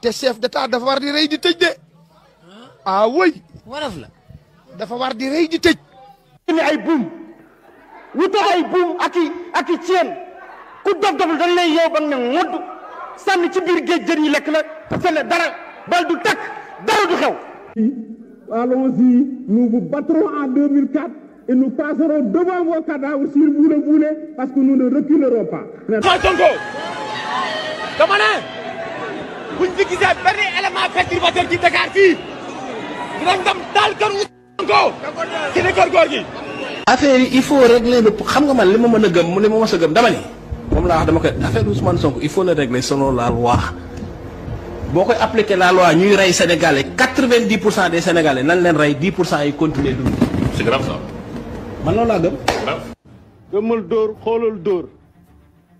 te chef d'état dafa war di rey di tëj ah oui. waraf la. dafa war di rey di tëj. ni ay buum wuta ay buum ak i ak i ceen ku dof-dof dañ lay yow ba nga ne modd sànni ci biir géej jën yi lekk la fële dara bal du takk dara du xew. allons-y nous vous battrons en 2004 et nous passerons devant vos cadavres sur vous le voulez parce que nous ne reculerons pas. Comment dama ne. कुछ किसी बड़े alma factory बदर की दगार की रंगम डालकर उसको किने कर Gorgi affaire il faut régler le xam nga man li dama ni moom laa wax dama koy affaire Ousmane Sonko il faut la régler selon la loi boo appliquer la loi ñuy rey sénégalais quatre vingt dix pour des sénégalais nan leen rey dix yi continuer dund. grave ça. man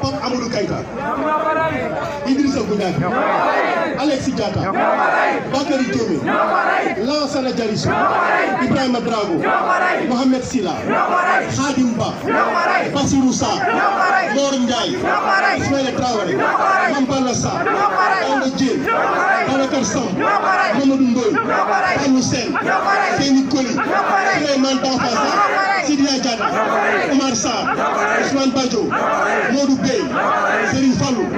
Pam Amadou Keita Idrissa Goudiaby Alexis Diata Bakary Diomé Lansana Diarisso Ibrahima Drago Mohamed Silla Khadim Ba Bassirou Sarr Lor Ndiaye Ismaïla Traoré Mambala Sa Aouna Diène Babacar Sam Mamadou Ndoye Aliou Sen Seyni Koli Souleymane Dafa Sidia Omar Sa, Ousmane Badjo Modou Bey Serigne Fallou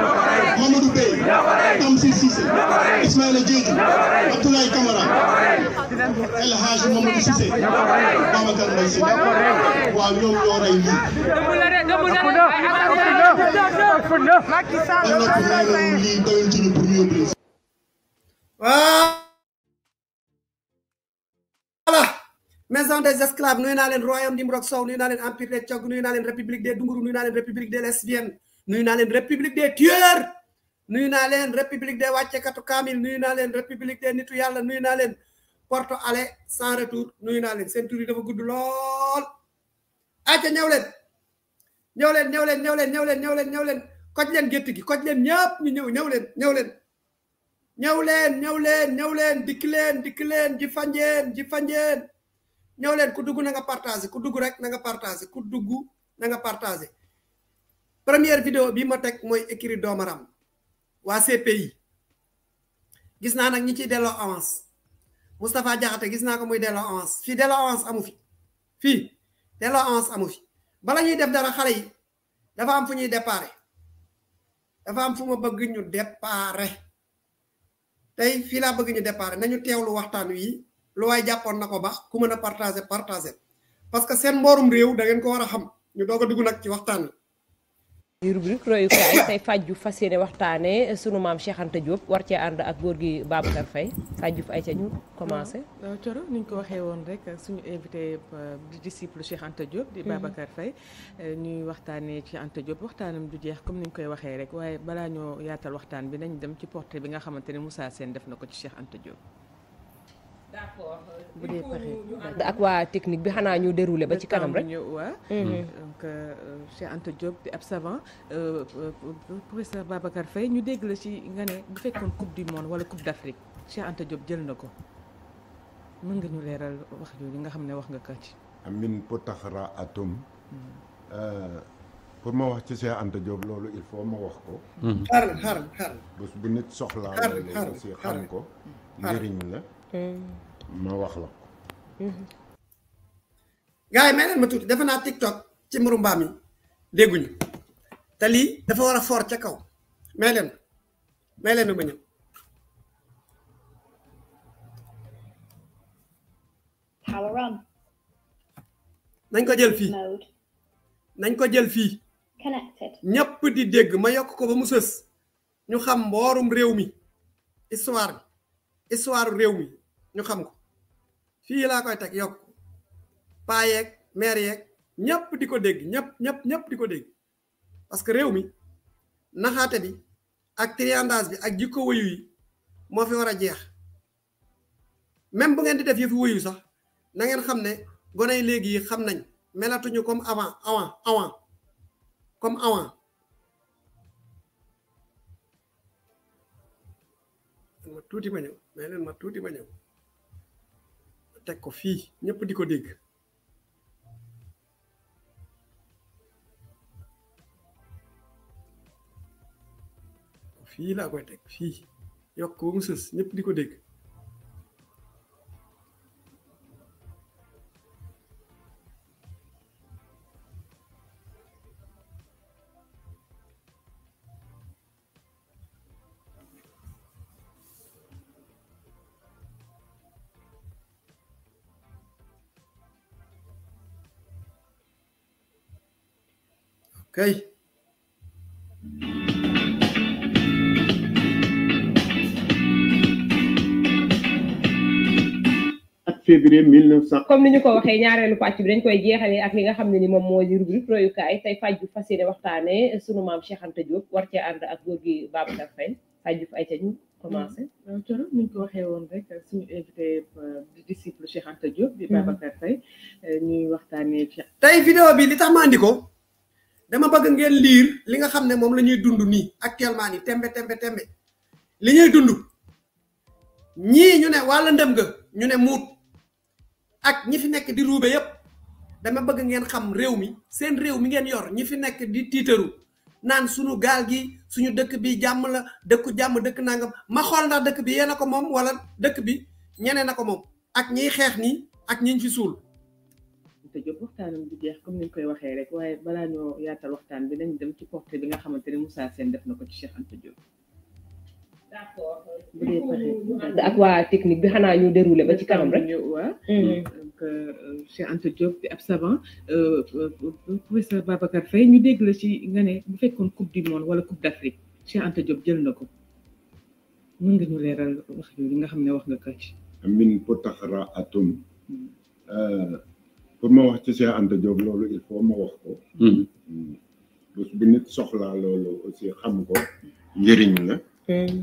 Mamadou des esclaves nuyu naa leen royaume d'Imrok Sow nuyu naa leen empire des Tchog nuyu république des Dunguru nuyu naa leen république des lesbiennes nuyu naa leen république des tueurs nuyu naa leen république des wàccekatu kaamil nuyu naa leen république des nitu yàlla nuyu naa leen porte aller sans retour nuyu naa leen seen dafa gudd lool acca ñëw leen ñëw leen ñëw leen ñëw leen ñëw leen ñëw leen ñëw leen koj leen gétt gi koj leen ñëpp ñu ñëw ñëw leen ñëw leen ñëw leen ñëw leen ñëw leen dikk leen leen ji fanjeen ji fanjeen ñëw leen ku dugg na nga partagé ku dugg rek na nga partagé ku dugg na nga partagé première video bi ma tek moy écrit domaram wa CPI gis na nak ñi ci délo avance mustapha Diakhaté gis na ko muy délo avance fii délo avance amu fi fi délo avance amu fi ba lañuy def dara xalé yi dafa am fu ñuy déparé dafa am fu ma bëgg ñu déparé tay fi la bëgg ñu déparé nañu waxtaan wi lu way nako ba ku mëna partager partager parce que sen mborum rew da ngeen ko wara xam ñu dugg ci waxtaan rubrique royukaay tey fajju fas yéene waxtaanee sunu maam Cheikh Anta Diop war cee ànd ak góor gi Babacar fay fajju ay ca ñu commencé coro ni ko waxee woon rek suñu invité euh, di disciple Cheikh Anta Diop di mhm. Babacar Faye euh, ñuy waxtaane ci Anta Diop waxtaanam du jeex comme ni ñu koy waxee rek waaye balaa ñoo yaatal waxtaan bi nañ dem ci portrait bi nga xamante ne Moussa Sène def na ko ci Cheikh Anta Diop bu dee paxe ak waa technique bi xanaa ñu déroulé ba ci kanam rek mm-hmm. donc Cheikh euh, Anta Diop di ab savant euh, euh, professeur Babacar Faye ñu dégg la ci nga ne bu fekkoon coupe du monde wala coupe d'Afrique Cheikh Anta Diop jël na ko mën nga ñu leeral wax jooju nga xam ne wax nga ko ci amin potaxara atom mm-hmm. pour ma wax ci Cheikh Anta Diop loolu il faut ma wax ko mm-hmm. xaral bu nit soxlaa loolu aussi xam ko njëriñ la ma wax la ko. gars yi may ma tuuti defe naa TikTok ci mbiru mbaam yi dégguñu te lii dafa war a fort ca kaw may leen may leen ma ñëw. nañ ko jël fii nañ ko jël fii. connected ñëpp di dégg ma yokk ko ba mu sës ñu xam mboorum réew mi histoire bi réew mi. ñu xam ko fi laa koy teg yokk paa yeeg maire yeeg ñëpp di ko dégg ñëpp ñëpp ñëpp di ko dégg parce que réew mi naxaate bi ak triandage bi ak jikko wëyu yi moo fi war a jeex même bu ngeen di def yëfu wëyu sax na ngeen xam ne gone yi léegi yi xam nañ melatuñu comme avant avant avant comme avant ma tuuti ma ñëw mais leen ma tuuti ma ñëw teg ko fii ñëpp di ko dégg fii laa koy teg fii yokk ba mu sës ñëpp di ko dégg اوكي février 1900 comme ni ñu ko waxee ñaareelu pàcc bi dañ koy jeexalee ak li nga xam ne ni moom moo di rubrique royukaay tey Fajju fas yéene waxtaanee sunu maam Cheikh Anta Diop war cee ànd ak góor gi Babacar Faye Fajju ay ca ñu commencé. Thioro ni ñu ko waxee woon rek suñu invité di disciple Cheikh Anta Diop. di Babacar Faye ñuy waxtaanee Cheikh. tey vidéo bi li tax ma andi ko. dama bëgg ngeen lire li nga xam ne moom la ñuy dund nii actuellement nii tembe tembe tembe li ñuy dund ñii ñu ne wàlla ndem nga ñu ne muut ak ñi fi nekk di ruube yépp dama bëgg ngeen xam réew mi seen réew mi ngeen yor ñi fi nekk di tiitaru naan suñu gaal gi suñu dëkk bi jàmm la dëkku jàmm dëkk nangam ma xool ndax dëkk bi yéen ko moom wala dëkk bi ñeneen a ko moom ak ñiy xeex nii ak ñiñ ci suul Binta Diop waxtaanam bu jeex comme ni ñu koy waxee rek waaye balaa ñoo yaatal waxtaan bi nañ dem ci portée bi nga xamante ne Moussa Sène def na ko ci Cheikh Anta Diop. d'accord bu dee pare ak waa technique bi xanaa ñu déroulé ba ci kanam rek waa donc Cheikh Anta Diop di ab savant professeur Babacar Faye ñu dégg la ci nga ne bu fekkoon coupe du monde wala coupe d'Afrique Cheikh Anta Diop jël na ko mën nga ñu leeral wax yooyu nga xam ne wax nga ko ci. amin potaxara atum. pour ma wax ci Cheikh ante Diop lolu il faut ma wax ko. Hmm. Hmm. bés bu nit soxla lolu aussi xam ko njëriñ la. Hmm.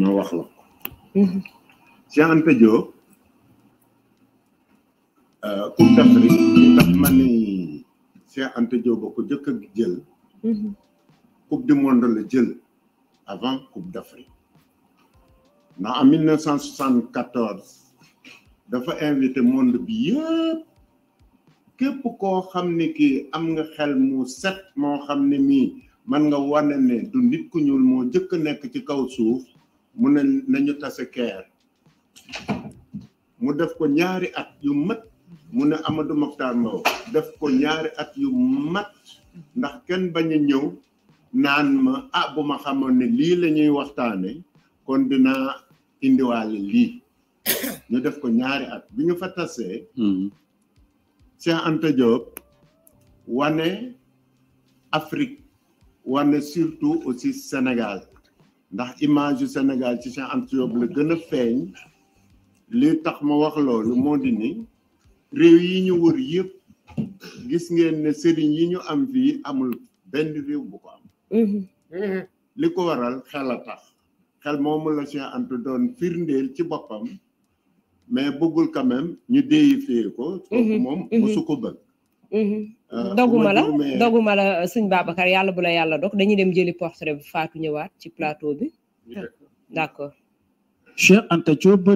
ma wax la ko. Cheikh Anta Diop Coupe euh, d'Afrique li tax man ni Cheikh ante Diop ba ko jëkk a jël. Coupe du monde la jël avant Coupe d'Afrique na en 1974 dafa inviter monde bi yépp képp koo xam ne kii am nga xel mu set moo xam ne mii man nga wane ne du nit ku ñuul moo jëkk nekk ci kaw suuf mu ne nañu tase keer mu def ko ñaari at yu mat mu ne Amadou def ko ñaari at yu mat ndax kenn bañu ñëw naan ma ah bu ma xamoon ne lii lañuy ñuy waxtaane kon dinaa indiwaale lii ñu def ko ñaari at bi ñu fa tasee hmm. Cheikh Anta Diop wane Afrique wane surtout aussi Sénégal ndax image yu Sénégal ci Cheikh Anta Diop la gën a feeñ li tax ma wax loolu moo di réew yi ñu wër yëpp gis ngeen ne sëriñ yi ñu am fii amul benn réew bu ko am mm-hmm. li ko waral xel a tax xel moomu la Cheikh Anta doon firndeel ci boppam mais bëggul quand même ñu déifier ko. kooku mhm, moom mhm. mosu ko bëgg. Mhm. Euh, doguma la doguma la euh, sëñ Babacar yàlla bu la yàlla dog dañuy dem jëli portrait bu Fatou ñëwaat ci plateau bi. d' accord. Cheikh Anta Diop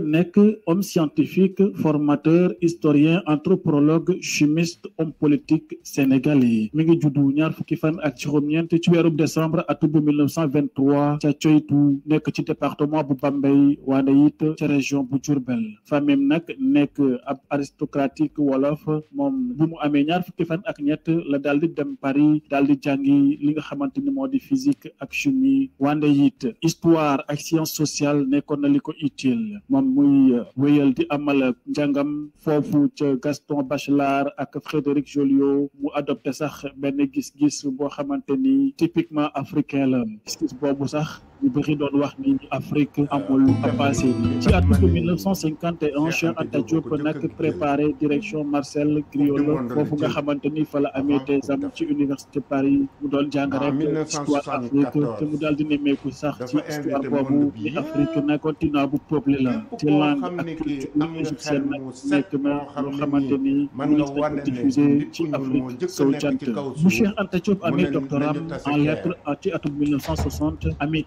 homme scientifique formateur historien anthropologue chimiste homme politique sénégalais mi ngi juddu ñaar fukki fan ak juróom-ñeent ci weerub décembre atub 1923 ca Coytu nekk ci département bu Bambey waane it ca région bu Diourbel famille nag que ab aristocratique wolof moom bu amé amee ñaar fukki fan ak ñett la daal di dem Paris daal di jàngi li nga de ni physique ak chimie waane it histoire ak science sociale n'est qu'on li ko utile moom muy euh, wéyal di amal njàngam foofu ca Gaston Bachelard ak Frédéric Joliot mu adopté sax benn gis-gis boo xamante ni typiquement africain la gis-gis boobu sax ñu bëri doon wax ni à amul passé à tout 1951 Cheikh Anta Diop nag préparé direction Marcel Griol foofu nga xamante ni fa la amee des am ci université Paris mu doon jàng rek histoire Afrique te mu daal di nemmeeku sax ci histoire boobu ni Afrique na continent bu peuple la ci langue ak culture égyptienne nag nekk na loo xamante ni mu ngi diffusé ci Afrique sowu jant mu Cheikh Anta Diop doctorat en lettres à tout 1960 amit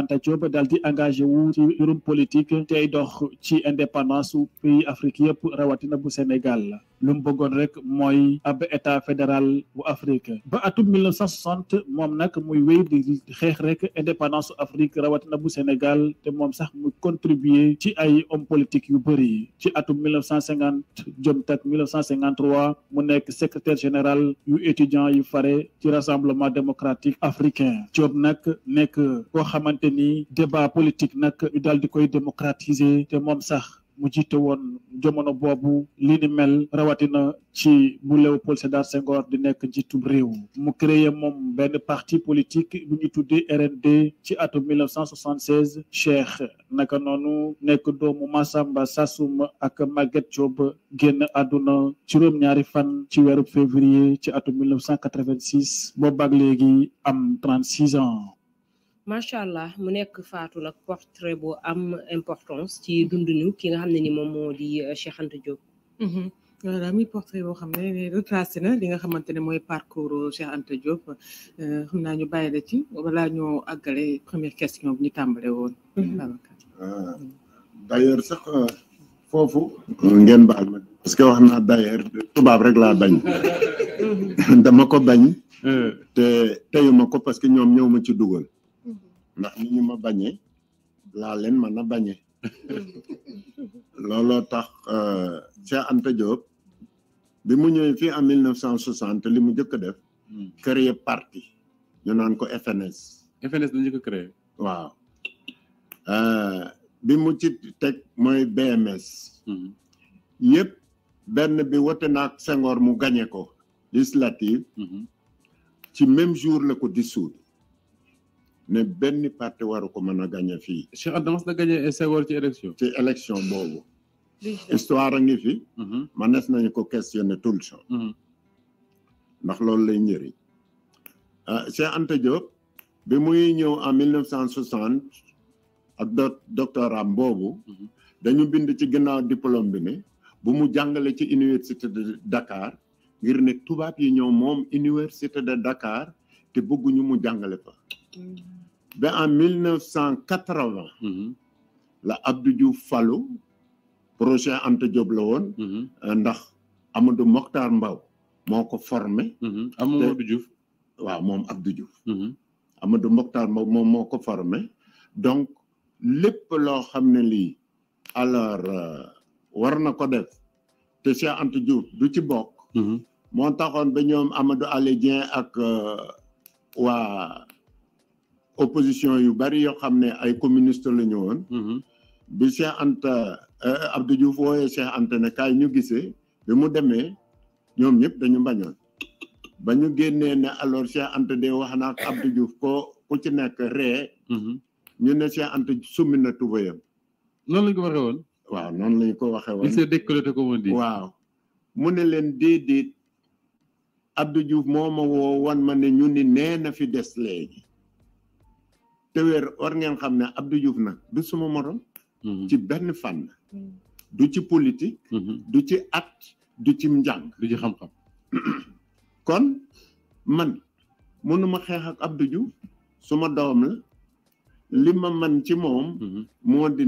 Anta Diop ou di engagé wu ci politique tey dox ci indépendance pays Afrique pour rawatina bu Sénégal la mu bëggoon rek mooy ab état fédéral bu Afrique ba atum 1960 moom nag muy wéy di xeex rek indépendance Afrique rawatina bu Sénégal te moom sax muy contribuer ci ay homme politique yu bëri ci atum 1950 jëm tak 1953 mu nekk secrétaire général yu étudiant yu fare ci rassemblement démocratique africain Job nak nekk koo xamante ni débat politique nag ñu daal di koy démocratiser te moom sax mu jiite woon jamono boobu li ni mel rawatina ci bu Léopold Sédar Senghor di nekk njiitum réew mu créer moom benn parti politique bu ñu tuddee RND ci atum 1976 Cheikh naka noonu nekk doomu Massamba Sassoum ak Maguette Diop génn àdduna juróom-ñaari fan ci weeru février ci atum 1986 boobaak léegi am 36 ans. macha allah mu nekk faatu nag portrait bu am importance ci dundinu ki nga xam ne ni moom moo di euh, Cheikh Anta Diop. Mhm. voilà muy portrait boo xam ne euh, retracé na li nga xamante ne mooy parcours euh, Cheikh Anta Diop xam naa ñu bàyyi la ci balaa ñoo àggale première question bi ñu tàmbale woon. Mhm. Ah. d' ailleurs sax foofu. ngeen baal ma parce que wax naa d' ailleurs tubaab rek laa bañ. Mhm. dama ko bañ. te teyuma ko parce que ñoom ñëw ma ci dugal. ndax ni ñu ma bañé la leen mën a bañee looloo tax euh, Cheikh Anta Diop bi mu ñëwee fii en 1960 li mu njëkk def hmm. créer parti ñu naan ko FNS FNS dañu ko créer waaw euh, bi mu ci teg mooy BMS hmm. yépp benn bi wote naak sengor mu gagné ko législative hmm. ci même jour la ko dissoudre ne benn parti waru ko mën a gagné fii. Cheikh Adams da gagné Senghor ci élection. ci élection boobu. histoire a ngi fi. mënees mhm. nañu ko questionner tout le temps. Mhm. ndax loolu lay njëriñ. ah Cheikh Anta bi muy ñëw en 1960 ak do doctoram boobu. Mhm. dañu bind ci ginnaaw diplôme bi ne. bu mu jàngale ci université de Dakar ngir ne tubaab yi ñëw moom université de Dakar te bëgguñu mu jàngale fa. Ben en 1980. Mm-hmm. la Abdou Diouf falu projet Anta Diop la mm-hmm. euh, ndax Amadou Mokhtar Mbaw moko ko formé. Mm-hmm. Amadou ah, Diouf Wa, moom Abdou Diouf. Amadou Mokhtar Mbaw mom moko formé donc lepp lo xamné li alors euh, war na ko def te Cheikh Anta Diouf du ci bokk. moo taxone ba ñoom Amadou Alé ak euh, wa opposition yu bari yoo xam ne ay communiste lañu woon mm-hmm. bi Cheikh Anta eh, Abdou Diouf wooyee Cheikh Anta ne kaay ñu gisee bi mu demee ñoom ñëpp dañu bañoon ba ñu génnee ne alors Cheikh Anta de wax naa ak Abdou Diouf ko ku ci nekk ree mm-hmm. ñu ne Cheikh Anta summi na tubayam noonu lañ ko waxee woon waaw noonu lañ ko waxee woon il s'est décolleté comme on mu ne leen déedéet Abdou Diouf moo ma woo wan ma ne ñu ni nee fi des léegi te wér war xam ne Abdou Diouf nag du suma morom mhm. ci benn fànn mhm. du ci politique mhm. du ci at du ci njàng du ci xam kon man mënuma xeex ak Abdou Diouf suma doom la li man ci moom moo di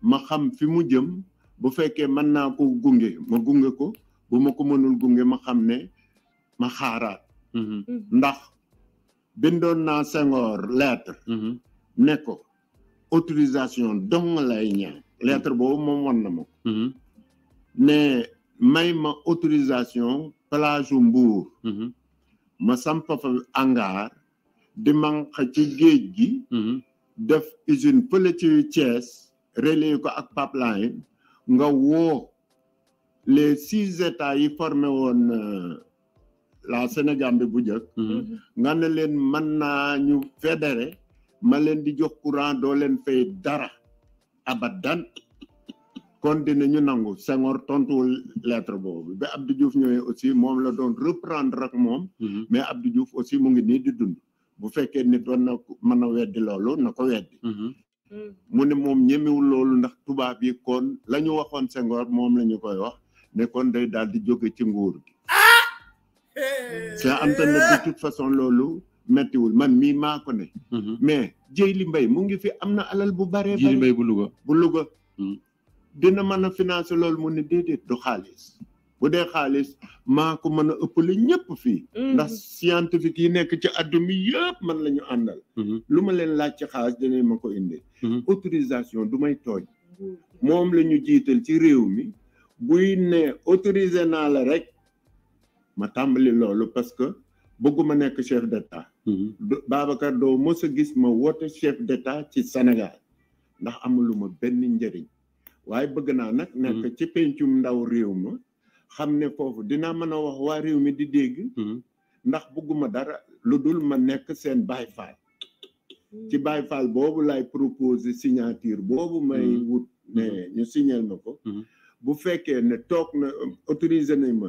ma xam fi mu jëm bu fekkee mën naa ko gunge ma gunge ko bu ma ko mënul gunge ma xam ne ma xaaraat ndax bindoon naa Senghor lettre. Mhm. ne ko autorisation dong lay ñaan. lettre mhm. boobu moom won na ma mhm. may ma autorisation plage u Mbour. ma samp fa hangar di manq ci géej gi. def usine pële ci Thiès relayer ko ak pipeline nga woo les six états yi formé woon. Euh, la Sénégambie bu njëkk mhm. nga ne leen mën naa ñu fédéré ma leen di jox courant doo leen fay dara abadan kon ñu nangu Senghor tontuwul lettre boobu ba Abdou Diouf ñëwee aussi moom la doon reprendre ak moom mhm. mais Abdou Diouf aussi mu ngi nii di dund bu fekkee nit war mën a weddi loolu na ko weddi mhm. mu ne moom ñemewul loolu ndax tubaab yi kon la ñu waxoon Senghor moom la ñu koy wax ne kon day daal di jóge ci nguur ça eh, am te de toute façon loolu méttiwul man mii maa ko ne mhm. mais li mbay mu ngi fi am na alal bu baree Dieyli Mbaye bu Louga bu Louga mhm. dina mën a financer loolu mu ne déedéet du xaalis bu dee xaalis maa ko mën a ëppale ñëpp fii mhm. ndax scientifique yi nekk ci àdduna yëpp man la ñu àndal lu ma leen laaj ci xaalis dinañ ma ko indi autorisation du may tooñ moom la ñu jiital ci réew mi buy ne autoriser naa la rek ma tàmbali loolu parce que bëgguma nekk chef d' état mhm. Babacar doo mës a gis ma woote chef d' état ci Sénégal ndax amuluma benn njëriñ waaye bëgg naa nag mhm. nekk ci pencum ndaw réew ma xam ne foofu dinaa mën a wax waa réew mi di dégg mhm. ndax bëgguma dara lu dul ma nekk seen Baye Fall ci Baye Fall boobu lay proposer signature boobu may wut ne ñu signal ma ko bu fekkee ne toog na autorisé nañ ma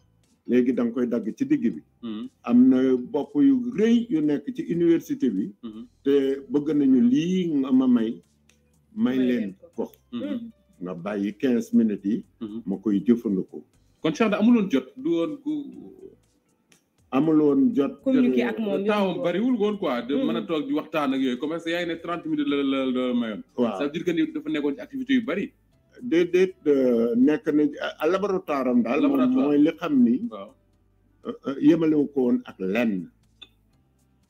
léegi da nga koy dagg ci digg bi mm-hmm. am na bopp yu rëy yu nekk ci université bi mm-hmm. te bëgg nañu lii nga ma may may leen ko mm-hmm. nga bàyyi quinze minutes yi ma koy jëfandikoo kon Cheikh da amuloon jot du woon ku amuloon jot communiqué ak bariwul woon quoi de mën a toog di waxtaan ak yooyu comme yaay ne trente minutes la la la mayoon waaw ça veut dafa nekkoon ci activité yu bari déedéet euh, nekk na à laboratoire am daal. laboratoire mooy li xam ni. Euh, euh, yemalewu ko woon ak lenn.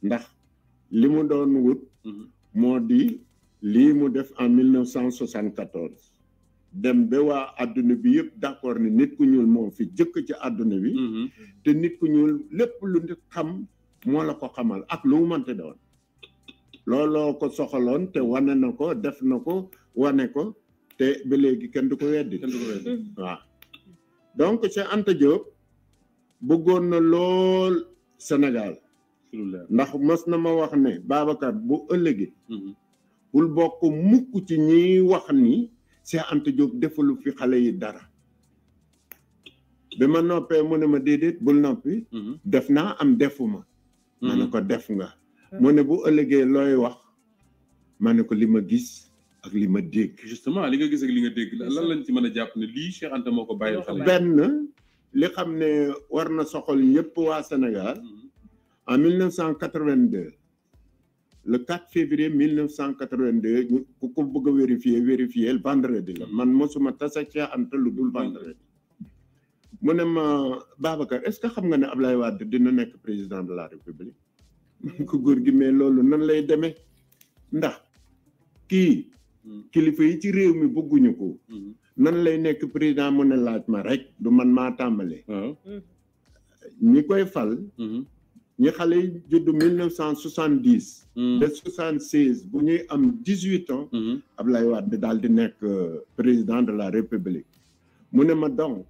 ndax li mu doon wut. Mhm. moo di lii mu def en 1974. dem ba waa adduna bi yëpp d'accord ni nit ku ñuul moom fi jëkk ci adduna bi. Mhm. te nit ku ñuul lépp lu nit xam moo la ko xamal ak lu mu mënti doon. looloo ko soxaloon te wane na ko def na ko wane ko. te ba léegi kenn du ko weddi mm-hmm. waaw donc Cheikh Anta Diop bëggoon na lool senegal ndax mas na ma wax ne baabakat bu ëllëgee mm-hmm. bul bokk mukk ci ñuy wax ni Cheikh Anta Diop defalu fi xale yi dara bi ma noppee mu ne ma déedéet bul noppi mm-hmm. def naa am defuma ma ne ko def nga mu ne bu ëllëgee looy wax ma ne ko li ma gis ak li ma dégg. justement li nga gis li nga dégg lan lañ ci mën a jàpp ne lii Cheikh Anta moo ko bàyyi xale benn li xam ne war na soxal ñëpp waa Sénégal mm-hmm. en 1982 le 4 février 1982 ku ko bëgg a vérifier vérifier vendredi la mm-hmm. man mosuma tasa Cheikh Anta lu dul vendredi mm-hmm. mu ne ma Babacar est-ce que xam nga ne Ablaye Wade dina nekk président de la République man ko góor gi mais loolu nan lay demee ndax kii. kilifa yi ci réew mi bëgguñu ko. Mm-hmm. nan lay nekk président mu ne laaj ma rek du man ma tàmbali mm-hmm. ñi koy fal. Mm-hmm. ñi xale yi juddu mille neuf cent soixante dix. de bu ñuy am dix huit ans. Ablaye Wade daal di nekk euh, président de la république. mu ne ma donc.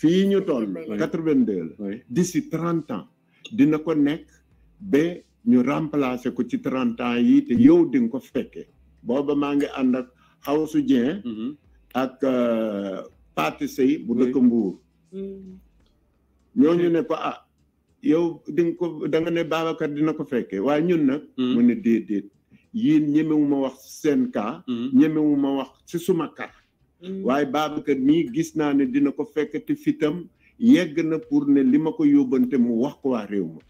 fii ñu toll. quatre vingt deux dina ko nekk ba ñu remplacer ko ci trente yi te yow di nga ko fekkee. booba maa ngi ànd ak Xawsu Dieng mm-hmm. ak uh, Pati Sey bu dëkk Mbuur mm. ñooñu ne ko ah yow di nga ko da nga ne Babacar dina ko fekke waaye ñun nag mm. mu ne déedéet yéen ñemewu ma wax seen cas mm. ñemewu ma wax ci suma kar waaye Babacar mii gis naa ne dina ko fekk te fitam yegg na pour ne li ma ko yóbbante mu wax ko waa réew ma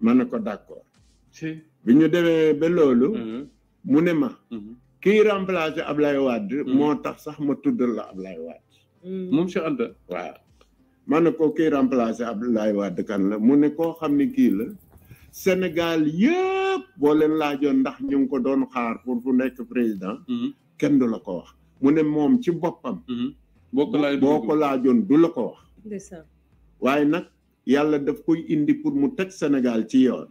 ma ne ko d'accord bi ñu demee ba loolu mm-hmm. mu ne ma. Mhm. kiy remplacer Ablaye Wade. Mhm. moo tax sax ma tuddal la Ablaye Wade. Mm. moom ne ko kiy remplacer Ablaye Wade mu ne koo xam ne kii la Sénégal yëpp boo leen laajoon ndax ñu ngi ko doon xaar pour fu nekk président. Mhm. kenn du la ko wax mu ne moom ci boppam. boo ko boo ko laajoon du la ko wax. waaye nag yàlla daf koy indi pour mu teg Sénégal ci yoon.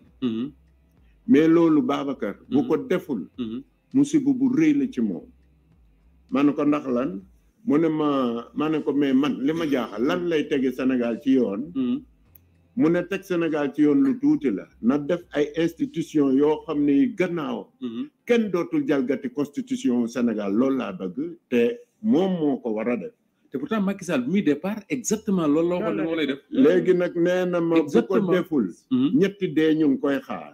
mais loolu Babacar. bu mm-hmm. ko deful. Mm-hmm. musiba bu rëy la ci moom. ma ne ko ndax lan mu ne ma ma ne ko mais man li ma jaaxal lan lay tege Sénégal ci yoon. Mm-hmm. mu ne teg Sénégal ci yoon lu tuuti la na def ay institution yoo xam ne yi gannaaw. kenn dootul jalgati constitution Sénégal loolu laa bëgg te moom moo ko war a def. te pourtant Macky Sall bi muy départ exactement loolu la lay def. léegi nag nee na ma bu ko deful. ñetti dee ñu ngi koy xaar.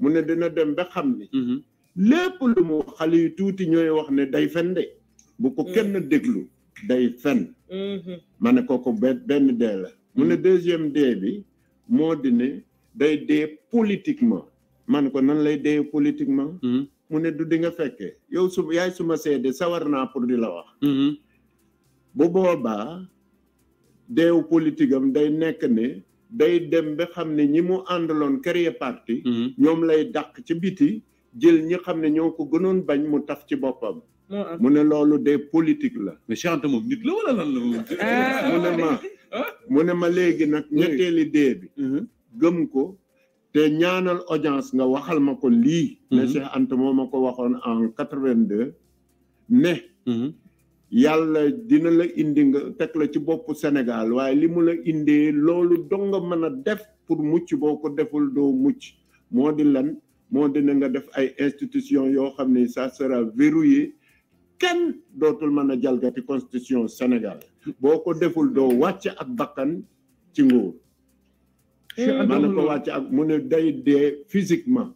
mu ne dina dem ba xam ni mhm. lépp lu mu xale yu tuuti ñooy wax ne day fen de bu ko kenn mhm. déglu day fen mhm. ma ne ko benn dee la mu ne deuxième dee bi moo di ne day dee politiquement ma ne ko nan lay dee politiquement mu ne du dinga nga yow su yaay suma seede sawar naa pour di la wax bu boobaa deew politique day nekk ne day dem ba xam ne ñi mu àndaloon créer parti mhm. ñoom lay dàq ci biti jël ñi xam ne ñoo ko gënoon bañ mu tax ci boppam ah. mu ne loolu des politique la mais moom nit la wala lan la ah. mu ne ma ah. mu ne ma léegi nag ñetteeli dee bi mhm. gëm ko te ñaanal audience nga waxal ma ko lii ne mhm. Cheikh Anta moo ma ko waxoon en quatre-vingt-deux mais yàlla dina la indi nga teg la ci boppu Sénégal waaye li mu la indee loolu dong nga mën a def pour mucc boo ko deful doo mucc moo di lan moo dina nga def ay institution yoo xam ni ça sera yi kenn dootul mën a jalgati constitution Sénégal boo ko deful doo wàcc ak bakkan ci nguur maanaam ko wàcc ak mu ne day dee physiquement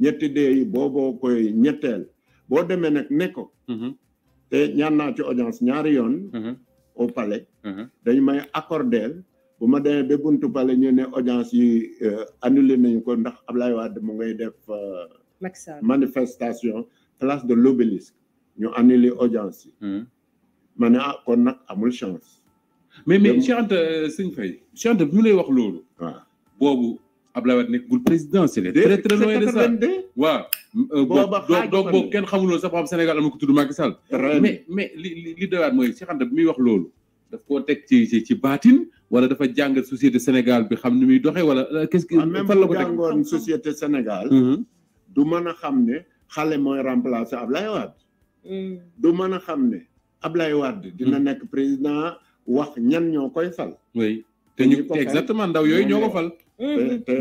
ñetti dee yi booboo koy ñetteel boo demee nag ne ko mhm. te ñaan naa ci audience ñaari yoon. o mhm. pale mhm. dañ may accordeel bu ma demee ba buntu pale ñu ne audience yi euh, annulé nañu ko ndax Ablaye Wade mu ngay def. Euh, manifestation place de l'obélisque ñu annulé audience yi. Mhm. ma ne ah kon nag amul chance. mais mais Cheikh Anta euh, sëñ Faye Cheikh Anta bi wax loolu. waaw boobu. Abdoulaye Wade nekkul président c'est très très loin de ça waaw donc donc boobu xam Sénégal am na ko tudd Macky Sall mais mais li li doyaat mooy Cheikh Anta muy wax loolu daf koo teg ci ci baatin wala dafa jàngat société Sénégal bi xam ni muy doxee wala euh, qu'est-ce que fan la ko teg jàngoon mm-hmm. du mën a xam ne xale mooy remplacer Abdoulaye Wade mm. du mën a xam ne Abdoulaye Wade dina mm-hmm. nekk président wax ñan ñoo koy fal te exactement ndaw yooyu ñoo ko fal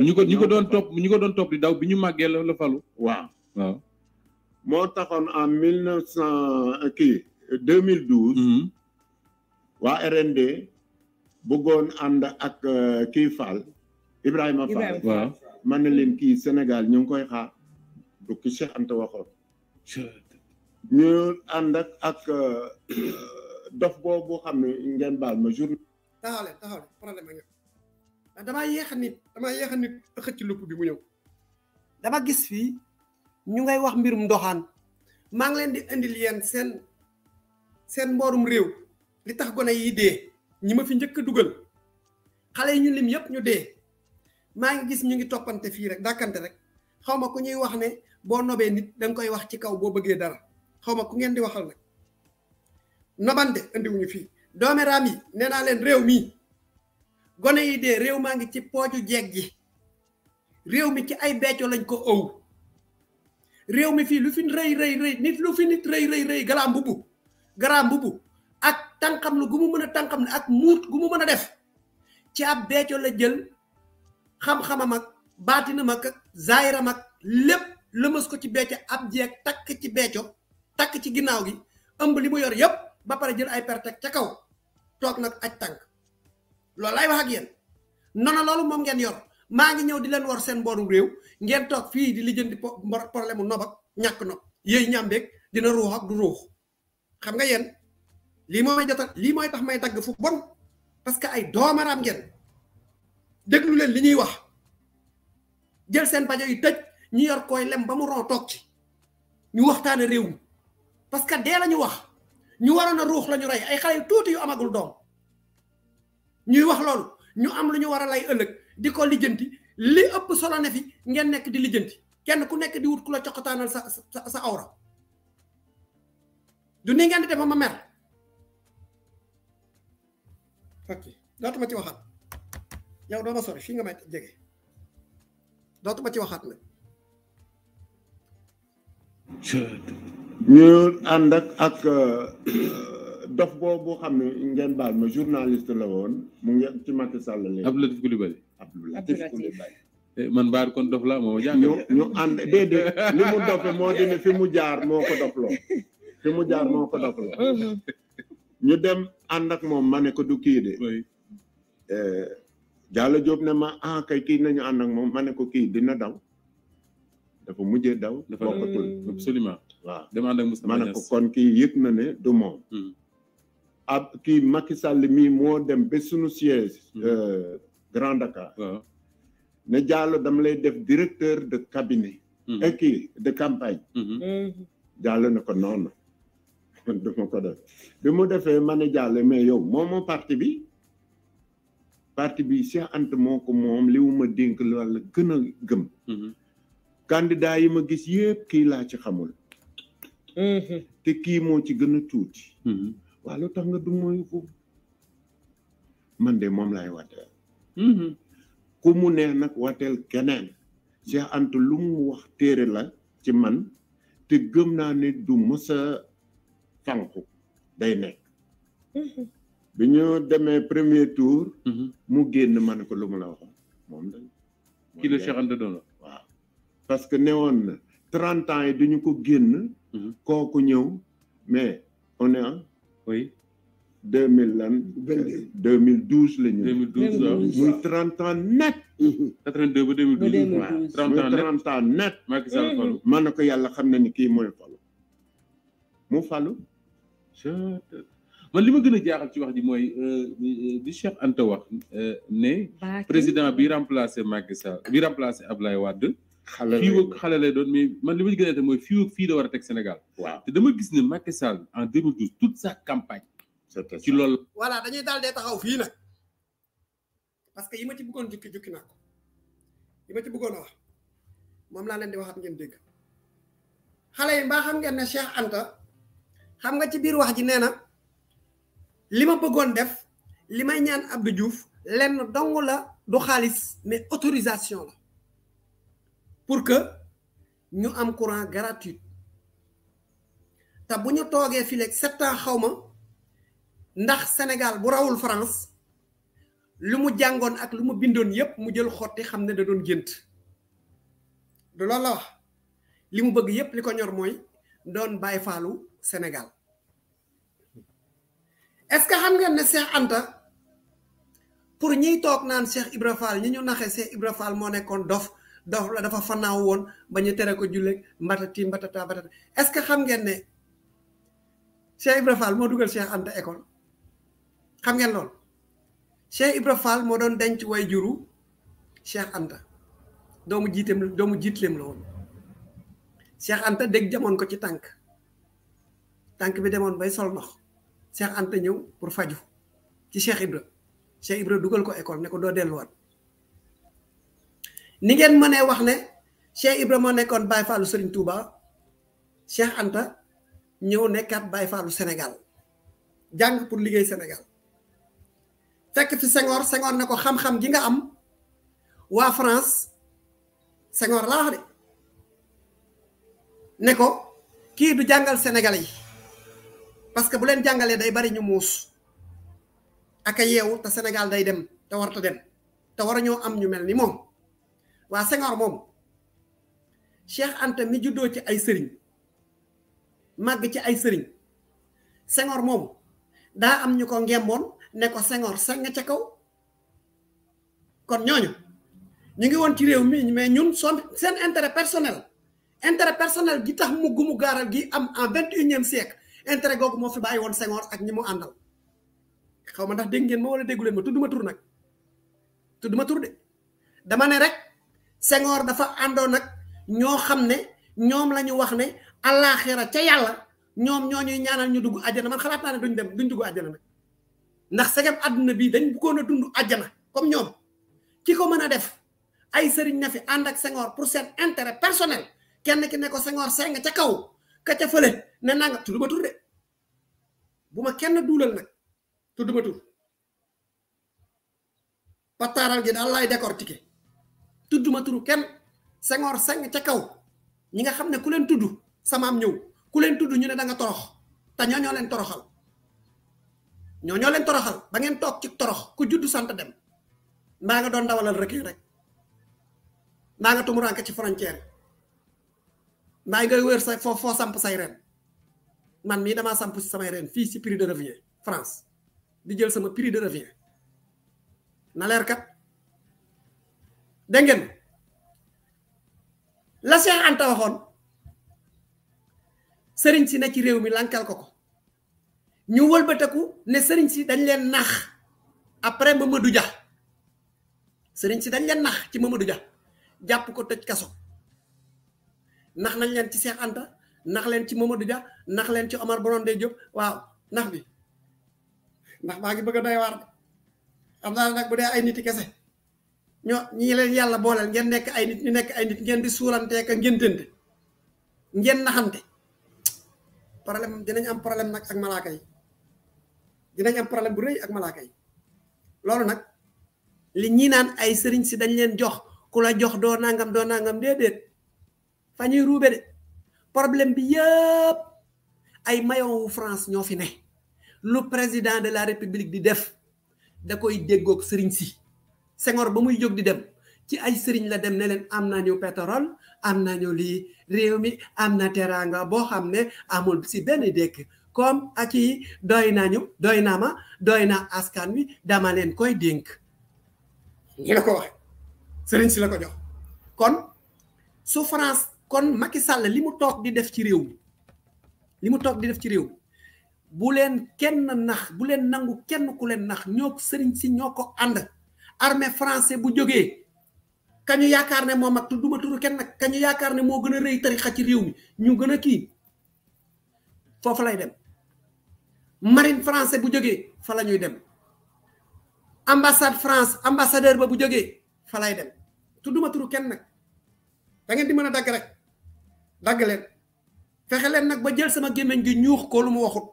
ñu ko ñu ko doon topp ñu ko doon topp di daw bi ñu màggee la la falu. waaw moo taxoon en mille neuf cent kii deux mille douze. Mhm. waa RND bëggoon ànd ak euh, kii Fall. Ibrahima Fall waaw. man na leen kii Sénégal ñu ngi koy xa du ki Cheikh Anta waxoon. ñu ànd ak ak euh, dof boobu xam ne ngeen baal ma journée. damaa yéex a nit damaa yéex a nit xëcc lupp bi mu ñëw dama gis fii ñu ngay wax mbirum ndoxaan maa ngi leen di indil yeen seen seen mboorum réew li tax gone yi dee ñi ma fi njëkk a dugal xale yi ñu lim yëpp ñu dee maa ngi gis ñu ngi toppante fii rek dàkkante rek xaw ma ku ñuy wax ne boo nobee nit da koy wax ci kaw boo bëggee dara xaw ma ku ngeen di waxal nag nobante indiwuñu fii doomeraam yi nee naa leen réew mii gone yi réew maa ngi ci pooju jeeg ji réew mi ci ay becco lañ ko ëw réew mi fii lu fi rëy rëy rëy nit lu fi nit rëy rëy rëy garaam mbubu garaam mbubu ak tanqam lu gu mu mën a tànqam ne ak muut gu mu mën a def ci ab becco la jël xam-xamam ak baatinam ak zaayiram ak lépp lëmas ko ci becco ab jeeg takk ci becco takk ci ginnaaw gi ëmb li mu yor yépp ba pare jël ay perteg ca kaw toog nag aj tànk lolay lay wax ak yeen nono loolu mom ngeen yor ma ngi ñew di leen wor seen booru rew ngeen tok fi di por problème nob ak ñak nob yey ñambek dina ruux ak du ruux xam nga yeen li moy jotal li moy tax may dag fu bon parce que ay ram ngeen deglu leen li ñuy wax jël seen bajo yu tëj ñu yor koy lem ba mu ron tok ci ñu waxtaane rew parce que dee la wax ñu waroon ruux la ray ay xalé yu yu amagul doom ñuy wax loolu ñu am lu ñu war a lay ëllëg di ko lijjanti li ëpp solo ne fi ngeen nekk di lijjanti kenn ku nekk di wut ku la coxataanal sa sa awra du ni ngeen di defa ma mer ok dootuma ci waxaat yow doo ma sori fii nga may jege dootuma ci waxaat nag ñu ànd ak euh, dof boobu xam ne ngeen baal ma journaliste la woon mu ngi ci Macky Sall léegi. Abdou eh, man baar kon dof la moo jàng. ñu ñu ànd déedéet li dofe moo di ne fi mu jaar moo ko dofloo fi mu jaar ko dofloo mm-hmm. ñu dem ànd moom ma ne ko du kii de. Eh, Diallo Diop ne ma ah kay kii nañu ànd ak moom ma ne ko kii dina daw. dafa mujjee daw. dafa bokkatul absolument waaw dem ko kon kii yëg na ne du moom. Mm-hmm. ab kii Macky sàll mii moo dem ba sunu siège. Mhm. Euh, Grand Dakar. ne Diallo dama lay def directeur de cabinet. Mhm. et kii de campagne. Mhm. Diallo ne ko noonu du ko def bi mu defee ma ne Diallo mais yow moomoo parti bi parti bi Cheikh ant moo ko moom li ma dénk loolu la gën a gëm. candidat yi ma gis yëpp kii laa ci xamul. te kii moo ci gën a tuuti. walu tax nga dum moy ko man de lay laay hmm ku mu neex nak watel kenen Cheikh Anta lu mu wax téré la ci man te gëm na ne du mësa tanku day nekk mm-hmm. bi ñu démé premier tour mm-hmm. mu génn man ko lu mu la wax mom la ki le Cheikh Anta do la parce que néwon 30 ans duñu ko génn mm-hmm. koku ñew mais on est oui deux mille la ñu. deux mille la muy trente ans net. quatre vingt deux ba deux mille douze. trente mhm. man na ko yàlla xam na ni kii mooy falu. mu falu. man li ma gën a jaaxal ci wax ji mooy di euh, euh, Cheikh Anta wax euh, ne. président bi remplacé Macky Sall bi remplacé Ablaye Wade. fii ak xale lay mais man li ma gën a a Sénégal. waaw te dama gis Macky Sall en 2012 toute sa campagne. ci loolu. voilà dañuy daal taxaw fii parce que yi ma ci bëggoon jukki jukki naa ko ci bëggoon wax moom laa di ngeen dégg xale yi xam ngeen ne Cheikh Anta xam nga ci biir wax ji nee li ma def li la mais autorisation pour que ñu am courant gratuit ta buñu togué fi lek 7 ans xawma ndax sénégal bu rawul france lu mu jàngoon ak lu mu bindoon yépp mu jël xoti xamné da doon gënt do loolu la wax limu bëgg yépp liko ñor moy doon bàyyi faalu sénégal est ce que xam ngeen né cheikh anta pour ñi tok naan cheikh ibrahim fall ñi ñu naxé cheikh ibrahim fall mo nekkoon dof dafa dafa fannaaw woon ba ñu tere ko julleeg mbatati mbatata mbatata est-ce que xam ngeen ne Cheikh Ibra Fall mo dugal Cheikh Anta école xam ngeen lool Cheikh Ibra Fall mo doon denc way juru Cheikh Anta doomu jitem doomu jitlem lool Cheikh Anta deg jamon ko ci tank tank bi demone bay sol nox Cheikh Anta ñew pour faju ci Cheikh Ibra Cheikh Ibra dugal ko école ne ko delu wat ni ngeen mëne wax ne cheikh ibrahima nekkoon bay fallu serigne touba cheikh anta ñëw nekkat bay fallu sénégal jàng pour liggéey sénégal fekk fi senghor senghor ne ko xam-xam gi nga am waa france senghor laa wax de ne ko kii du jàngal sénégal yi parce que bu leen jàngalee day bari ñu muus ak a yeewu sénégal day dem te warta dem te war am ñu mel ni moom wa Senghor mom, Cheikh Anta mi juddo ci ay serigne mag ci ay serigne Senghor mom da am ñuko ngembon ne ko Senghor seng ca kaw kon ñooñu ñi ngi won ci rew mi mais ñun son sen intérêt personnel intérêt personnel gi tax mu gumu garal gi am en 21e siècle intérêt googu mo fi bàyyi won Senghor ak ñi mu andal xawma ndax dégg ngeen ma wala deggulen ma tuduma tur nak tuduma tur de dama ne rek Senghor dafa àndoon nag ñoo xam ne ñoom la ñu wax ne àllaaxira ca yàlla ñoom ñoo ñuy ñaanal ñu dugg àjjana man xalaat naa ne duñ dem duñ dugg àjjana nag ndax segam àdduna bii dañ bëggoon a dund àjjana comme ñoom ki ko mën a def ay sëriñ na fi ànd ak sengor pour set intérêt personnel kenn ki ne ko Senghor seng ca kaw ka ca fële ne nanga tudd ma tur de bu ma kenn duulal nag tudd ma tur pataaral gi daal laay décortiquer ma turu ken sengor seng ca kaw ñi nga xamne ku len tuddu sama samaam ñew ku len tuddu ñu ne da nga torox ta ñoo ñoo len toroxal ñoo ñoo len toroxal ba ngeen tok ci torox ku juddu sante dem ma nga doon dawalal rek rek ma nga rank ci frontière ma nga wër sa fo fo samp say ren man mi dama samp ci samay ren fi ci prix de revient france di jël sama prix de revient na leer Dengen, la Cheikh Anta waxoon serigne ci na ci réew mi lankal ko ko ñu wëlbataku ne serigne ci dañ leen nax après Mamadou Dia serigne ci dañ leen nax ci Mamadou Dia japp ko tëj kasso nax nañ leen ci Cheikh Anta nax leen ci Mamadou Dia nax leen ci Omar borondé Diop waaw nax bi nax maa ngi bëgg day war am bu dé ay ñoo ñi leen yàlla booleel ngeen nekk ay nit ñu nekk ay nit ngeen di suurantee ka ngéntante ngeen naxante problème dinañ am problème nag ak malaaka yi dinañ am problème bu rëy ak malaaka yi loolu nag li ñi naan ay sëriñ si dañ leen jox ku la jox doo nangam doo nangam déedéet fa ñuy ruube de problème bi yépp ay mayon wu France ñoo fi lu président de la république di def da koy déggoog sëriñ si Senghor ba muy jóg di dem ci ay sëriñ la dem ne leen am na nañu pétrole am na nañu lii réew mi am na teraanga boo xam ne amul si benn dëkk comme ak yi doy nañu doy na ma doy na askan wi dama leen koy dénk ñi la ko waxe sëriñ si la ko jox kon su kon Macky Sall li mu toog di def ci réew mi li mu toog di def ci réew bu leen kenn nax bu leen nangu kenn ku leen nax ñoo sëriñ si ñoo ko ànd armée française bu joggé kañu yaakaar né mom ak tudduma turu kenn nag kañu yaakaar né mo gëna reuy tari xati réew mi ñu gëna a fofu lay dem marine française bu joggé fa lañuy dem ambassade france ambassadeur ba bu joggé fa lay dem tudduma turu kenn da ngeen di mëna a rek dag leen fexe leen nak ba jël sama gémmiñ gi ñuux ko lu mu waxut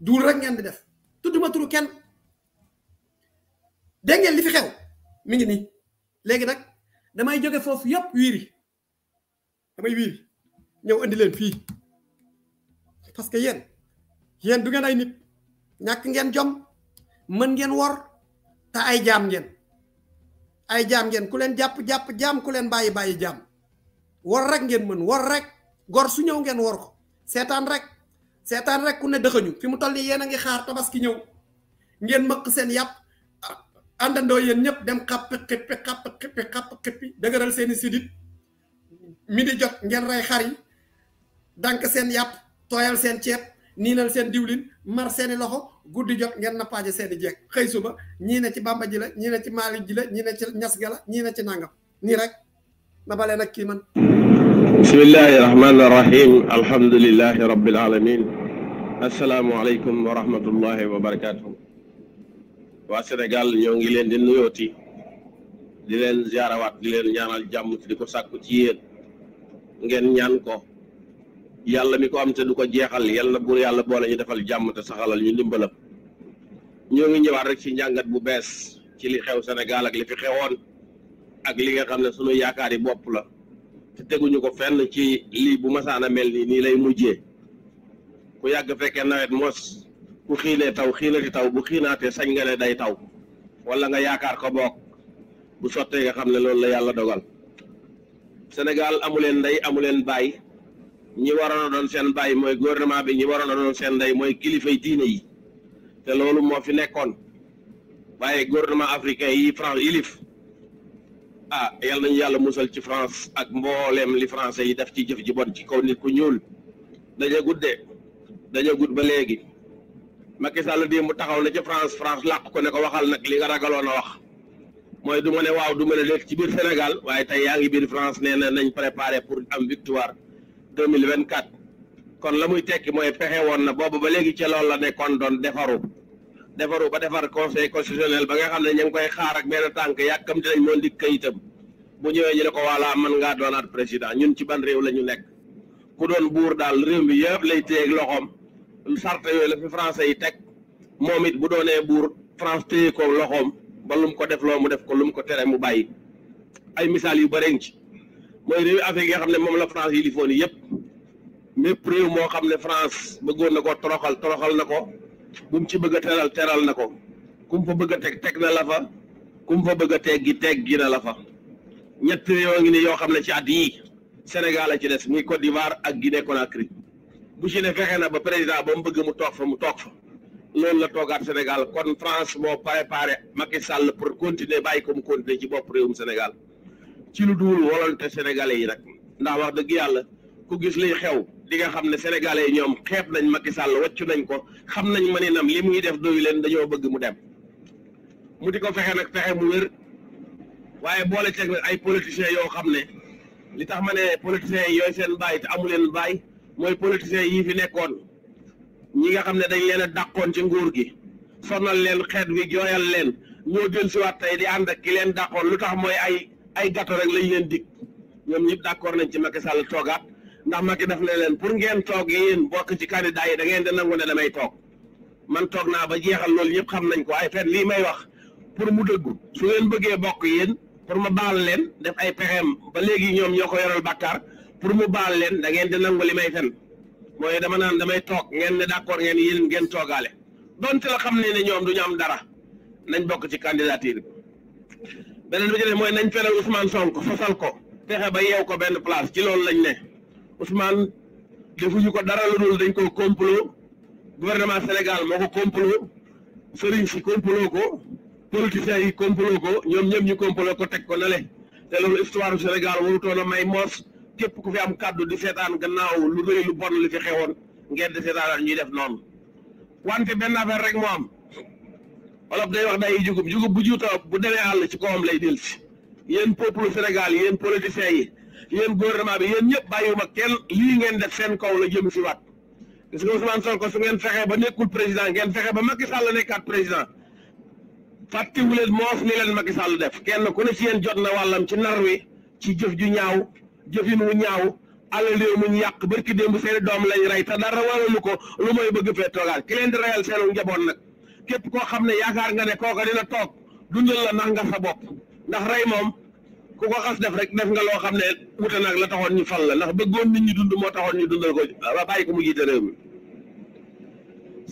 dul rek ngeen di def turu kenn dégg ngeen li fi xew mi ngi nii léegi nag damay jóge foofu yëpp wiiri damay wiiri ñëw indi leen fii parce que yéen yéen du ngeen ay nit ñàkk ngeen jom mën ngeen wor te ay jaam ngeen ay jaam ngeen ku leen jàpp-jàpp jaam ku leen bàyyi bàyyi jaam wor rek ngeen mën wor rek gor su ñëw ngeen wor ko seetaan rek seetaan rek ku ne dëxañu fi mu toll nii yéen a ngi xaar tabaski ñëw ngeen mëq seen yàpp andando yeen ñep dem kap kep kap kep kap kep degeural seen sidit mi di jot ngeen ray xari dank seen yap toyal seen ciep ninal seen diwlin mar seen loxo guddi jot ngeen nappaaje seen jek xey suba ñi ne ci bamba ji la ñi ne ci mali ji la ñi ne ci ñas ga la ñi ne ci nangam ni rek na balé nak ki man bismillahir rahmanir rahim alhamdulillahi rabbil alamin assalamu alaykum wa rahmatullahi wa barakatuh wa senegal ñoo ngi leen di nuyooti di leen ziarawaat di leen ñaanal jamm ci diko sakku ci yeen ngeen ñaan ko yalla mi ko am te du ko jeexal yàlla buur yàlla boole ñu defal jamm te saxalal ñu dimbalam ñu ngi ñëwaat rek ci njàngat bu bees ci li xew senegal ak li fi xewoon ak li nga xam ne sunu yaakaar yi bopp la te teguñu ko fenn ci li bu masaan mel ni nii lay mujjee ku yàgg fekkee nawet mos bu xiinee taw xiinati taw bu xiinaatee sañ nga ne day taw wala nga yaakaar ko boog bu sottee nga xam ne loolu la yàlla dogal Sénégal amu leen ndey amu leen baay ñi waroon a doon seen baay mooy gouvernement bi ñi waroon a doon seen ndey mooy kilifay diine yi te loolu moo fi nekkoon waaye gouvernement africain yi France ilif ah yal nañu yàlla musal ci France ak mbooleem li français yi def ci jëf ji bon ci kaw nit ku ñuul dañoo guddee dañoo gudd ba léegi. Macky Sall di mu taxaw na ci France France làq ko ne ko waxal nag li nga ragaloon a wax mooy duma ma ne waaw duma ma ne léegi ci biir Sénégal waaye tey yaa ngi biir France nee nañ préparé pour am victoire deux mille vingt quatre kon la muy tekki mooy pexe woon na boobu ba léegi ca loolu la nekkoon doon defaru defaru ba defar conseil constitutionnel ba nga xam ne ñu ngi koy xaar ak benn tànk yàkkamti nañ moo di kayitam bu ñëwee ñu ne ko voilà mën ngaa doonaat président ñun ci ban réew la ñu nekk ku doon buur daal réew yëpp lay téyeeg loxoom. charte yooyu la fi français yi teg moom it bu doonee buur France téye ko loxoom ba lu ko def loo mu def ko lum ko tere mu bàyyi ay misaal yu bëri ci mooy réew Afrique yi nga xam ne moom la France yi lifoon yëpp mépp réew moo xam ne France bëggoon na ko toroxal toroxal na ko bu mu ci bëgg a teral teral na ko ku fa bëgg a teg teg na la fa ku mu fa bëgg a teggi teggi na la fa ñett réew ngi ni yoo xam ne ci at yii Sénégal a ci des muy Côte d'Ivoire ak Guinée bu Bush ne fexe na ba président ba mu bëgg mu toog fa mu toog fa loolu la toogaat Sénégal kon France moo préparé Macky sàll pour continuer bàyyi ko mu continuer ci bopp réewum Sénégal ci lu dul volonté sénégalais yi nag ndax wax dëgg yàlla ku gis liy xew di nga xam ne sénégalais yi ñoom xeeb nañ Macky sàll wàccu nañ ko xam nañ ma ne nam li muy def doyu leen dañoo bëgg mu dem mu di ko fexe nag fexe mu wér waaye boole teg nag ay politiciens yoo xam ne li tax ma ne politiciens yooyu seen bàyyi amu leen bàyyi mooy politiciens yii fi nekkoon ñi nga xam ne dañ leen a dàqoon ci nguur gi sonal leen xeet wi jooyal leen ñoo jël si waat tey di ànd ak ki leen dàqoon lu tax mooy ay ay gàtto rek lañ leen dikk ñoom ñëpp d'accord nañ ci Macky Sall toogaat ndax Macky daf ne leen pour ngeen toog yéen bokk ci candidat yi da ngeen di nangu ne damay toog man toog naa ba jeexal loolu ñëpp xam nañ ko ay fen lii may wax pour mu dëggu su ngeen bëggee bokk yéen pour ma baal leen def ay pexeem ba léegi ñoom ñoo ko yoral bàkkaar pour mu baal leen da ngeen di nangu li may fen mooy dama naan damay toog ngeen ne d'accord ngeen yéen ngeen toogaale donte la xam ne ne ñoom du ñu am dara nañ bokk ci candidature bi beneen bi ci def mooy nañ feral Ousmane Sonko fasal ko fexe ba yeew ko benn place ci loolu lañ ne Ousmane defuñu ko dara lu dul dañ ko complot gouvernement Sénégal moo ko complot sëriñ si complot ko politiciens yi complot ko ñoom ñëpp ñu complot ko teg ko ne le te loolu histoire du Sénégal a may moos képp ku fi am kàddu di seetaan gannaaw lu rëy lu bon li fi xewoon ngeen di seetaan ñuy def noonu wante benn affaire rek moo am wolof day wax day jugub jugub bu juuta bu demee àll ci kawam lay dil si yéen peuple Sénégal yéen politiciens yi yéen gouvernement bi yéen ñëpp bàyyiwuma kenn lii ngeen def seen kaw la jëm si waat gis nga Ousmane Sonko su ngeen fexee ba nekkul président ngeen fexe ba Macky Sall nekkaat président fàttiwu leen moos ni leen Macky Sall kenn ku ne si yéen jot na wàllam ci nar wi ci jëf ju ñaaw jëfin wu ñaaw alal réew mu ñu yàq barki démb seen doom lañ rey te dara waralu ko lu mooy bëgg fee toogaat ki leen di reyal seenu njaboot nag képp ko xam ne yaakaar nga ne kooka dina toog dundal la nax nga sa bopp ndax rey moom ku ko xas def rek def nga loo xam ne wuute nag la taxoon ñu fal la ndax bëggoon nit ñu dund moo taxoon ñu dundal ko ba bàyyi ko mu jiite réew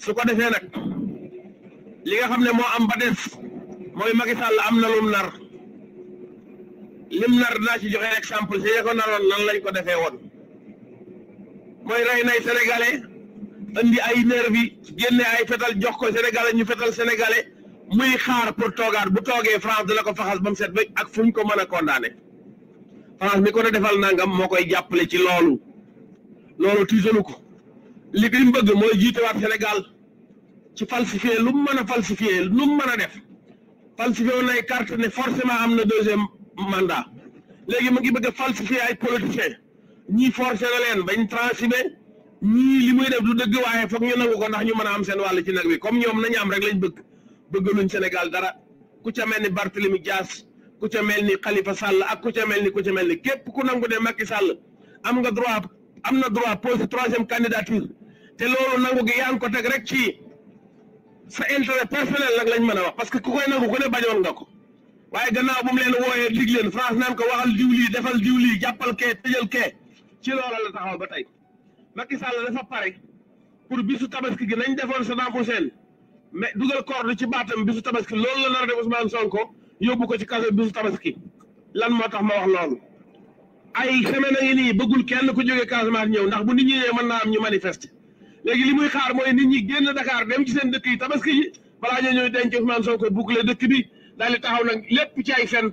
su ko defee nag li nga xam ne moo am ba des mooy Macky Sall am na lum nar lim nar naa ci joxe exemple si ña ko naroon nan lañ ko defee woon mooy rey nay sénégalais indi ay nervi génne ay fetal jox ko sénégalais ñu fetal sénégalais muy xaar pour toogaat bu toogee France dina ko faxas ba set ba ak fu ñu ko mën a condamné France mi ko ne defal nangam moo koy jàppale ci loolu loolu tiitalu ko li bi mu bëgg mooy jiitewaat Sénégal ci falsifié lu mu mën a falsifié lu mu mën a def falsifié woon ay ne forcément am na deuxième. mandat léegi mu ngi bëgg a falsifier ay politiciens ñii forcé na leen bañ transhumé ñii li muy def du dëgg waaye foog ñu nangu ko ndax ñu mën a am seen wàll ci nag bi comme ñoom nañu am rek lañ bëgg bëggaluñ Sénégal dara ku ca mel ni Barthélemy Dias ku ca mel ni Khalifa Sall ak ku ca mel ni ku ca mel ni képp ku nangu ne Macky Sall am nga droit am na droit poser troisième candidature te looloo nangu gi yaa ko teg rek ci sa intérêt personnel nag lañ mën a wax parce que ku koy nangu ku ko. waaye gannaaw bu mu leen wooyee dig leen France naan ko waxal diw lii defal diw lii jàppal kee tëjal kee ci loola la taxaw ba tey Macky Sall dafa pare pour bisu tabaski gi nañ defoon Saddam Hussein mais dugal corde ci baatam bisu tabaski loolu la nar a def Ousmane Sonko yóbbu ko ci kaso bisu tabaski lan moo tax ma wax loolu. ay semaine ngi nii bëggul kenn ku jógee Casamance ñëw ndax bu nit ñi ñëwee mën naa am ñu manifester léegi li muy xaar mooy nit ñi génn Dakar ci seen dëkk yi tabaski yi balaa ñoo ñëw denc Ousmane Sonko boucler dëkk bi. daal di taxaw nag lépp ci ay fen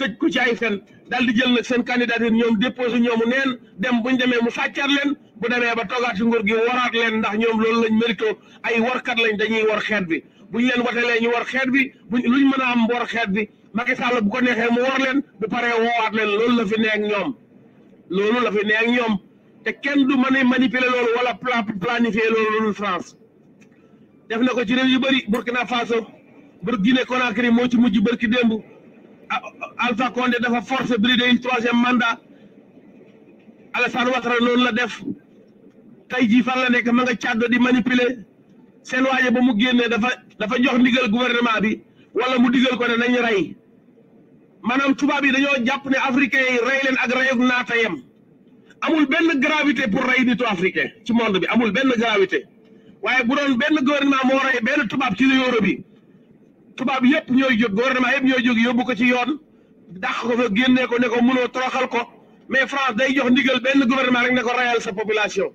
tëj ko ci ay fen daal di jël nag seen candidature ñoom déposé ñoomu neen dem buñ demee mu sàccaat leen bu demee ba toogaat si nguur gi waraat leen ndax ñoom loolu lañ mérito ay warkat lañ dañuy war xeet bi buñ leen watalee ñu war xeet bi buñ luñ mën a am war xeet bi Macky Sall bu ko neexee mu war leen bu paree woowaat leen loolu la fi nee ak ñoom loolu la fi nee ak ñoom te kenn du mën a manipuler loolu wala planifier loolu loolu France def na ko ci réew yu bëri Burkina Faso bu Guinée Conakry moo ci mujj bërki démb Alpha Condé dafa forcé brider une troisième manda Alassane Ouattara noonu la def tey jii fan la nekk ma nga càddo di manipuler seen waaje ba mu génnee dafa dafa jox ndigal gouvernement bi wala mu digal ko ne nañu rey maanaam tubaab yi dañoo jàpp ne africain yi rey leen ak reyug naata yem amul benn gravité pour rey nitu africain ci monde bi amul benn gravité waaye bu doon benn gouvernement moo rey benn tubaab ci Europe bi tubaab yëpp ñooy jóg gouvernement yëpp ñooy jóg yóbbu ko ci yoon dàq ko fa génnee ko ne ko mënoo toroxal ko mais France day jox ndigal benn gouvernement rek ne ko rayal sa population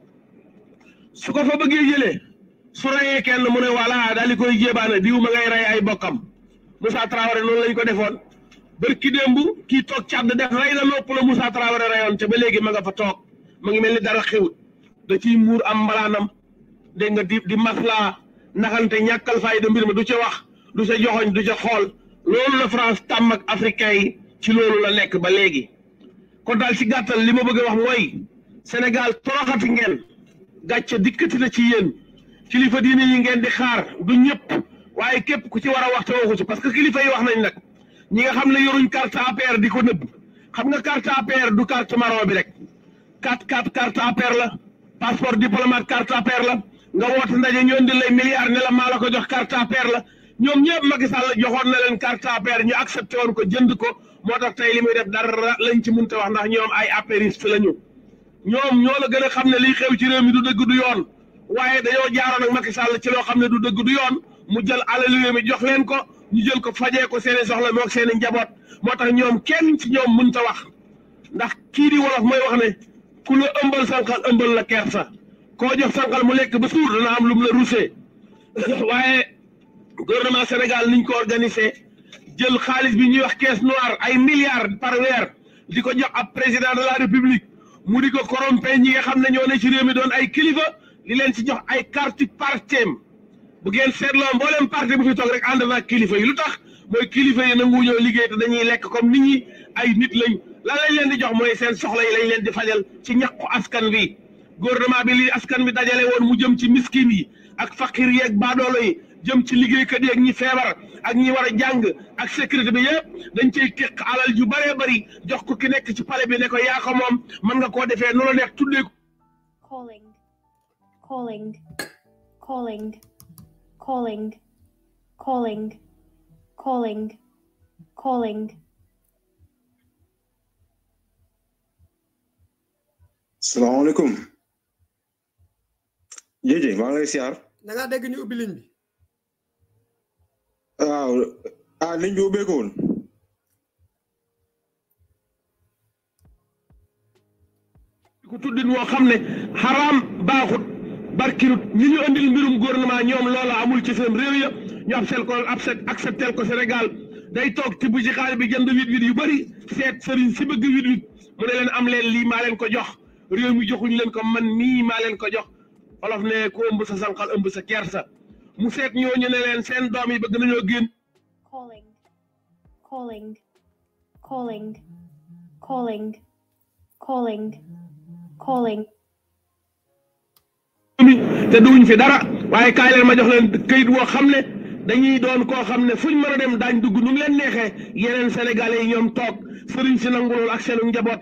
su ko fa bëggee jële su rayee kenn mu ne voilà daal di koy jébaane diw ma ngay rey ay bokkam Moussa Traoré noonu lañ ko defoon bërki démb kii toog càdd def rey na nopp la Moussa Traoré rayoon te ba léegi ma nga fa toog ma ngi mel ni dara xewut da ciy muur am mbalaanam dégg nga di di maslaa naxante ñàkkal fayda mbir ma du ci wax du sa joxoñ du sa xool loolu la France tàmm ak africain yi ci loolu la lekk ba léegi kon daal ci gàttal li ma bëgg a wax mooy Sénégal toroxati ngeen gàcce dikkati na ci yéen kilifa diine yi ngeen di xaar du ñëpp waaye képp ku ci war a wax waxu ci parce que kilifa yi wax nañ nag ñi nga xam ne yoruñ carte APR di ko nëbb xam nga carte APR du carte marron bi rek 4 4 carte APR la passeport diplomate carte APR la nga woote ndaje ñoon di lay milliard ne la ko jox carte APR la ñoom ñëpp Macky joxoon na leen carte APR ñu accepté ko jënd ko moo tax tey li muy def dara lañ ci mënta wax ndax ñoom ay apériste lañu ñoom ñoo la gën a xam ne liy xew ci réew mi du dëgg du yoon waaye dañoo jaaroon ak Macky Sall ci loo xam ne du dëgg du yoon mu jël alal réew mi jox leen ko ñu jël ko fajee ko seeni soxla wax seeni njaboot moo tax ñoom kenn ci ñoom mënta wax ndax kii di wolof mooy wax ne ku la ëmbal sànqal ëmbal la kersa koo jox sànqal mu lekk ba suur dana am lu mu la gouvernement Sénégal niñ ko organiser jël xaalis bi ñuy wax caisse noire ay milliards par wer di jox ab président de la république mu diko ko corrompé ñi nga xamné ñoo né ci réew mi doon ay kilifa li leen ci jox ay carte partem bu gën sétlo mbolem parti bu fi tok rek and na kilifa yi lutax moy kilifa yi nangu ñoo liggéey te dañuy lek comme nit ñi ay nit lañ la lañ leen di jox moy seen soxla yi lañ leen di fajal ci ñakku askan wi gouvernement bi li askan wi dajalé won mu jëm ci miskin yi ak fakir yi ak yi jëm ci liggéeykat yi ak ñi feebar ak ñi war a jàng ak sécurité bi yëpp dañ cay teq alal ju bëree bëri jox ko ki nekk ci palais bi ne ko yaa ko moom mën nga koo defee nu neex tuddee calling calling calling calling calling calling calling. salaamaaleykum. jërëjëf maa ngi lay siyaar. da ngaa dégg ñu ubbi ligne bi. waaw ah ligne bi ubbeekuwul ku tuddin woo xam ne xaraam baaxut barkirut ñi ñu andil mbirum gouvernement ñoom loola amul ci seen réew ya ñu absel ko accepté ko Sénégal day toog tibb ci xaalis bi jënd wit wit yu bari seet sëriñ si bëgg wit wit mu ne leen am leen lii maa leen ko jox réew mi joxuñu leen ko man nii maa leen ko jox olof ne ko ëmb sa sànqal ëmb sa kersa mu seet ñooñu ne leen seen doom yi bëgg nañoo génn. calling calling calling calling calling calling. te duñ fi dara waaye kaay ma jox leen këyit woo xam ne dañuy doon koo xam ne fuñ mën a dem daañ dugg nu mu leen neexee yeneen senegal yi ñoom toog sëriñ si nangu lool ak seenu njaboot.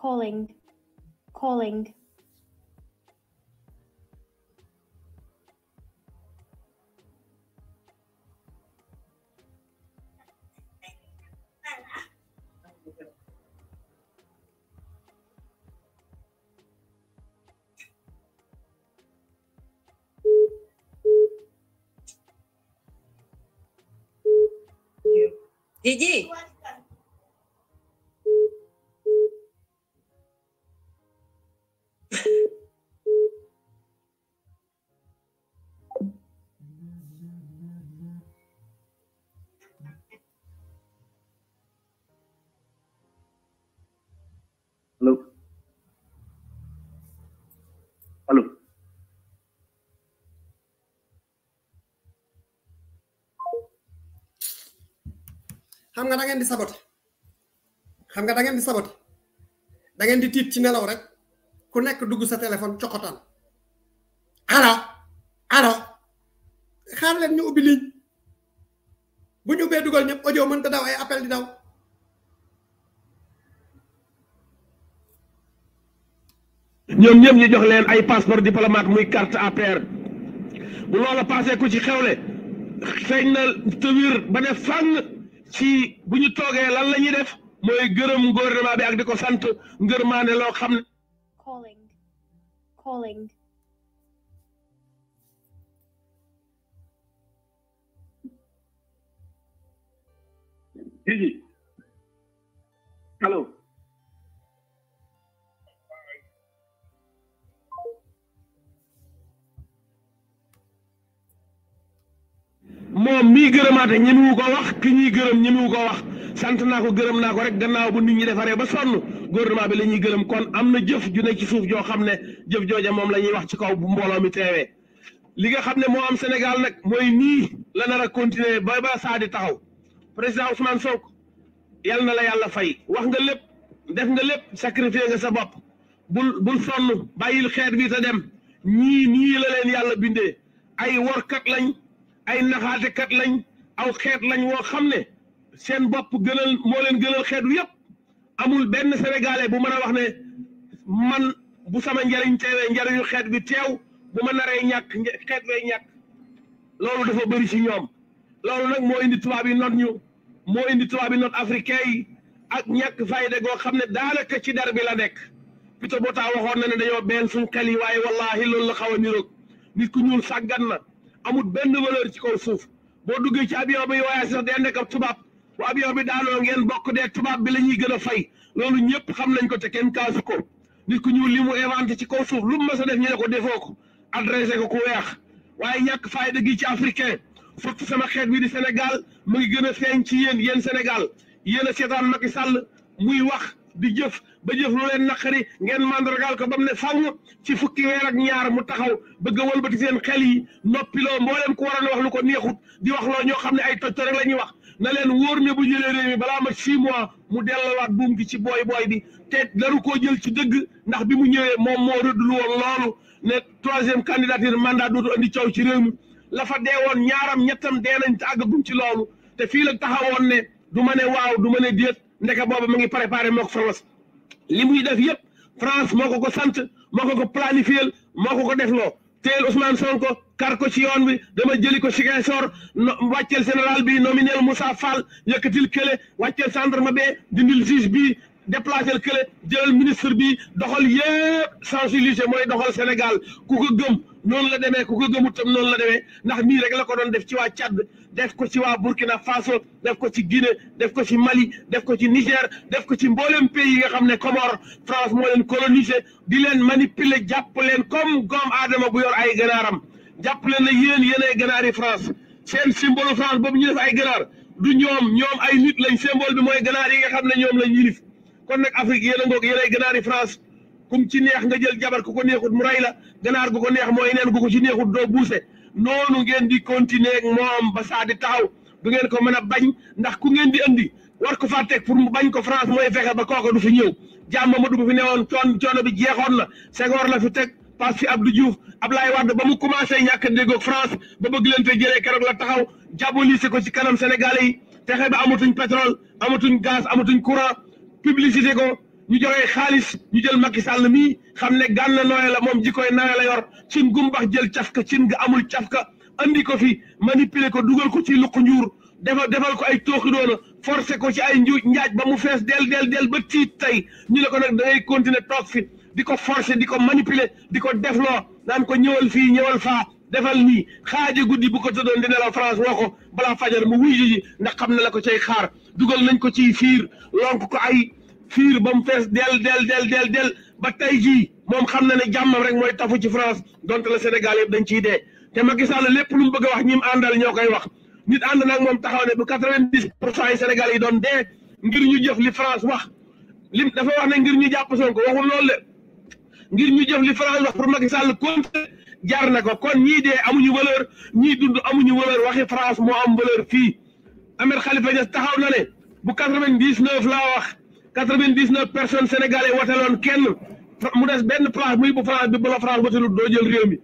calling calling Gigi. xam nga da ngeen di sabote xam nga da ngeen di sabote da ngeen di tiit ci nelaw rek ku nekk dugg sa téléphone coxotaan alo alo xaar leen ñu ubbi liñ bu ñu ubbee dugal ñëpp audio mën ta daw ay appel di daw ñoom ñëpp ñu jox leen ay passeport diplomate muy carte APR bu loola passé ku ci xewle feeñ na wir ba ne fang si bu ñu toogee lan la ñuy def mooy gërëm gouvernement bi ak di ko sant ngërmaa ne loo xam ne calling calling Gigi moom mii gërëmaate ñemewu ko wax ki ñuy gërëm ñemewu ko wax sant naa ko gërëm naa ko rek gannaaw ba nit ñuy defaree ba sonn gouvernement bi la ñuy gërëm kon am na jëf ju nekk ci suuf joo xam ne jëf jooja moom la ñuy wax ci kaw bu mbooloo mi teewee li nga xam ne moo am Sénégal nag mooy nii la nar a continuer ba ba saa di taxaw président Ousmane Sonko yal na la yàlla fay wax nga lépp def nga lépp sacrifié nga sa bopp bul bul sonn bàyyil xeet bi te dem ñii nii la yàlla bindee ay workat lañ. ay naxaatekat lañ aw xeet lañ woo xam ne seen bopp gënal moo leen gënal xeet wi yëpp amul benn sénégalais bu mën a wax ne man bu sama njariñ teewee njariñu xeet bi teew bu ma naree ñàkk xeet way ñàkk loolu dafa bëri ci ñoom loolu nag moo indi tubaab yi not ñu moo indi tubaab yi not africain yi ak ñàkk fayda goo xam ne daanaka ci dar bi la nekk Pito Bota waxoon na ne dañoo benn suñ xel yi waaye wallahi loolu la xaw a niroog nit ku ñuul sàggan na amul benn valeur ci kaw suuf boo duggee ci avion bi waaye sax dee nekk ab tubaab bu avion bi daanoo ngeen bokk dee tubaab bi la ñuy gën a fay loolu ñëpp xam nañ ko te kenn kaasu ko nit ku ñuul li mu inventé ci kaw suuf lu mu mës def ñu ne ko defoo ko adressé ko ku weex waaye ñàkk fayda gi ci africain fokk sama xeet bi di Sénégal mu ngi gën a feeñ ci yéen yéen Sénégal yenn a seetaan Macky Sall muy wax. di jëf ba jëf lu leen naqari ngeen mandragal ko bam ne sang ci fukki weer ak ñaar mu taxaw bëgg a wëlbati seen xel yi lo mo leen ko waroon wax lu ko neexut di wax lo ño xamne ay tocc rek lañuy wax na leen woor ne bu jëlé réew mi bala ma 6 mois mu delluwaat buum gi ci boy boy bi té daru ko jël ci dëgg ndax bi mu ñëwee moom moo rëddul won loolu ne troisième candidature mandat dootu andi ciow ci réew mi la fa déwon ñaaram ñettam dé nañ te buum ci loolu té fi la taxawon né duma né ne waaw du ma ne ndeka boobu mu ngi préparé moo ko France li muy def yëpp France moo ko ko sant moo ko ko planifié moo ko ko defloo teel Ousmane Sonko kar ko ci yoon bi dama jëli ko Ziguinchor wàcceel général bi nominé Moussa Fall yëkkatil kële wàcceel ma bee dindil juge bi déplacé kële jëlal ministre bi doxal yëpp sensibiliser mooy doxal Sénégal ku ko gëm. noonu la demee ku ko gëmut tam noonu la demee ndax nii rek la ko doon def ci waa Tchad def ko ci waa Burkina Faso def ko ci Guinée def ko ci Mali def ko ci Niger def ko ci mboolem pays yi nga xam ne Comore France moo leen coloniser di leen manipuler jàpp leen comme goom aadama bu yor ay ganaaram jàpp leen ne yéen yéen ay ganaar yi France seen symbole France boobu ñu def ay ganaar du ñoom ñoom ay nit lañ symbole bi mooy ganaar yi nga xam ne ñoom lañ yilif kon nag Afrique yéen a ngoog yéen ganaar France. kum ci neex nga jël jabar ko ko neexut mu rey la ganaar gu ko neex mooy neen gu ko ci neexut doo buuse noonu ngeen di continuer moom ba saa di taxaw du ngeen ko mën a bañ ndax ku ngeen di andi war ko faa teg pour mu bañ ko France mooy fexe ba kooka du fi ñëw jàmm ma du fi newoon coon coono bi jeexoon na Senghor la fi teg pass fi Abdou Diouf Ablaye Wade ba mu commencé ñàkk a déggoog France ba bëgg leen fee jëlee keroog la taxaw jabolise ko ci kanam Sénégalais yi fexe ba amatuñ pétrole amatuñ gaz amatuñ courant publicité ko. ñu joxe xaalis ñu jël Macky Sall mii xam ne gànna nooye la moom jikoy nawe la yor cin gumbax jël cafka cin nga amul cafka andi ko fi manipuler ko dugal ko ci luq njuur defal defal ko ay tooxi doona forcé ko ci ay njuuj njaaj ba mu fees del del del ba tiit tey ñu ne ko nag da ngay continuer toog fi di ko forcé di ko manipuler di ko defloo naan ko ñëwal fii ñëwal faa defal nii xaaji guddi bu ko tëddoon di nelaw France woo ko balaa fajar mu wuy ji ndax xam ne la ko cay xaar dugal nañ ko ciy fiir lonk ko ay fiir ba mu fees del del del del del ba tey jii moom xam na ne jàmmam rek mooy tafu ci France donte la Sénégal yëpp dañ ciy de te Macky Sall lépp lu mu bëgg wax ñi mu àndal ñoo koy wax nit ànd nag moom taxaw ne bu quatre-vingt-dix pour cent yi Sénégal yi doon dee ngir ñu jëf li France wax li dafa wax ne ngir ñu jàpp Sonko waxul loolu la ngir ñu jëf li France wax pour Macky Sall compte jar na ko kon ñii dee amuñu valeur ñii dund amuñu valeur waxi France moo am valeur fii Ahmed Khalifa Niass taxaw na ne bu quatre vingt laa wax quatre-vingt-dix-neuf personnes sénégalais wateloon kenn mu des benn place muy bu France bi bu France watelul doo jël réew mi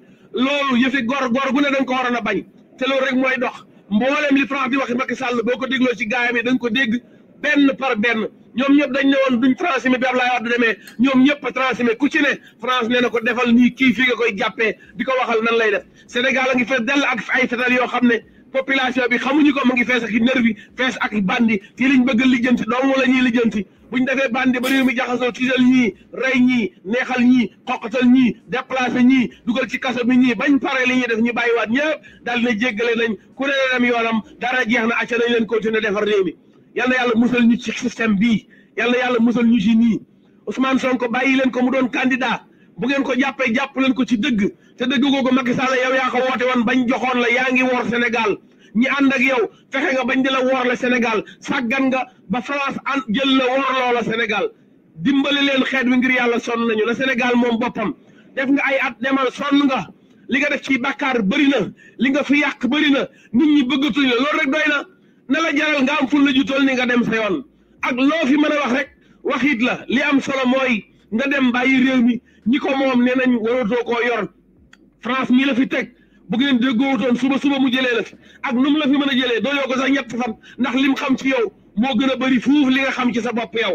loolu yëfi gor gor gu ko waroon a bañ te loolu rek mooy dox mboolem li France di wax Macky Sall boo ko dégloo ci gaayam yi dañ ko dégg benn par benn ñoom ñëpp dañ ne woon duñ transmettre bi Abdoulaye Wade demee ñoom ñëpp a transmettre ku ci France nee ko defal nii kii fii nga koy jàppee di ko waxal nan lay def Sénégal a ngi fees dell ak ay fetal yoo xam ne population bi xamuñu ko mu i nervi fees bëgg lijjanti la ñuy lijjanti bu ñu defee bandi ba réew mi jaxasoo tiisal ñii rey ñii neexal ñii xoqatal ñii déplacé ñii dugal ci kaso bi ñii bañ pare li ñuy def ñu bàyyiwaat ñëpp daal na jéggale nañ ku ne na dem yoonam dara jeex na acca nañ leen continuer defar réew mi yal na yàlla musal ñu ci système bii yal na yàlla musal ñu ci nii Ousmane ko bàyyi leen ko mu doon candidat bu ngeen ko jàppee jàpp leen ko ci dëgg te dëgg googu Macky Sall yow yaa ko woote woon bañ joxoon la yaa ngi wor Sénégal ñi ànd ak yow fexe nga bañ di la woor la Sénégal saggan nga ba France an jël la woorloo la Sénégal dimbali leen xeet wi ngir yàlla sonn nañu la Sénégal moom boppam def nga ay at demal sonn nga li nga def ci bàkkaar bëri na li nga fi yàq bëri na nit ñi bëggatuñ la loolu rek doy na na la jaral nga am ful la ju toll ni nga dem sa yoon ak loo fi mën a wax rek waxit la li am solo mooy nga dem bàyyi réew mi ñi ko moom nee nañ waratoo ko yor France mi la fi teg bu ngeen déggootoon suba suba mu jëlee la ak nu mu la fi mën a jëlee doyoo ko sax ñett fan ndax lim xam ci yow moo gën a bëri fuuf li nga xam ci sa bopp yow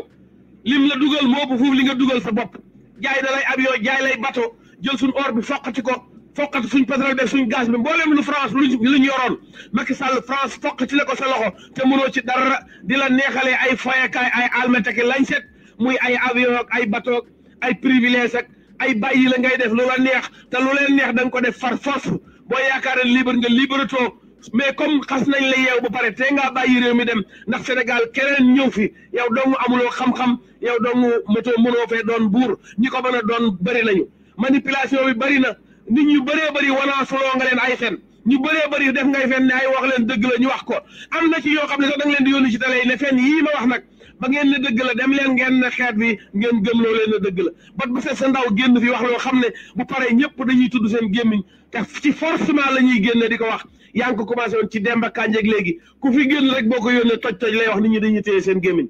lim la dugal moo ëpp fuuf li nga dugal sa bopp jaay da lay avion jaay lay bateau jël suñ or bi foqati ko foqati suñ pétrole def suñ gaz bi mbooleem lu France lu luñ yoroon Macky Sall France foqati la ko sa loxo te mënoo ci dara di la neexalee ay foyekaay ay almeteki lañ set muy ay avion ak ay bateau ay privilège ak ay bàyyi la ngay def lu la neex te lu leen neex da ko def far force boo yaakaar ne libre nga libératoo mais comme xas nañ la yeew ba pare te ngaa bàyyi réew mi dem ndax Sénégal keneen ñëw fi yow dong amuloo xam-xam yow dong moto mënoo fee doon buur ñi ko mën a doon bëri nañu manipulation bi bëri na nit ñu bëree bëri wanaasuloo nga leen ay fen ñu bëree bëri def ngay fen ne ay wax leen dëgg la ñu wax ko am na ci yoo xam ne sax da leen di yónni ci télé yi ne fen yii ma wax nag ba ngeen ne dëgg la dem leen ngeen ne xeet bi ngeen gëmloo leen ne dëgg la bat bu set sa ndaw génn fi wax loo xam ne bu pare ñëpp dañuy tudd seen gémmiñ te ci forcément la ñuy génne di ko wax yaa ngi ko commencé woon ci Demba Kandji ak léegi ku fi génn rek boo ko yónnee toj toj lay wax nit ñi dañuy seen gémmiñ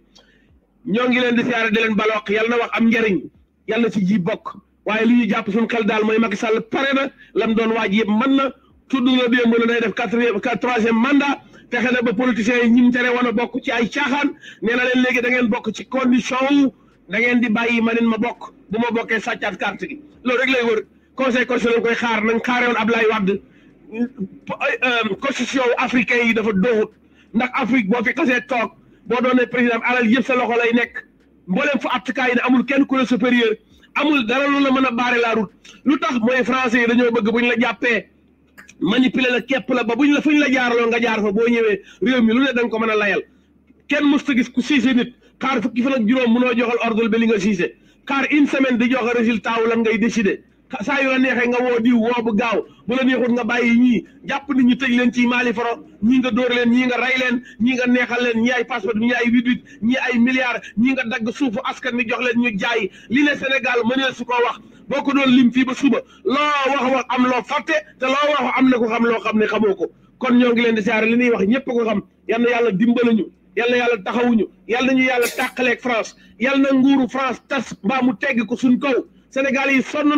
ñoo ngi leen di siyaare di leen baloq yal na wax am njariñ yal na ci ji bokk waaye li ñuy jàpp suñu xel daal mooy Macky Sall pare na lam doon waaj yëpp mën na tudd na démb na day def quatrième troisième mandat fexe na ba politiciens yi ñim tere wan a bokk ci ay caaxaan nee na leen léegi da ngeen bokk ci condition wu da di bàyyi ma leen ma bokk bu ma bokkee sàccaat carte gi loolu conseil constitutionnel koy xaar nañ xaaree woon Ablaye Wade euh, constitution africain yi dafa doxut ndax Afrique boo fi xasee toog boo doonee président alal yëpp sa loxo lay nekk mbooleem fa attukaay yi ne amul kenn kuréel supérieur amul dara lu la mën a barrer la route lu tax mooy français yi dañoo bëgg bu ñu la jàppee manipuler la képp la ba bu ñu la fu la jaaraloo nga jaar fa boo ñëwee réew mi lu ne da ko mën a layal kenn mësta gis ku siise nit xaar fukki fan ak juróom mënoo joxal ordre bi li nga siise xaar semaine di joxe résultat wu lan ngay décider. sa yo nexe nga wo di wo bu gaaw bu la nexut nga bayyi ñi japp ni ñu tej leen ci mali foro ñi nga door leen ñi nga ray leen ñi nga nexal leen ñi ay passeport ñi ay huit ñi ay milliards ñi nga dag suufu askan mi jox leen ñu jaay li le senegal mënee su ko wax boo doon lim fi ba suba lo wax wax am lo fatte te lo wax am na ko xam lo xam ne xamoo kon ñoo ngi leen di ziar li ni wax ñepp ko xam yal na dimbalu ñu yal na taxawuñu yal na yalla takale ak France yal na nguuru France tas ba mu tegg ko suñ kaw senegal yi sonn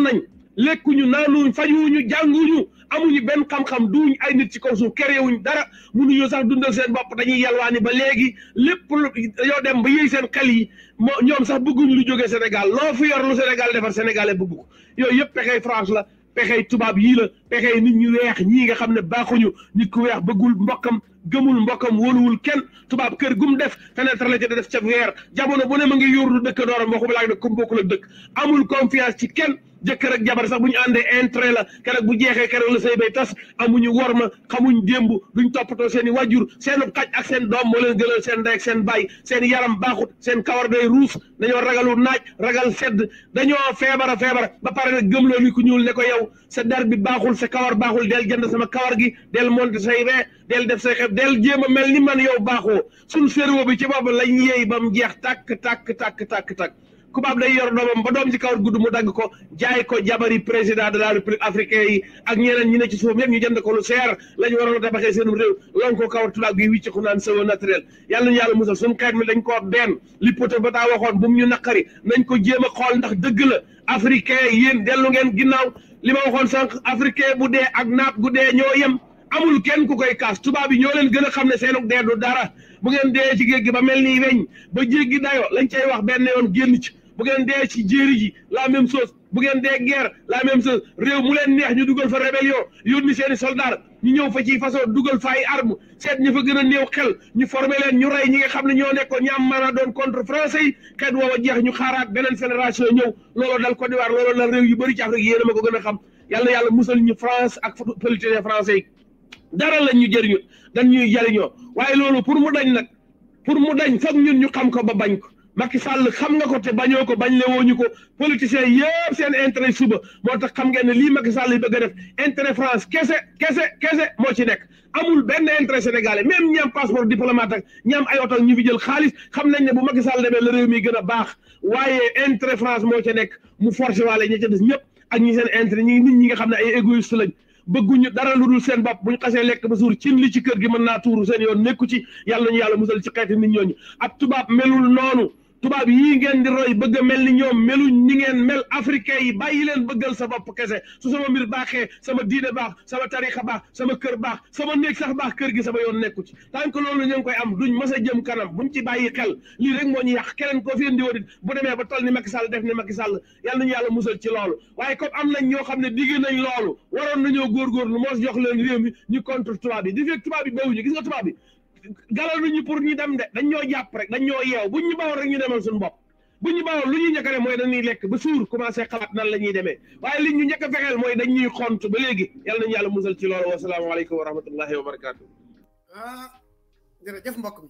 lekkuñu naanuñ fajuwuñu jànguñu amuñu benn xam-xam duuñ ay nit ci kaw suuf keréewuñ dara mënuñoo sax dundal seen bopp dañuy yalwaani ba léegi lépp yoo dem ba yëy seen xel yi moo ñoom sax bëgguñu lu jóge Sénégal loo fi yor lu Sénégal defar sénégalais bëgg ko yooyu yëpp pexey France la pexey tubaab yii la pexey nit ñu weex ñii nga xam ne baaxuñu nit ku weex bëggul mbokkam gëmul mbokkam wóoluwul kenn tubaab kër gum def fenêtre la ca def ca weer jamono bu ne ma ngi yóorlu dëkk dooram waxu balaa nag comme bokkul ak dëkk amul confiance ci kenn jëkkër ak jabar sax bu ñu àndee intérêt la keroog bu jeexee keroog la sëy bay tas amuñu worma xamuñ démb duñ toppatoo seen i wàjjur seen xaj ak seen doom moo leen seen ndey ak seen baay seen yaram baaxut seen kawar day ruus dañoo ragalu naaj ragal sedd dañoo feebara feebara ba pare nag gëmloo ni ku ñuul ne ko yow sa der bi baaxul sa kawar baaxul del jënd sama kawar gi del monte say ree del def say xef del jéem a mel ni man yow baaxoo suñ cerveau bi ci bopp lañ yeey bam jeex tàkk tàkk tàkk tàkk tàkk tubaab day yor doomam ba doom ci kawar gudd mu dagg ko jaay ko jabari président de la république africain yi ak ñeneen ñu ne ci suuf ñëpp ñu jënd ko lu seer la ñu a tabaxee seenum réew lon ko kawar tubaab gi wicc ko naan sawa naturel yàlla ñu yàlla musal suñu ñu naqari nañ ko jéem a xool ndax dëgg la africain yéen dellu ngeen ginnaaw li ma waxoon sànq africain bu dee ak naat gu dee ñoo yem amul kenn ku koy kaas tubaab yi ñoo leen gën a xam ne seenuk dee du dara bu ngeen dee ci géej gi ba mel ni weñ ba jéggi dayo lañ cay wax benn yoon génn ci bu ngeen dee ci jéeri ji la même sos bu ngeen dee geer la même chose réew mu leen neex ñu dugal fa rébellion yónni seeni soldat ñu ñëw fa ci façon dugal fa ay seet ñu fa gën a néew xel ñu formé leen ñu rey ñi nga xam ne ñoo nekkoon ñaam maanaa doon contre français yi xeet woowa jeex ñu xaaraat beneen génération ñëw looloo dal Côte d'Ivoire looloo dal réew yi bëri ci Afrique yéena ma ko gën a xam yàlla yàlla musal ñu France ak politique français yi dara lañ ñu jëriñu dañ ñuy jëriñoo waaye loolu pour mu dañ nag pour mu dañ foog ñun ñu xam ko ba bañ ko Macky Sall xam nga ko te bañoo ko bañ le wooñu ko politiciens yëpp seen intérêt suba moo tax xam ngeen ne lii Macky Sall yi bëgg a def intérêt France kese kese kese moo ci nekk amul benn intérêt sénégalais même ñi am passeport diplomate ak ñi am ay oto ñu fi jël xaalis xam nañ ne bu Macky Sall demee la réew mi gën a baax waaye intérêt France moo ci nekk mu force waale ñi ca des ñëpp ak ñu seen intérêt ñi nit ñi nga xam ne ay égoïste lañ bëgguñu dara lu dul seen bopp bu ñu xasee lekk ba suur li ci kër gi mën naa tuuru seen yoon nekku ci yàlla ñu yàlla musal ci xeeti nit ñooñu ab noonu tubaab yii ngeen di roy bëgg a mel ni ñoom meluñ ñi ngeen mel africain yi bàyyi leen bëggal sa bopp kese su sama mbir baaxee sama diina baax sama tarixa baax sama kër baax sama néeg sax baax kër gi sama yoon nekku ci tant que loolu ñu ngi koy am duñ mas a jëm kanam buñ ci bàyyi xel lii rek moo ñu yàq keneen koo fi indi woon it bu demee ba toll ni Macky Sall def ni Macky Sall yal ñu yàlla musal ci loolu waaye comme am nañ ñoo xam ne digg nañ loolu waroon nañoo góorgóorlu moos jox leen réew mi ñu contre tubaab yi di fekk tubaab yi bawuñu gis nga tubaab yi galal ñu pour ñi dem de dañ ñoo japp rek dañ ñoo yew buñu baaw rek ñu demal suñu bop buñu baaw luñu ñëk rek moy dañuy lek ba sour commencé xalat nan lañuy démé waye li ñu njëkk dañ ñuy xontu ba légui yalla nañu yalla musal ci loolu alaykum wa rahmatullahi wa ah jërëjëf mbokk mi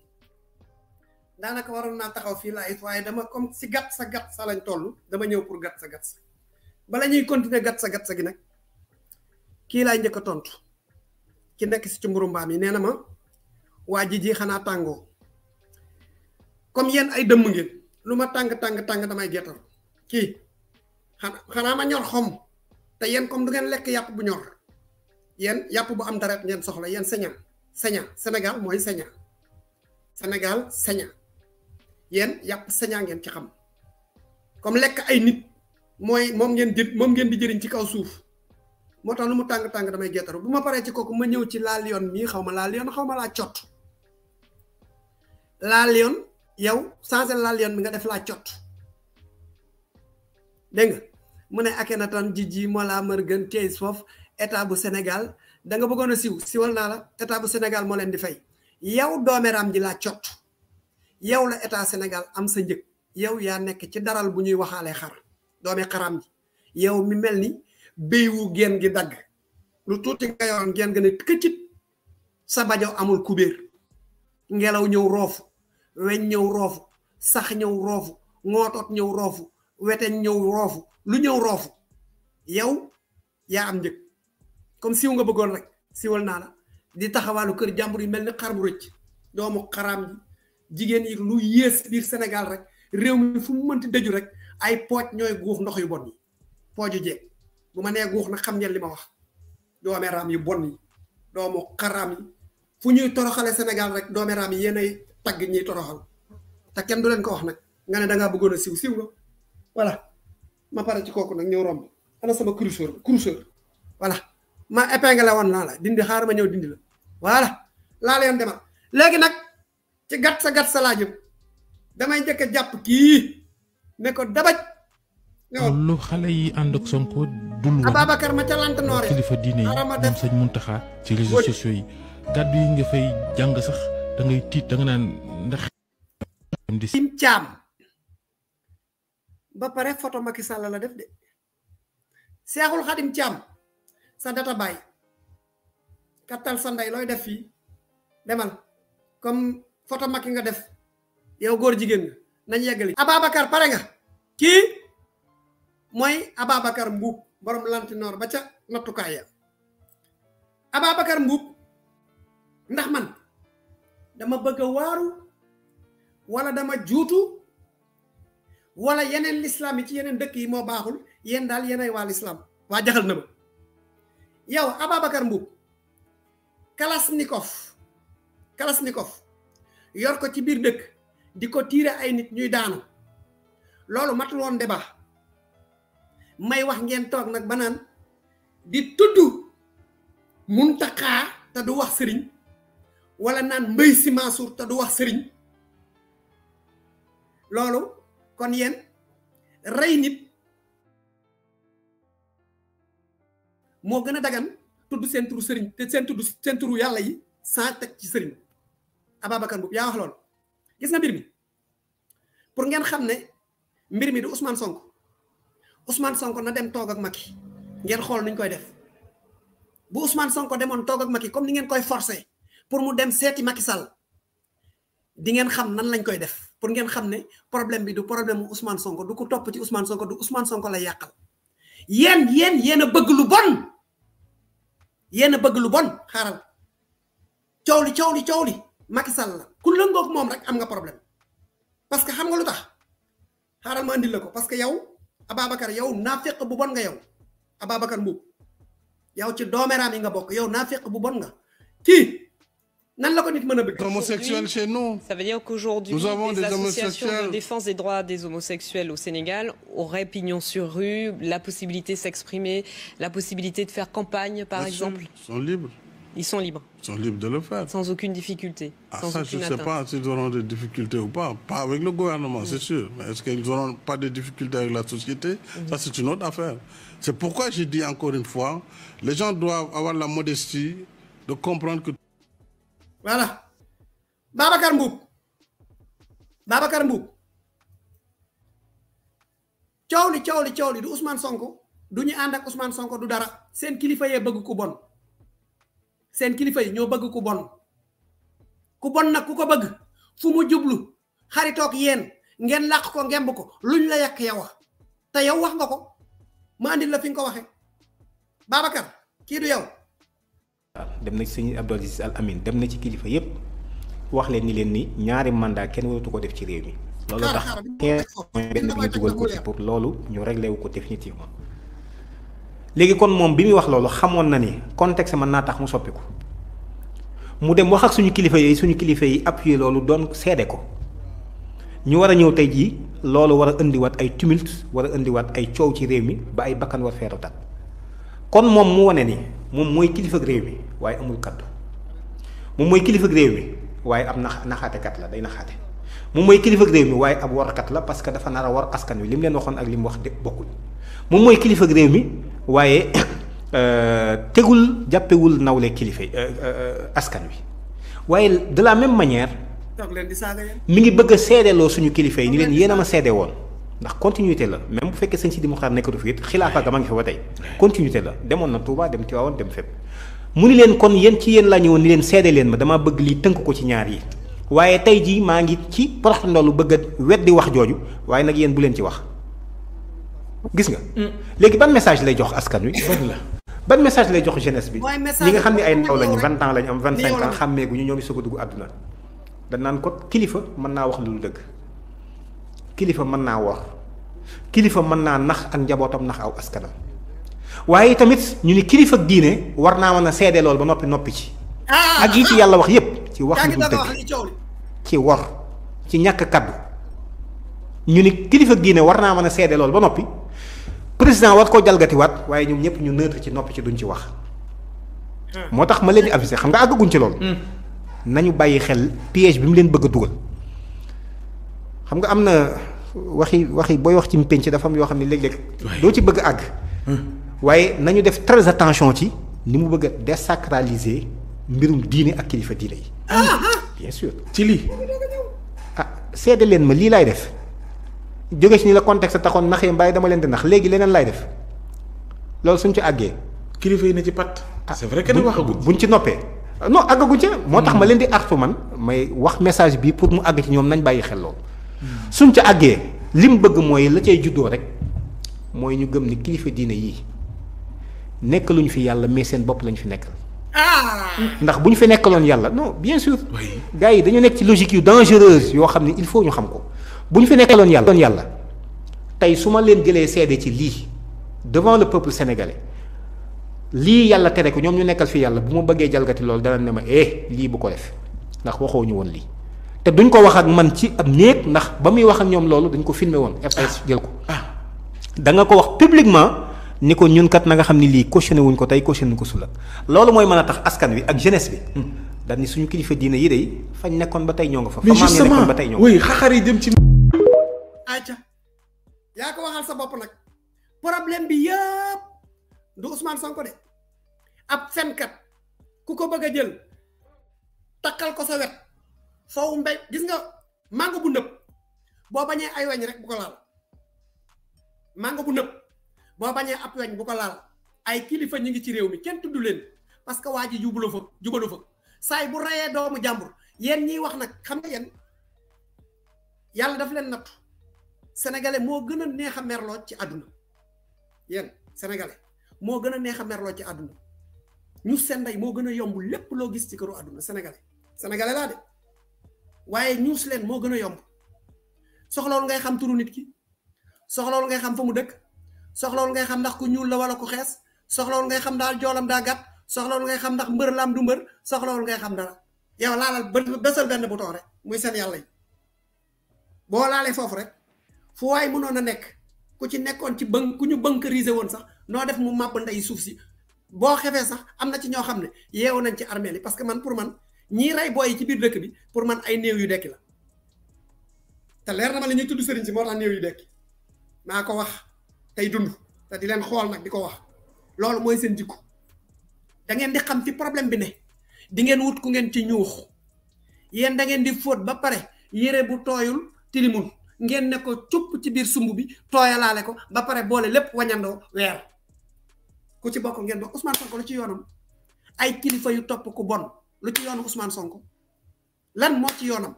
daanaka waroon na taxaw fi laa it dama comme si gat sa gat sa lañ tollu dama ñëw pour gat sa gat sa ba lañuy continuer gat sa gat sa gi nak ki laay ñëk tontu ki nek ci ci mburu mbam yi neena ma waji ji xana tango comme yeen ay dem ngeen luma tang tang tang tàng damay gertal kii xanaa ma ñor xom te yeen comme du ngeen lek yap bu ñor yeen yap bu am dara ngeen soxla yeen seña seña senegal moy seña senegal seña yeen yap seña ngeen ci xam comme lek ay nit moy mom ngeen di mom ngeen di jëriñ ci kaw suuf motax lu mu tang tang damay gertaru bu ma ci koku ma ñew ci la lion mi xawma la lion xawma la la lion yow Lalion la lion bi nga def la jiji deng mune akena tan jiji mo la laa gën tey foofu état bu Sénégal da nga bëggono siw siwal na la état bu Sénégal mo len di fay yow ram ji la ciot yow la état Sénégal am sa ñëk yow ya nek ci daral bu ñuy waxaalee xar doome xaram ji yow mi melni beewu gën gi dag lu tuti nga yoon gën gëne kecit sa bajo amul kubir ngelaw ñew rofu weñ ñëw roofu sax ñëw roofu ngootoot ñëw roofu weteñ ñëw roofu lu ñëw roofu yow yaa am njëg comme siw nga bëggoon rek siwal naa la di taxawaalu kër jàmbur yi mel ni xar bu rëcc doomu xaraam ji jigéen yi lu yées biir Sénégal rek réew mi fu mu mënti daju rek ay pooj ñooy guux ndox yu bon yi pooju jeeg bu ma nee guux na xam ngeen li ma wax doomee yi yu bon yi doomu xaraam yi fu ñuy toroxale Sénégal rek doomee yi yéenay tag ñi toroxal ta kenn du leen ko wax nag nga ne da ngaa bëggoon siw siw nga voilà ma pare ci kooku nag ñëw romb ana sama crucheur crucheur wala, ma épinglé woon naa la dindi xaar ma ñëw dindi la voilà laa leen demal léegi nag ci gat sa gat sa laa jëm damay njëkk a jàpp kii ne ko dabaj lu xale yi ànd ak sonko dul woon Ababacar ma ca lant noore kilifa diine yi ñoom sëñ Muntaxa ci réseaux sociaux yi gàddu yi nga fay jàng sax da ngay tiit da nga naan ndax. tim cham ba pare photo Macky Sall la def de Cheikhul Khadim cham sa data bay katal sa nday loy def fi demal comme photo Macky nga def yow ya, gor jigen nañ yeggali. Ya, Ababakar pare nga ki moy Ababakar Mbuub borom lantinoor ba ca nattukaay ya ndax man dama bëgg waru wala dama jutu wala yenen l'islam ci yenen dëkk yi mo baxul yen dal yenay wal islam wa jaxal na ba yow ababakar Mboup kalasnikov kalasnikov yor ko ci bir dëkk diko ko ay nit ñuy daanu lolu matul won débat may wax ngeen tok nak banan di tuddu muntaka ta du wax serigne wala nan mbey si Mansour te du wax serigne lolu kon yeen ray nit mo gëna dagan tuddu sen turu serigne te sen tuddu sen turu yalla yi sa tek ci serigne ababakar bu ya wax lolu gis na mbir mi pour ngeen xamne ne mbir mi du Ousmane Sonko Ousmane Sonko na dem tok ak maki ngeen xol nuñ koy def bu Ousmane Sonko demone tok ak maki comme ni ngeen koy forcer pour mu dem seeti Macky Sall di ngeen xam nan lañ koy def pour ngeen xam ne problème bi du problème mu Ousmane Sonko du ko topp ci Ousmane Sonko du Ousmane Sonko la yàqal yéen yéen yéen a bëgg lu bon yéen a bëgg lu bon xaaral coow li coow Macky Sall la ku lëngoog moom rek am nga problème parce que xam nga lu tax xaaral ma andil la ko parce que yow Ababacar yow nafiq bu bon nga yow Ababacar Mboub yow ci doomeraam yi nga bokk yow nafiq bu bon nga kii Homosexuels chez nous. Ça veut dire qu'aujourd'hui, nous avons des, associations de défense des droits des homosexuels au Sénégal auraient pignon sur rue, la possibilité de s'exprimer, la possibilité de faire campagne, par bah, exemple. ils sont libres. Ils sont libres. Ils sont libres de le faire. Sans aucune difficulté. Ah, ça, je ne sais pas s'ils auront des difficultés ou pas. Pas avec le gouvernement, c'est mm. sûr. Mais est-ce qu'ils n'auront pas de difficultés avec la société mm. Ça, c'est une autre affaire. C'est pourquoi je dis encore une fois, les gens doivent avoir la modestie de comprendre que voilà Babacar Mboup Babacar Mboup coow li coow li li du Ousmane Sonko du ñu and ak Ousmane Sonko du dara sen kilifa ye bëgg ku bon sen kilifa yi ñoo bëgg ku bon ku bon nak ku ko bëgg fu mu jublu tok yeen ngeen laq ko ngemb ko luñ la yak yow te yow wax nga ko ma andil la fi nga ko waxe Babacar ki du yow dem na ci sëñ Abdou Al Amin dem na ci kilifa yépp wax leen ni leen ni ñaari mandat kenn waratu ko def ci réew mi. loolu tax quinze point benn bi ñu dugal ko ci pour loolu ñu reglewu wu ko définitivement. léegi kon moom bi muy wax loolu xamoon na ni contexte mën naa tax mu soppi ko mu dem wax ak suñu kilifa yooyu suñu kilifa yi appuyé loolu doon seede ko ñu war a ñëw tey jii loolu war a indiwaat ay tumulte war indiwaat ay coow ci réew mi ba ay bakkan war feeru tat kon moom mu wane ni. moom mooy kilifa réew mi waaye amul kaddu moom mooy kilifa réew mi waaye ab nax naxaatekat la day naxaate moom mooy kilifa réew mi waaye ab warkat la parce que dafa nar a war askan wi li mu leen waxoon ak li mu wax de bokkul moom mooy kilifa réew mi waaye tegul jàppewul nawle kilifa askan wi waaye de la même manière. mi ngi bëgg a seedeloo suñu kilifa yi ni leen yéen a ma seede woon. ndax continuité la même bu fekkee que Sidi ga continuité la na Touba dem dem ni kon ci lañu ni vous sédé len ma dama bëgg li teunk ko ci ñaar yi tay ji ma ngi ci ndolu bëgg wax bu ci wax gis nga. Mm. ban message lay jox askan wi. ban message lay jox jeunesse bi. ñi nga xamni ay ndaw lañu 20 ans lañu am ko kilifa mën naa wor kilifa mën naa nax ak njabootam nax aw askanam waaye tamit ñu ni kilifa ak diine war naa mën a seede lool ba noppi noppi ci. Ah. ak yàlla wax yépp ci wax lu ci wor ci ñàkk ñu ni kilifa ak diine war naa mën a lool ba noppi président war koo jalgatiwaat waaye ñoom ñëpp ñu neutre ci noppi ci duñ ci wax. Hmm. moo tax ma leen di aviser xam nga àggaguñ ci lool. Hmm. nañu bàyyi xel piège bi mu leen bëgg a dugal. xam nga am na waxi waxi booy wax ci mpénc dafa am yoo xam ne léeg loo ci bëgg àgg. waaye nañu def très attention ci ni mu bëgg a désacraliser mbirum diine ak kilifa diine yi. Ah, ah. bien sûr ci lii. ah seede leen ma lii laay def jóge ci ni la contexte taxoon naxee mbaay dama leen di nax léegi leneen laay def loolu suñ ci àggee. kilifa yi na ci pat. Ah, c'est vrai que ni waxagul buñ ci noppee. non àggaguñ ca. moo tax ma hmm. leen di artu man may wax message bi pour mu àgg ci ñoom nañ bàyyi xel loolu. suñ ci àggee lim mu bëgg mooy la cay juddoo rek moy ñu gëm ni kilifa diine yi nekk luñ fi yàlla mais seen bopp lañ fi nekkal. Ah. ndax buñ ñu fi nekkaloon yàlla non bien sûr. gars yi dañu nekk ci logique yu dangereuse yoo xam ne il faut ñu xam ko buñ ñu fi nekkaloon yàlla. yàlla tey su ma leen jëlee seede ci lii devant le peuple sénégalais lii yàlla tere ko ñoom ñu nekkal fi yàlla bu ma bëggee jalgati loolu dana ne ma eh lii bu ko def ndax waxoo ñu woon lii. te duñ ko wax ak man ci ab neek ndax ba muy wax ak ñoom loolu dañ ko filmé woon fs ah. jël ko ah. da nga ko wax publiquement ni ko ñun kat nga xam ni lii cautionné wuñ ko tey cautionné ko sula loolu mooy mën a tax askan wi ak jeunesse bi hmm. dañ ni suñu kilifa diina yi day fañ nekkoon ba tey ñoo nga fa fa maam nekkoon ba tey ñoo oui xaxar yi dem ci aja yaa ko waxal sa bopp nag problème bi yëpp du Ousmane Sonko de ab fenkat ku ko bëgg a jël takkal ko sa wet soow mbéy gis nga mango bu nëb boo bañee ay weñ rek bu ko laal mango bu nëb boo bañee ab weñ bu ko laal ay kilifa ñu ngi ci réew mi kenn tudd leen parce que waa ji jublu fa jubalu saay bu rayee doomu jàmbur yéen ñiy wax nag xam nga yéen yàlla daf leen nattu senegale moo gën a neex a merloo ci àdduna yéen sénégalais moo gën a neex a merloo ci àdduna ñu seen ndey moo gën a yomb lépp loo gis ci këru àdduna sénégalais sénégalais laa de waaye news leen moo gën a yomb soxlawul ngay xam turu nit ki soxlawul ngay xam fa mu dëkk soxlawul ngay xam ndax ku ñuul la wala ku xees soxlawul ngay xam daal joolam daa gàtt soxlawul ngay xam ndax mbër laam du mbër soxlawul ngay xam dara yow laalal ba besal benn bouton rek muy seen yàlla yi boo laalee foofu rek fu waaye mënoon a nekk ku ci nekkoon ci bënk ku ñu bënkrisé woon sax noo def mu màbb ndey suuf si boo xefee sax am na ci ñoo xam ne yeewu nañ ci armée li parce que man pour man ñi ray boy ci biir dëkk bi pour man ay néew yu dekk la te leer na ma la ñuy tudd sëriñ si moo tax néew yu dekk maa ko wax tey dund te di leen xool nag di ko wax loolu mooy seen jikko da ngeen di xam fi problème bi ne di ngeen wut ku ngeen ci ñuux yéen da ngeen di fóot ba pare yére bu tooyul tilimul ngeen ne ko cupp ci biir sumb bi tooyalaale ko ba pare boole lépp wañandoo weer ku ci bokk ngeen ba Ousmane Sonko la ci yoonam ay kilifa yu topp ku bon lu ci yoonu Ousmane Sonko lan mo ci yoonam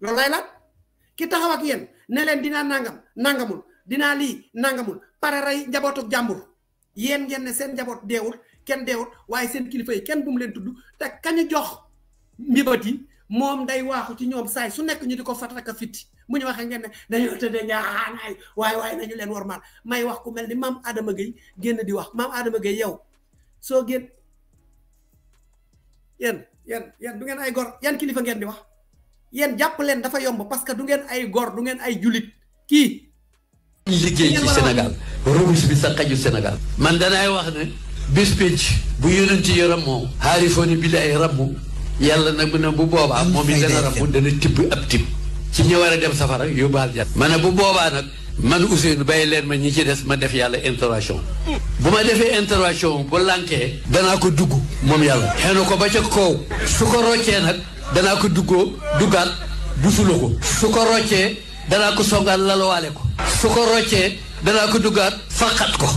loolu lay laaj ki taxaw ak yeen ne len dina nangam nangamul dina li nangamul ray rey njabootuk jambour yeen ngeen ne sen njabot deewul ken deewul waye sen kilifa yi ken bum len tuddu tudd te kañu jox mbibati mom day waxu ci ñoom say su nek ñu diko ko ka fitti mu ñu waxe ngeen ne dañoo tëddee ñaanay waaye waaye nañu leen wormaal may wax ku melni mam Adama geey genn di wax mam Adama geey yow so yéen yéen yéen du ngeen ay gor yan kilifa ngeen di wax yéen jàpp leen dafa yomb parce que du ngeen ay gor du ngeen ay julit kii. liggéey ci Sénégal ruus bi sa xaju Sénégal. man danaay wax ne. bis pénc bu yonent yi ramoo. xaarifooni bi lay ramu. yàlla nag mu ne bu boobaa moom it dana ramu dana tibb ab tibb. ci ñi war a dem safara yóbbaal jàpp. ma ne bu boobaa nag. man Ousseynou bàyyi leen ma ñi ci des ma def yàlla intervention bu ma defee intervention bu lànkee danaa ko dugg moom yàlla xenu ko ba ca kaw su ko roccee nag danaa ko duggoo duggaat busula ko su ko roccee danaa ko songaat lalowaale ko su ko roccee danaa ko duggaat faqat ko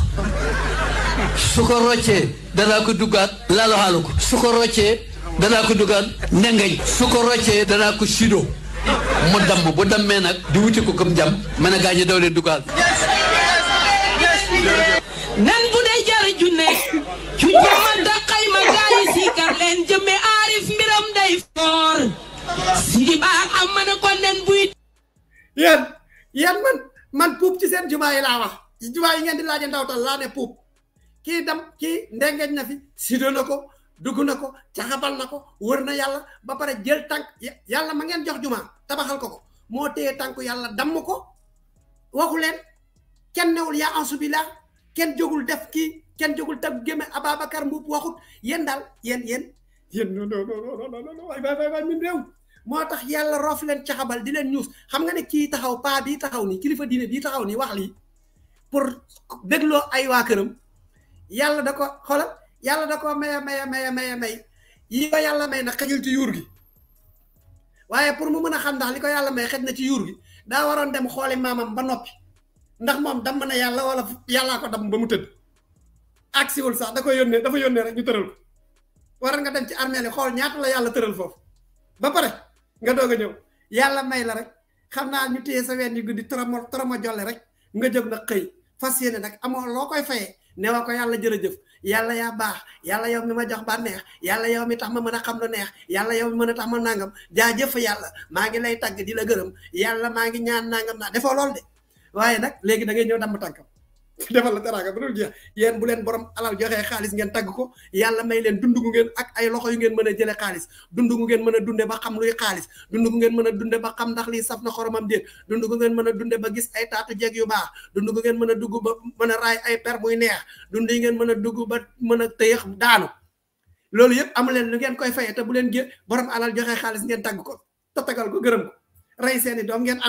su ko roccee danaa ko duggaat lalawaale ko su ko roccee danaa ko duggaat nengeñ su ko roccee danaa ko sidoo mu damb bu dammee nag di wuti ko comme jam mën a gaañe daw leen dugaal nan bu dee jara junne ci jama daqay ma gaayi siikar leen jëmme aarif mbiram day foor sigi baax am mën ko nen buy yéen yéen man man puub ci seen jumaa yi laa wax jumaa yi ngeen di laaje ndawtal laa ne puub kii dam kii ndengeñ na fi sido dugg na ko caxabal na ko wër na yàlla ba pare jël tànk yàlla ma ngeen jox jumaa tabaxal ko ko moo téye tànk yàlla damm ko waxu leen kenn newul yaa ansubila kenn jógul def kii kenn jógul tab gémme Ababacar Mbuub waxut yéen daal yéen yéen yéen non non non waay min réew moo tax yàlla roof leen caxabal di leen ñuus xam nga ne kii taxaw paa bii taxaw nii kilifa diine bii taxaw nii wax lii pour dégloo ay waa këram yàlla da ko xoolal yalla da ko Maya Maya Maya Maya may yi ko yalla may nag xëjul ci yurgi waye pour mu meuna xam ndax liko yalla may xejna ci yurgi da waron dem xoli mamam ba nopi ndax mom dam na yalla wala yalla ko dam ba mu aksi wol sax da ko da fa yonne rek ñu teural ko war nga dem ci armée li xol ñaata la yalla teural fofu ba pare nga doga ñew yalla may la rek xamna ñu tey sa ween yu guddi toroma jolle rek nga jog na xey fasiyene nak amo lokoy fayé ne wa ko yàlla yaa baax yàlla yow mi ma jox bànneex yàlla yow mi tax ma mën a xam lu neex yàlla yow mi mën a tax ma nangam jaajëf yàlla maa ngi lay tagg di la gërëm yàlla maa ngi ñaan nangam naa defoo lool de waaye nag léegi da ngay ñëw damm tànkam defal la teranga bu dul jeex yéen bu leen borom alal joxee xaalis ngeen tagg ko may ngeen ak ay loxo yu ngeen mën a jële xaalis dund gu ngeen mën a dunde ba xam luy xaalis dund gu ngeen mën a ba xam ndax lii saf na xoromam déet dund gu ngeen mën a ba gis ay taatu jeeg yu baax dund gu ngeen mën dugg ba mën a ay per muy neex dund yi ngeen mën dugg ba mën a tëyëx daanu loolu yëpp amu leen lu ngeen koy fayee te bu leen jë borom alal joxee xaalis ngeen tagg ko tatagal ko gërëm ko seeni ngeen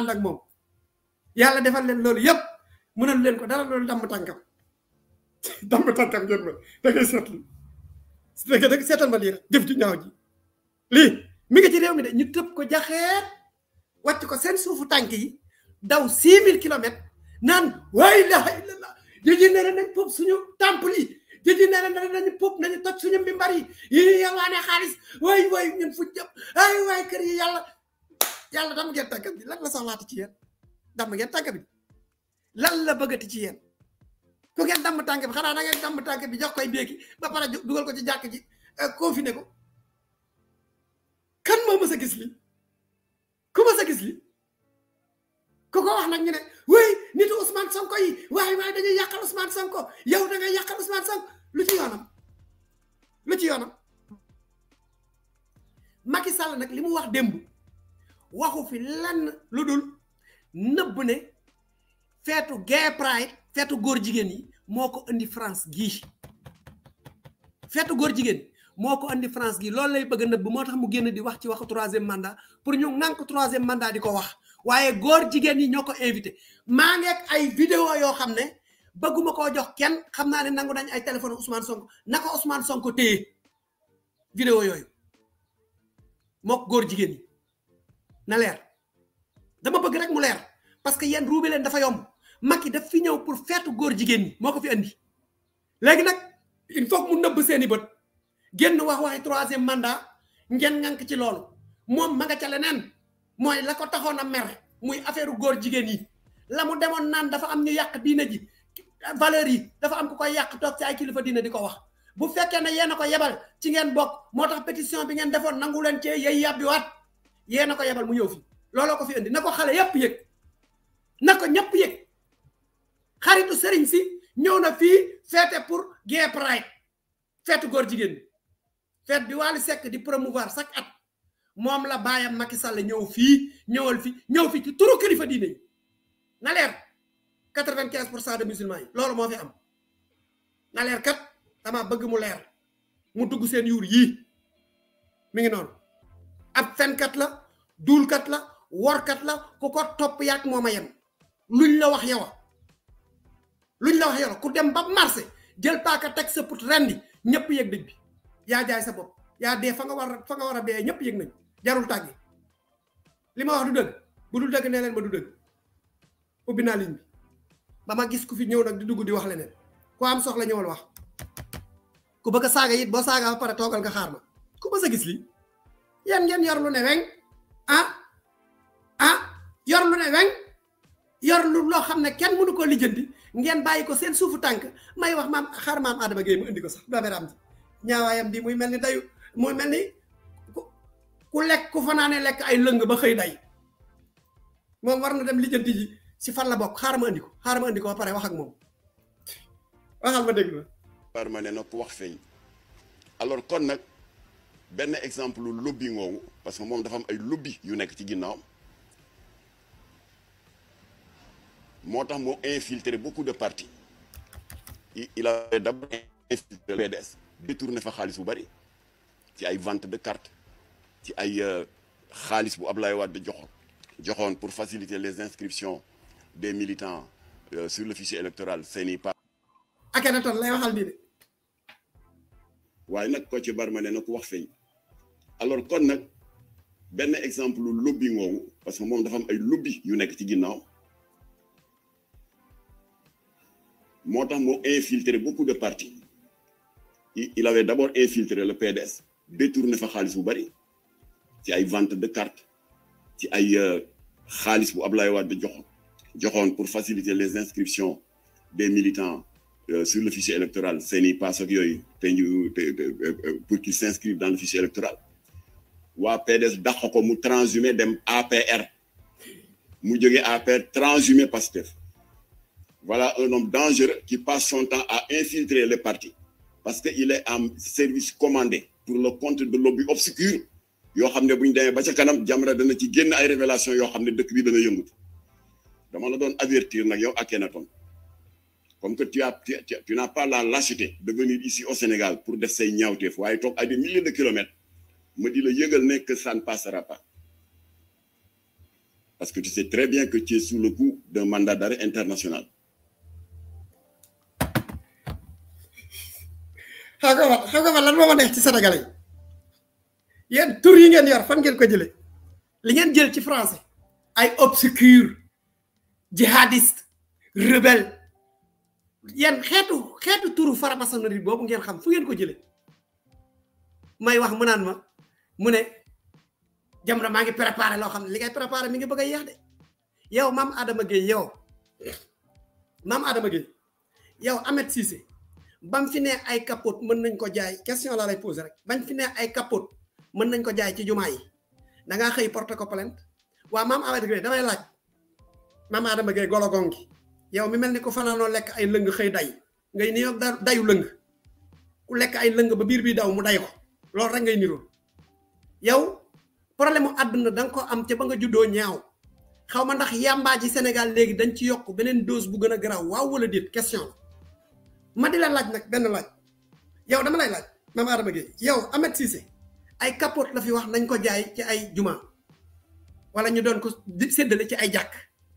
ak defal mënalu leen ko dara loolu damm tànkam damm tànkam ngeen ma da ngay seetlu su fekkee da seetal ma lii rek jëf ju ñaaw ji lii mi ngi ci réew mi de ñu tëb ko jaxeet wàcc ko seen suufu tànk yi daw six mille kilomètres naan waay ilaha illallah jëji nere nañ su suñu temple yi jëji nere nere nañu pop nañu toj ñu mimbar yi yi ñu yewaane xaalis waay waay ñun fu jëm ay waay kër yi yàlla yàlla dam ngeen tànkam bi la la soxlaati ci yéen dam ngeen tànkam bi lan la bëggati ci yéen ku ngeen damm tànk bi xanaa da ngeen damm bi jox koy mbéegi ba pare dugal ko ci jàkk ji euh, confiné ko kan moo mës gis li ku mës gis li ku ko wax nag ñu ne wéy nitu Ousmane Sonko yi waaye waaye dañuy yàqal Ousmane Sonko yow da ngay yàqal Ousmane Sonko lu ci yoonam lu ci yoonam Macky Sall nag li mu wax démb waxu fi lenn lu dul nëbb ne Fetu gay pride fetu gor jigen yi moko andi France gi Fetu gor jigen moko andi indi France gi lolou lay beug neub motax mu genn di wax ci waxu 3e mandat pour ñu 3e mandat di wax waaye gor jigen yi ñoko ko ma ngek ay vidéo yo xamne beuguma ko jox kenn xamna ne nangu dañ ay téléphone Ousmane Sonko naka Ousmane Sonko téye vidéo yooyu mok gor jigen yi na leer dama bëgg rek mu leer parce que yeen len dafa yomb maki daf fi ñew pour feetu gor jigen ni moko fi andi léegi nak il faut mu neub seeni bot genn wax waxi 3e mandat ngeen ngank ci lool mom ma nga ca lenen moy la ko mer muy affaireu gor jigen ni la mu demoon nan dafa am ñu yak diina ji valeur yi dafa am ku koy yak tok ci ay kilifa diina di wax bu fekke na yéen ko yebal ci ngeen bok motax petition bi ngeen defoon nangul len ci yeey yabbi wat a ko yebal mu ñëw fi lolo ko fi andi na xale yep yek na ñep yek xaritu serigne si ñëw na fi fête pour gay pride fête góor jigéen fete bi sek di promouvoir chaque at mom la bayam Macky Sall ñew fi ñewal fi ñew fi ci turu kilifa diine na leer 95 de musulmans lolu mo fi am na leer kat dama bëgg mu leer mu dugg seen yuur yi mi ngi non ab kat la kat la kat la ku ko top yak moma yam luñ la wax luñ la wax yoro ku dem ba marché jël paaka tek sa pour rendi ñepp yegg dëj bi ya jaay sa bop ya dé fa nga war fa nga wara bé ñepp yegg nañ jarul taggi lima wax du deug bu du deug nee ba du deug ubbi naa bi ba ma gis ku fi ñew nak di dugg di wax leneen ku am soxla ñewal wax ku bëgg saaga yit bo saaga ba pare togal nga xaar ma ku a gis li yeen yeen yor lu ne weng ah ah yor lu ne weng yor lu lo xamne kenn mënu ko lijeenti ngeen bayiko sen seen suufu tànk may wax mam xar mam Adama gey mu indi ko sax baberaam ji ñaawayam di muy melni dayu muy melni ku lek ku fanane lek ay leung ba xey day mom war na dem lijeenti ji ci fan la bok xar ma andi ko ma andi ko ba pare wax ak mom waxal ma dégg na ma ne nopp wax feñ alors kon nak ben exemple lobby ngoogu parce que mom dafa am ay lobby yu nek ci ginnaw moo a infiltré beaucoup de partis il a d'abord infiltré le PDS détourné fa xaalis bu bëri ci ay vente de cartes ci a euh, xaalis bu Ablaye de joxoon joxoon pour faciliter les inscriptions des militants euh, sur le fichier électoral seeni pa Akhenaton lay waxal nii de waaye nag Kocc wax alors kon exemple lobby lobbying, parce que moom dafa am ay lobby yu nekk ci ginnaaw Montam a infiltré beaucoup de partis. Il avait d'abord infiltré le PDS, détourné fa xaalis qui a eu vente de cartes qui a eu bu Ablaye de jox pour faciliter les inscriptions des militants euh, sur le fichier électoral Ce n'est pas ak qui te euh, pour qu'ils s'inscrivent dans le fichier électoral Wa PDS d'accord, comme transhumé dem APR mu jógee APR transhumé Pastef voilà un homme dangereux qui passe son temps à infiltrer les partis parce qu'il est en service commandé pour le compte de lobby obscur. yo xam buñ bu ba ca kanam Jamra dana ci génn ay révélation yo xam dëkk bi dana yëngatu dama la doon avertir nak yow comme que tu as tu n'as pas la lâcheté de venir ici au Sénégal pour def say ñaawteef waaye tok ay des milliers de kilomètres me dit le yëgal ne que ça ne passera pas parce que tu sais très bien que tu es sous le coup d'un mandat d'arrêt international xam nga man xam nga man lan moo ma neex ci sénégalais yi yéen tur yi ngeen yor fan ngeen ko jëlee turu faramaçonnerie boobu ngeen xam fu ngeen ko jëlee may wax mu naan ma mu ne jamono maa ngi préparé loo xam ne li ngay préparé mi ngi bëgg a yéex de yow maam bam fi ne ay capote mën nañ ko jaay question laa lay posé rek bañ fi ne ay capote mën nañ ko jaay ci jumaa yi da ngaa xëy porté ko waa maam Adama damay laaj maam Adama Gueye gologong gi yow mi mel ni ko fanaanoo lekk ay lëng xëy day ngay niroog dayu lëng ku lekk ay lëng ba biir bii daw mu day ko loolu rek ngay nirool yow problème mu àdduna da nga ko am ca ba nga juddoo ñaaw xaw ma ndax yàmbaa ci Sénégal léegi dañ ci yokk beneen dose bu gën a garaaw waaw wala déet question ma di la laaj nag benn laaj yow dama lay laaj maam Adama Gueye yow Ahmed Cissé ay capote la fi wax nañ ko jaay ci ay jumaa wala ñu doon ko di séddale ci ay jàkk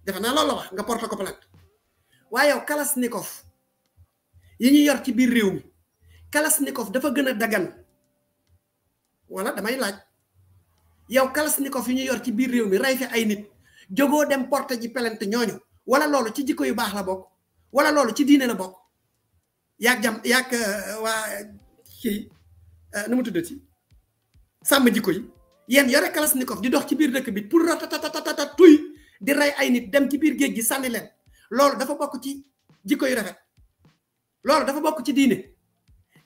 defe naa loolu la wax nga porte ko plainte waaye yow Kalashnikov yi ñu yor ci biir réew mi Kalashnikov dafa gën a dagan wala damay laaj yow Kalashnikov yi ñu yor ci biir réew mi rey fi ay nit jógoo dem porte ji plainte ñooñu wala loolu ci jikko yu baax la bokk wala loolu ci diine la bokk yak jam yaag eh, waa kii eh, nu mu tuddati sàmm jikko yi yéen yore kalasnikov di dox ci bir dekk bi pour ratatata tuy di ray ay nit dem ci bir geej gi sanni len lolou dafa bok ci jikko yu rafet lolou dafa bok ci diine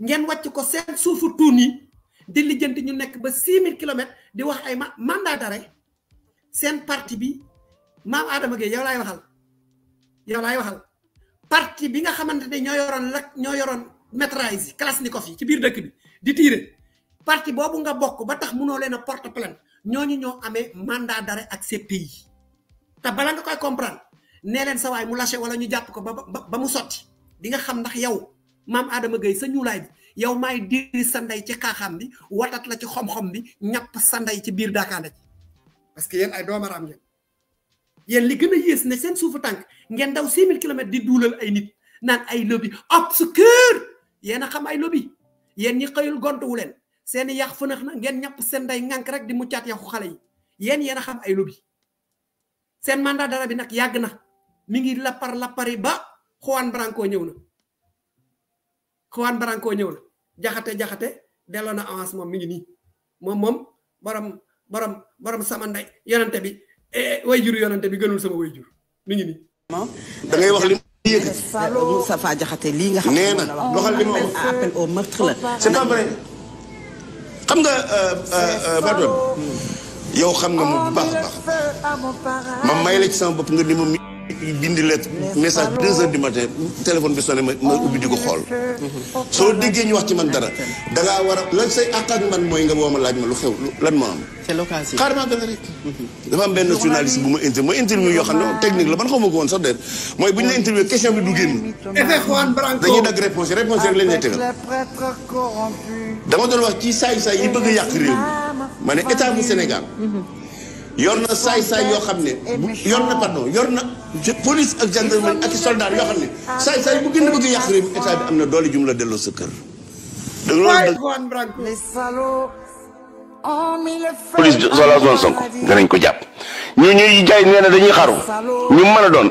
ngeen wacc ko sen suufu tourni di lijeenti ñu nek ba 6000 km di wax ay mandat d'arrêt seen parti bi mam Adama ge yow lay waxal yow lay waxal parti bi nga xamantene ne ñoo yoroon lak ñoo yoron maîtrise yi yi ci biir dëkk bi di tiire parti bobu nga bokk ba tax mëno leena porte porte plainte ñu ñoo amé mandat d'arrêt ak CPI ta bala nga koy comprendre né leen sa way mu lâché wala ñu japp ko ba ba mu soti di nga xam ndax yow mam Adama Gueye sa ñuulaay bi yow may diri sa ci xaxam bi watat la ci xom-xom bi ñap sa ci biir daakaande ci parce que yeen ay ngeen yen li gëna yees ne seen suufu tànk ngeen daw 6000 km di duulal ay nit naan ay lobby obscur yéen xam ay lobby yéen ñi xëyul gontuwu leen seen fu fënax na ngeen ñap seen nday ngank rek di muccaat yàqu xalé yi yen yéen xam ay lobby seen mandat dara bi nak yag na mi ngi lapar lapari ba xwan Branco ñew na xwan Branco ñew na jaxate jaxate delo na avancement mi ngi ni mom mom borom borom borom sama nday yonante bi Eh, eh, way jur yonante bi gënul sama way da ngay wax li mu yëkkati. Moustapha Diakhaté lii nga xam ne nee na waxal li mu ah, xam nga euh, euh, euh, Badou yow xam nga mu baax baax ma may la sama bopp nga ni ma. dindi lettre message deux heures du matin téléphone bi sonné ma ma ubbi di ko xool soo déggee ñu wax ci man dara dangaa war a lan say àq ak man mooy nga boo ma laaj ma lu xew lan moo am xaarment dana benn journaliste bu ma interview yoo xam ne technique la ban xaw ma ko woon sax déet mooy bu ñu la interview question bi du génn dañuy dagg réponse réponse rek lañ lay tegal dama doon wax ci saay-saay yi bëgg a réew ma ne état bu Sénégal yor na saay-saay yoo xam ne yor na pardon yor na police ak ak soldat yoo xam ne saay-saay bu gën a bëgg yàq réew mi état bi am na doole jum la delloo sa kër police sola zone Sonko danañ ko jàpp ñoo ñuy jaay nee na dañuy xaru ñu mën a doon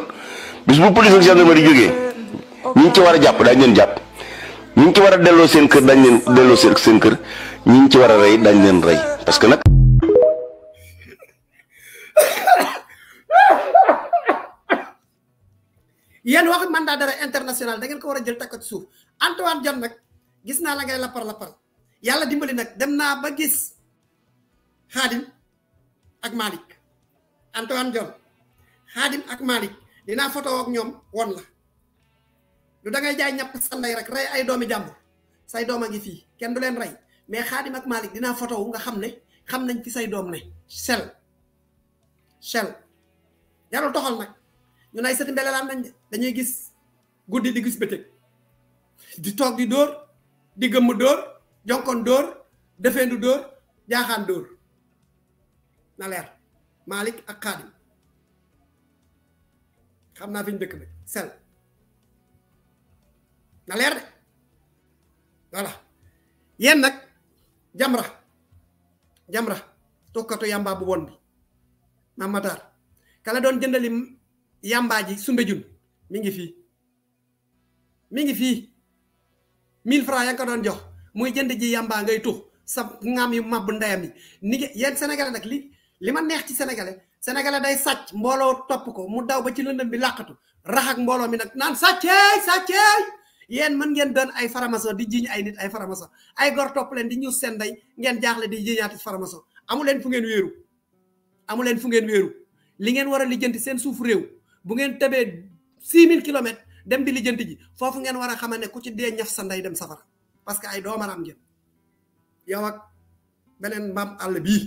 bis bu police ak gendarmerie jóge ñu ngi ci war a jàpp daañu leen jàpp ñu ngi ci war a delloo seen kër daañu leen delloo seen kër ñu ngi ci war a rey daañu leen rey parce que nag yeen wax mandat d'arrêt international da ngeen ko wara jël takkat suuf Antoine Diome nak gis na la ngay lapar lapar yalla dimbali nak dem na ba gis Khadim ak malik Antoine Diome Khadim ak malik dina photo ak ñom won la du da ngay jaay ñap sanday rek ray ay doomi jàmbur say doom ak fi kenn du len ray mais Khadim ak malik dina photo nga xamne ne xam nañ fi say doom ne sel sel jarul toxal nak ñu nay sëti mbélé lan dañuy gis guddi di gis bëtte di tok di dóor di gëm dóor jonkon dóor defendu dóor jaxan dóor na leer malik ak xaadim xamna fiñ dëkk bi sel na leer de voilà yéen nag jamra jamra tokato yamba bu won bi mamataar kala doon jëndali yambaaji bagi mi ngi fi mi ngi fi, 1000 francs ya nga ko doon jox muy jënd ji yamba ngay tu sa ngam yu mab ndayam ni ngi yéen sénégalais nak li lima neex ci sénégalais sénégalais day sacc mbolo top ko mu daw ba ci lëndëm bi laqatu rax ak mbolo mi nak naan saccé saccé yeen mën ngeen don ay di jiñ ay nit ay faramaso ay gor top leen di ñu sen day ngeen jaxlé di jiñaati faramaso amu leen fu ngeen wëru amu leen fu ngeen wëru li ngeen wara lijeenti sen souf rew bu ngeen tebee six mille kilomètres dem di lijjanti ji foofu ngeen war a ne ku ci dee ñaf sa nday dem safara parce que ay doomaraam ngeen yow ak beneen mbaam àll bii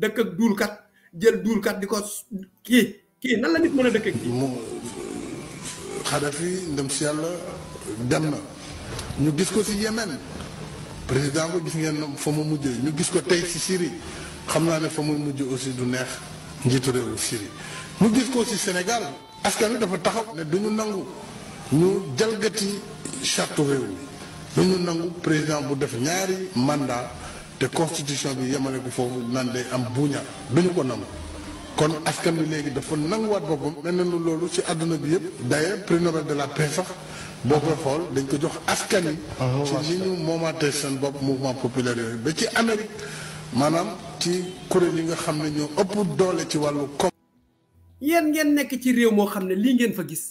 dëkk ak duulkat jël duulkat di ko ki ki nan la nit mën a dëkk ak kii xadafi ndem si yàlla dem na ñu gis ko si yemen président ko gis ngeen fa mu mujjee ñu gis ko tey si syrie xam naa ne fa mu mujj aussi du neex njiitu réewu syrie ñu gis ko si sénégal askan wi dafa taxaw ne duñu nangu ñu jalgati charte réew mi du ñu nangu président bu def ñaari mandat te constitution bi yemale ko foofu naan de am buuña du ñu ko nangu kon askan wi léegi dafa nanguwaat boppam mel na nu loolu ci àdduna bi yëpp d'ailleurs prix Nobel de la paix sax boo koy xool dañ ko jox askan yi ci ni ñu moomaatee seen bopp mouvement populaire yooyu ba ci Amérique maanaam ci kuréel yi nga xam ne ñoo ëpp doole ci wàllu yéen ngeen nekk ci réew moo xam ne lii ngeen fa gis.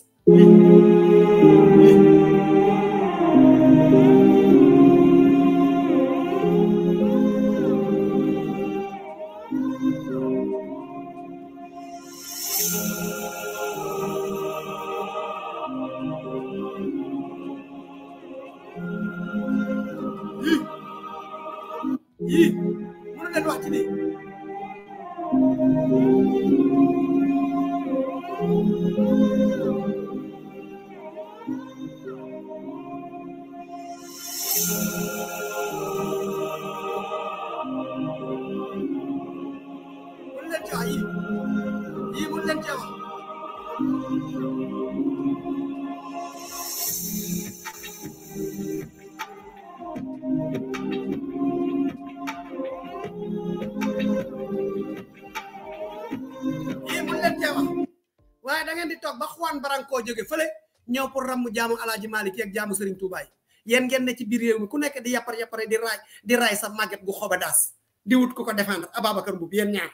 jaamu alaji Malik ya jaamu Serigne Touba yeen ngeen ne ci bir rew mi ku nek di yapar yapare di ray di ray sa maget gu xoba das di wut ku ko ababakar Ababacar Mbub yeen ñaar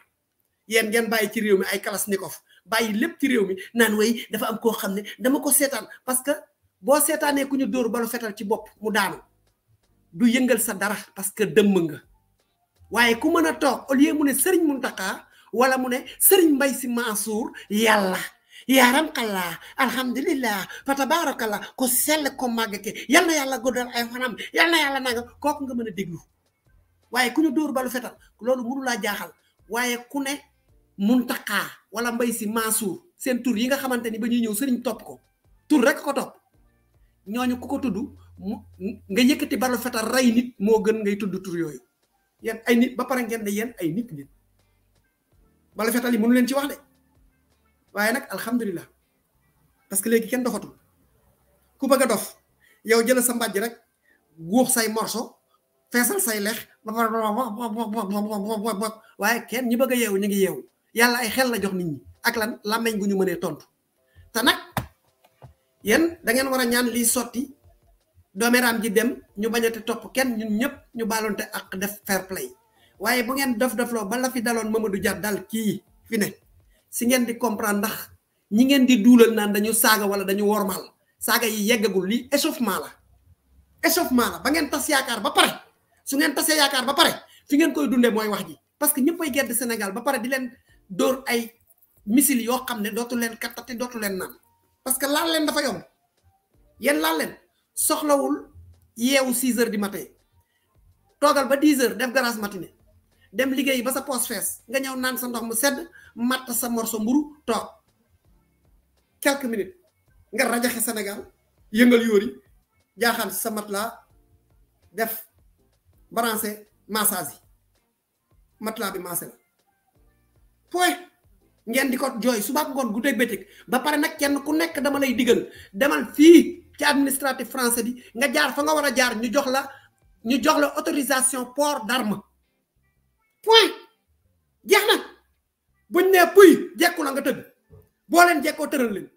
yeen ngeen bayyi ci rew mi ay kalasnikov bayyi lepp ci rew mi nan way dafa am ko xamne dama ko setan parce que bo setané ku ñu door balu fetal ci bop mu daanu du yëngal sa dara parce que dëmm nga waye ku muntaka tok au lieu mu ne Serigne muntaka wala mu ne Serigne mbay si Mansour yalla Ya kala alhamdulillah fatabarakallah ko sel ko magge ke yalla yalla godal ay fanam yalla yalla ko ko nga meuna deglu waye kuñu ku balu fetal lolu mënu laa ku ne muntaka wala mbay si mansour sen tour yi nga xamanteni ba ñuy ñew sëriñ top ko tour rek ko top ñoñu ku ko tuddu nga yëkëti balu fetal ray nit mo gën ngay tuddu tour yoyu yeen ay nit ba ngeen ne ay nit nit balu fetal yi mënu leen ci wax de waaye alhamdulillah. alhamdulilah parce que léegi kenn doxatul ku bëgg a yow jël sa mbàjj rek guux say morceau feesal say lex ba pare ñi bëgg a yeewu ngi yeewu yàlla ay xel la jox nit ñi ak lan làmmeñ gu ñu mënee tontu te nag yéen da ngeen war a ñaan lii sotti doomeeraam ji dem ñu bañate topp kenn ñun ñu ak def fair play waye bu ngeen dof lo ba la fi daloon Mamadou Dia dal fi si ngeen di comprendre ndax ñi ngeen di duulal naan dañu saaga wala dañu wormal saaga yi yeggagul li échauffement la échauffement la ba ngeen tas yaakaar ba pare su ngeen tasee yaakaar ba pare fi ngeen koy dundee mooy wax ji parce que ñëppay gedd Sénégal ba pare di leen dóor ay missile yoo xam ne dootu leen kattati dootu leen naan parce que laal leen dafa yomb yéen laal leen soxlawul yeewu 6 heures di matin togal ba 10 heures def garage matinée dem liggéey ba sa poos fees nga ñëw naan sa ndox mu sedd matt sa morso mburu tok quelques minutes nga rajaxe Sénégal yëngal yori jaaxaan sa mat def brancé massage yi mat laa bi massé la ngeen di joy suba ngon ngoon guddeeg ba paré nak kenn ku nek dama lay digël demal fi ci administratif français bi nga jaar fa nga wara jaar ñu jox la ñu jox la autorisation port d'armes point jeex nak buñ né puy jekku la nga teug bo len jekko teural len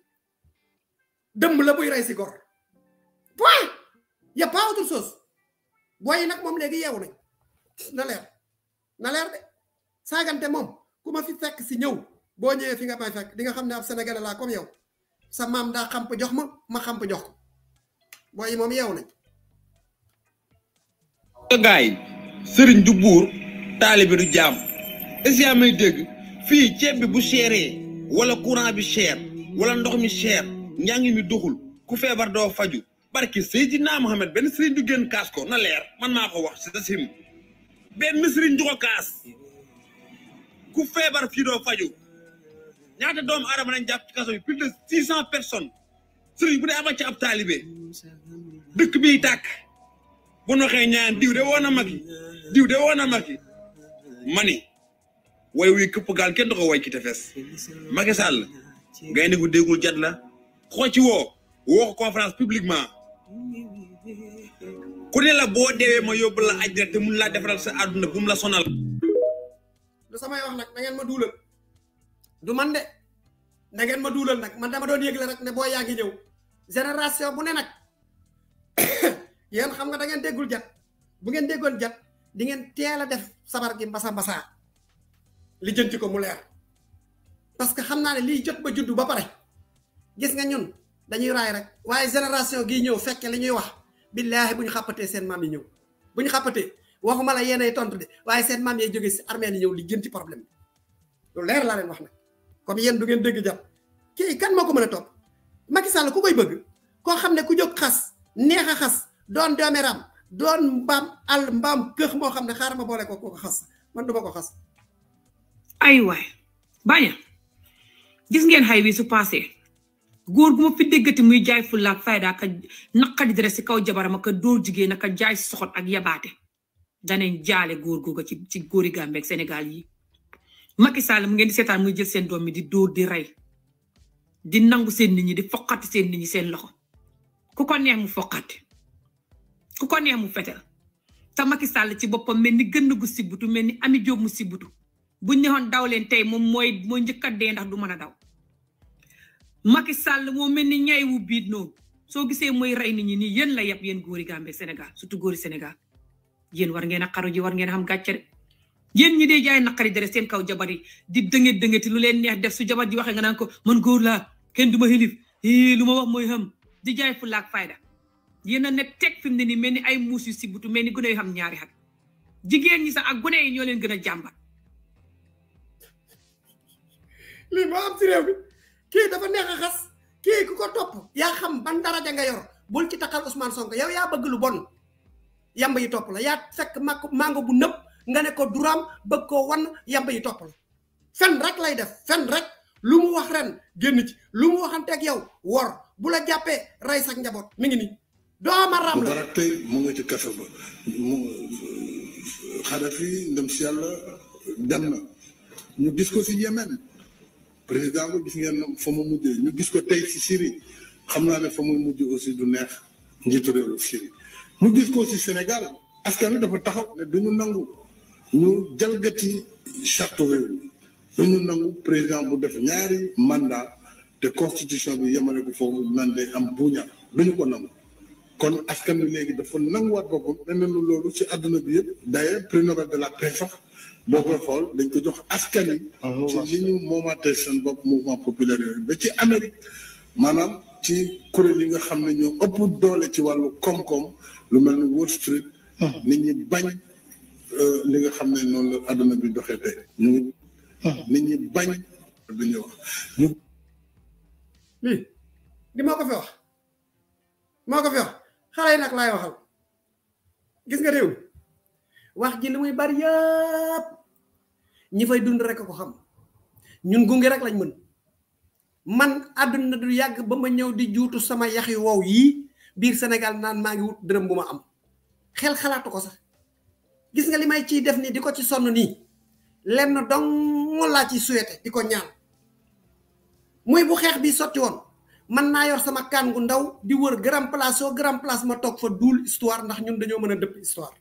dëmb la buy ray ci gor point ya pa autre chose boy nak mom legui yew nañ na leer na leer de saagante mom ku ma fi fekk si ñew bo ñewé fi nga may fekk di nga xamné ab sénégalais la comme yow sa da xam xamp jox ma ma xamp jox ko boy mom yew yeewu nañ gaay sëriñ du buur talibé du jaam est-ce may dégg fii ceeb bi bu seeree wala courant bi seer wala ndox mi seer njàng mi doxul ku feebar doo faju barke Seydina Mohamed benn sëriñ du génn kaas ko na leer man maa ko wax si sa sim benn sëriñ du kaas ku feebar fii doo faju ñaata doomu aadama nañ jàpp ci kaso bi plus de six cent personnes sëriñ bu dee ama ci ab dëkk biy tàkk bu noxee ñaan diw de woon a magi diw de woon a magi mani way wi kep gal ken dako way ci tefes Macky Sall gaynde gu degul jat la xoo ci wo wo conférence publiquement ku ne la bo dewe ma yob la àjjana te mun la defal sa aduna bu mu la sonal lu samay wax nak ngayen ma doulal du man de ngayen ma doulal nak man dama do yegg la rek ne bo yaangi ñew ñëw génération bu ne nak yeen xam nga da ngayen degul jat bu ngayen déggoon jat di ngayen teela def sabar gi mbasa mbasaa ci ko mu leer parce que xamna naa ne jot ba juddu ba pare gis nga ñun dañuy raay rek waye génération gi ñew fekke li ñuy wax billahi buñu xapaté xàppatee seen yi ñew buñu xapaté waxuma la yéenay tontu de waye seen mam yi jógee ci armée ni ñew li jeun ci problème lu leer la leen wax nag comme yeen du ngeen dégg japp ki kan mako ko top Macky Sall ku koy bëgg ko xam ne ku jóg xass neexa xass doon doomeram doon mbam al mbam këx mo xam ne ma ko ko xass man duma ko xass ay waay baña gis ngeen xay wi su passé góor gu ma fi déggati muy jaay fulla ak fayda ka naqadi dara si kaw jabarama ka dóor jigéen aka jaay soxot ak yabaate danañ jaale góor googa ci ci góori Gambie ak Sénégal yi Macky Sall mu ngeen di seetaan muy jël seen doom mi di dóor di rey di nangu seen nit ñi di foqati seen nit ñi seen loxo ku ko neex mu foqati ku ko neex mu fetel te Macky Sall ci boppam mel ni gën gu sibbutu mel ni Ami Jóob mu bu ne woon daw leen tey moom mooy mooy njëkk dee ndax du man a daw Macky sàll moo mel ni ñay wu biit noonu soo gisee mooy rey nit ñi nii yéen la yab yéen góori Gambie Sénégal surtout góori Sénégal yéen war ngeen a xaru ji war ngeen a xam gàcce de yéen ñi dee jaay naqari dere seen kaw jabar yi di dënget dëngeti lu leen neex def su jabar ji waxee nga naan ko man góor la kenn du ma xilif lu ma wax mooy xam di jaay fulla ak fayda yéen a ne teg fi mu ne nii mel ni ay muus yu si butu mel ni gune yu xam ñaari xat jigéen ñi sax ak gune yi ñoo leen gën a jàmbat lima moo am ci rew mi kii dafa neex a xas kii ku ko topp yaa xam ban daraja nga yor bul ci takal Ousmane Sonko yow yaa bëgg lu bon yamba yi topp la yaa fekk màkk mango bu nëb nga ne ko duraam bëgg koo wan yamba yi topp la fen rek lay def fen rek lu mu wax ren génn ci lu mu ak yow wor bu la jàppee ray sax njaboot mi ngi ma ram la tey mu ngi ci ba xadafi ndem si yàlla dem na ñu gis ko Yemen président ba gis ngeen fa mu mujjee ñu gis ko tey ci Syrie xam naa ne fa muy mujj aussi du neex njiitu réewu Syrie mu gis ko ci Sénégal askan wi dafa taxaw ne du ñu nangu ñu jalgati charte réew mi ñu nangu président bu def ñaari mandat te constitution bi yemale ko foofu nan day am buña du ñu ko nangu kon askan wi léegi dafa nanguwaat boppam ne loolu ci àdduna bi yëpp d'ailleurs prix Nobel de la paix boo koy xool dañ ko jox askan yi ah, ci li ñu moomaatee seen bopp mouvement populaire yooyu ba ci Amérique maanaam ci kuréel yi nga xam ne ñoo ëpp doole ci wàllu koom-koom lu mel ni Wall Street ah. nit ñi bañ euh, li nga xam ne noonu la àdduna bi doxee tey ñu ah. nit ñi bañ bi ñu wax lii moo ko fi wax moo ko fi wax xale yi nag laay waxal gis nga réew wax ji li muy bari yëpp ñi fay dund rek ko xam ñun gunge rek lañ mën man aduna du yag ba ma ñew di jootu sama yahi yu wow yii biir nan naan maa ngi wut dërëm bu am xel xalaatu ko sax gis nga limay ci def ni di ci sonu ni lenn dong la ci souhaité di ñaan muy bu xex bi soti won man na yor sama kan gu ndaw di wër grand place soo grand place ma tok fa dul histoire ndax ñun dañu mëna depp histoire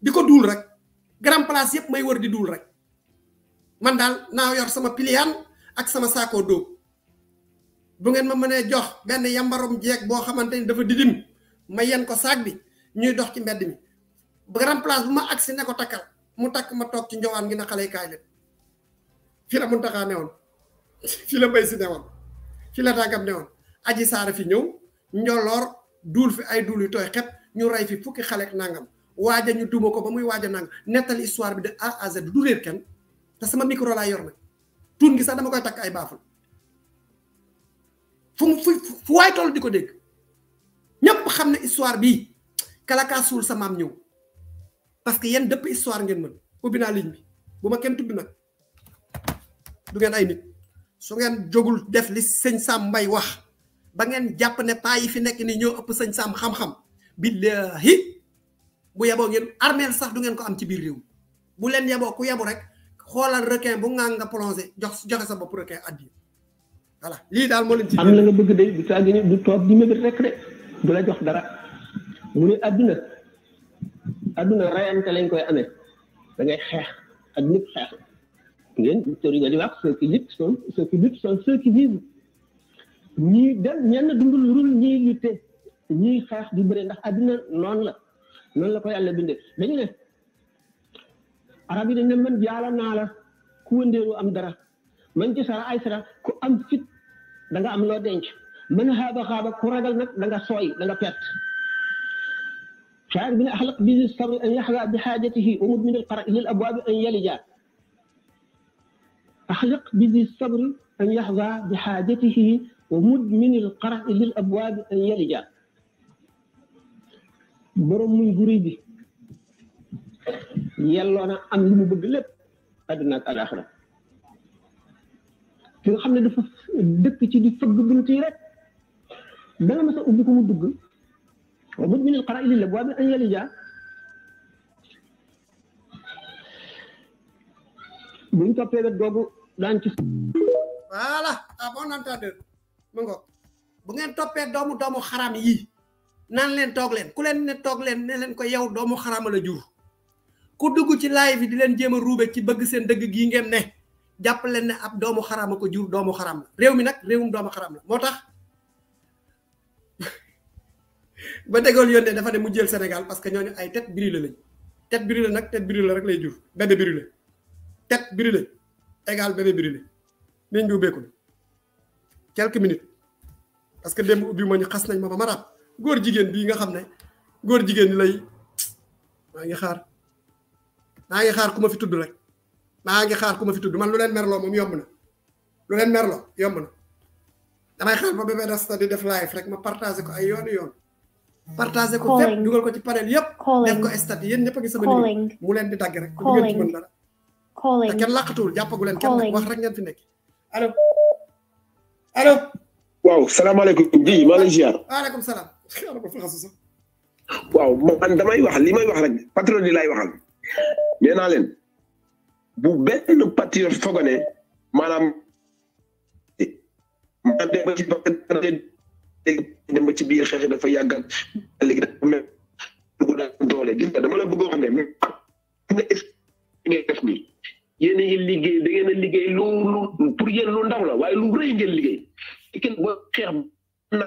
di ko rek grand place yep may wër di dul rek man dal naa yor sama pilihan ak sama saako do bu ngeen ma mënee jox benn yambarum jeeg boo xamante ni dafa didim ma yen ko saag bi ñuy dox ci mbedd mi grand place bu ma agsi ne ko takkal mu takk ma toog ci njowaan gi na xale kaay leen fi la muntaxaa newoon fi la mbay si newoon fi la tàggam newoon aji saara fi ñëw njoloor duul fi ay duul yu tooy xet ñu rey fi fukki xale nangam waaja ñu duma ko ba muy waaja nangam nettal histoire bi de A à Z du kenn ta sama micro la yor nag tun gi sax dama koy tak ay baful fu fu way tol diko deg ko dégg histoire bi kala ka sul sa mam ñew parce que yeen dëpp histoire ngeen man ubbi naa ligne bi buma ma tuddu nak du ngeen ay nit su ngeen jogul def li sëñ Sam bay wax ba ngeen japp ne pa yi fi nek ni ñoo upp sëñ Sam xam-xam billahi bu yabo ngeen armel sax du ngeen ko am ci bir rew bu len yabo ku yabo rek xoolal requin bu ngaa nga plongé jox joxe sa bopp requin addi voilà lii daal moo leen am la nga bëgg de du saa du toog di mébét rek de du la jox dara mu ne adduna adduna rayante lañ koy amee da ngay xeex ak nit xeex ngeen docteur yi di wax ceux qui luttent sont ceux qui luttent sont ceux qui vivent ñii ñenn dundul rul ñii lutte ñii xeex di bëre ndax adduna noonu la noonu la ko yàlla bindee dañu ne. arabi dañ ne man jala na la ku wëndeelu am dara man ci sara ay sara ku am fit da nga am lo denc man xaaba xaaba ku ragal nak da nga soy da nga pet bi perte شاعر بن أحلق به الصبر أن يحظى بحاجته ومد من القرء للأبواب أن يلجأ أحلق بذي الصبر أن يحظى بحاجته ومد من القرء an yalija borom muy guri bi yelloo na am li mu bëgg lépp àdduna ak ki nga xam ne dafa dëkk ci di fëgg bunt yi rek da nga mës a ubbi ko mu dugg wa mudminul qaraa'il la boo an yalija buñ ci voilà à ah, bon bu ngeen toppee doomu doomu xaram yi naan leen toog leen ku leen ne toog leen ne leen ko yow doomu xaraama la jur ku dugg ci live bi di leen jéem a ruube ci bëgg seen dëgg gii ngeen ne jàpp leen ne ab doomu xaraama ko jur doomu xaram la réew mi nag réewum doomu xaram la moo tax ba dégool yónnee dafa ne mu jël Sénégal parce que ñooñu ay tête brûlée lañ tête brûlée nag tête brûlée la rek lay jur bébé brûlé tête brûlée égal bébé brûlé niñ bi ubbeekul quelques minutes parce que démb ubbi ma ñu xas nañ ma ba ma raab góor jigéen bii nga xam ne góor jigéen ñi lay maa ngi xaar maa ngi xaar ku ma fi tudd rek maa ngi xaar ku ma fi tudd man lu leen merloo moom yomb na lu leen merloo yomb na damay xaar ba bébé Rasta di def live rek ma partagé ko ay yoonu yoon partagé ko fépp dugal ko ci panel yëpp def ko statut yéen ñëpp a ngi sama liggéey mu leen di dagg rek du ngeen ci mën dara te kenn làqatuwul jàppagu leen kenn wax rek ngeen fi nekk allo allo waaw salaamaaleykum ji maa lay ziar waaleykum salaam waaw damay wax li may wax rek patron yi laay waxal nee naa leen bu benn patriote foog ne maanaam man dem dem ba ci biir xeex dafa yàgg ak léegi dafa mel dugg daal doole gis nga dama la bëgg a ne nga ngeen def nii yéen a ngi liggéey da ngeen a liggéey lu lu pour yéen lu ndaw la waaye lu rëy ngeen liggéey xeex na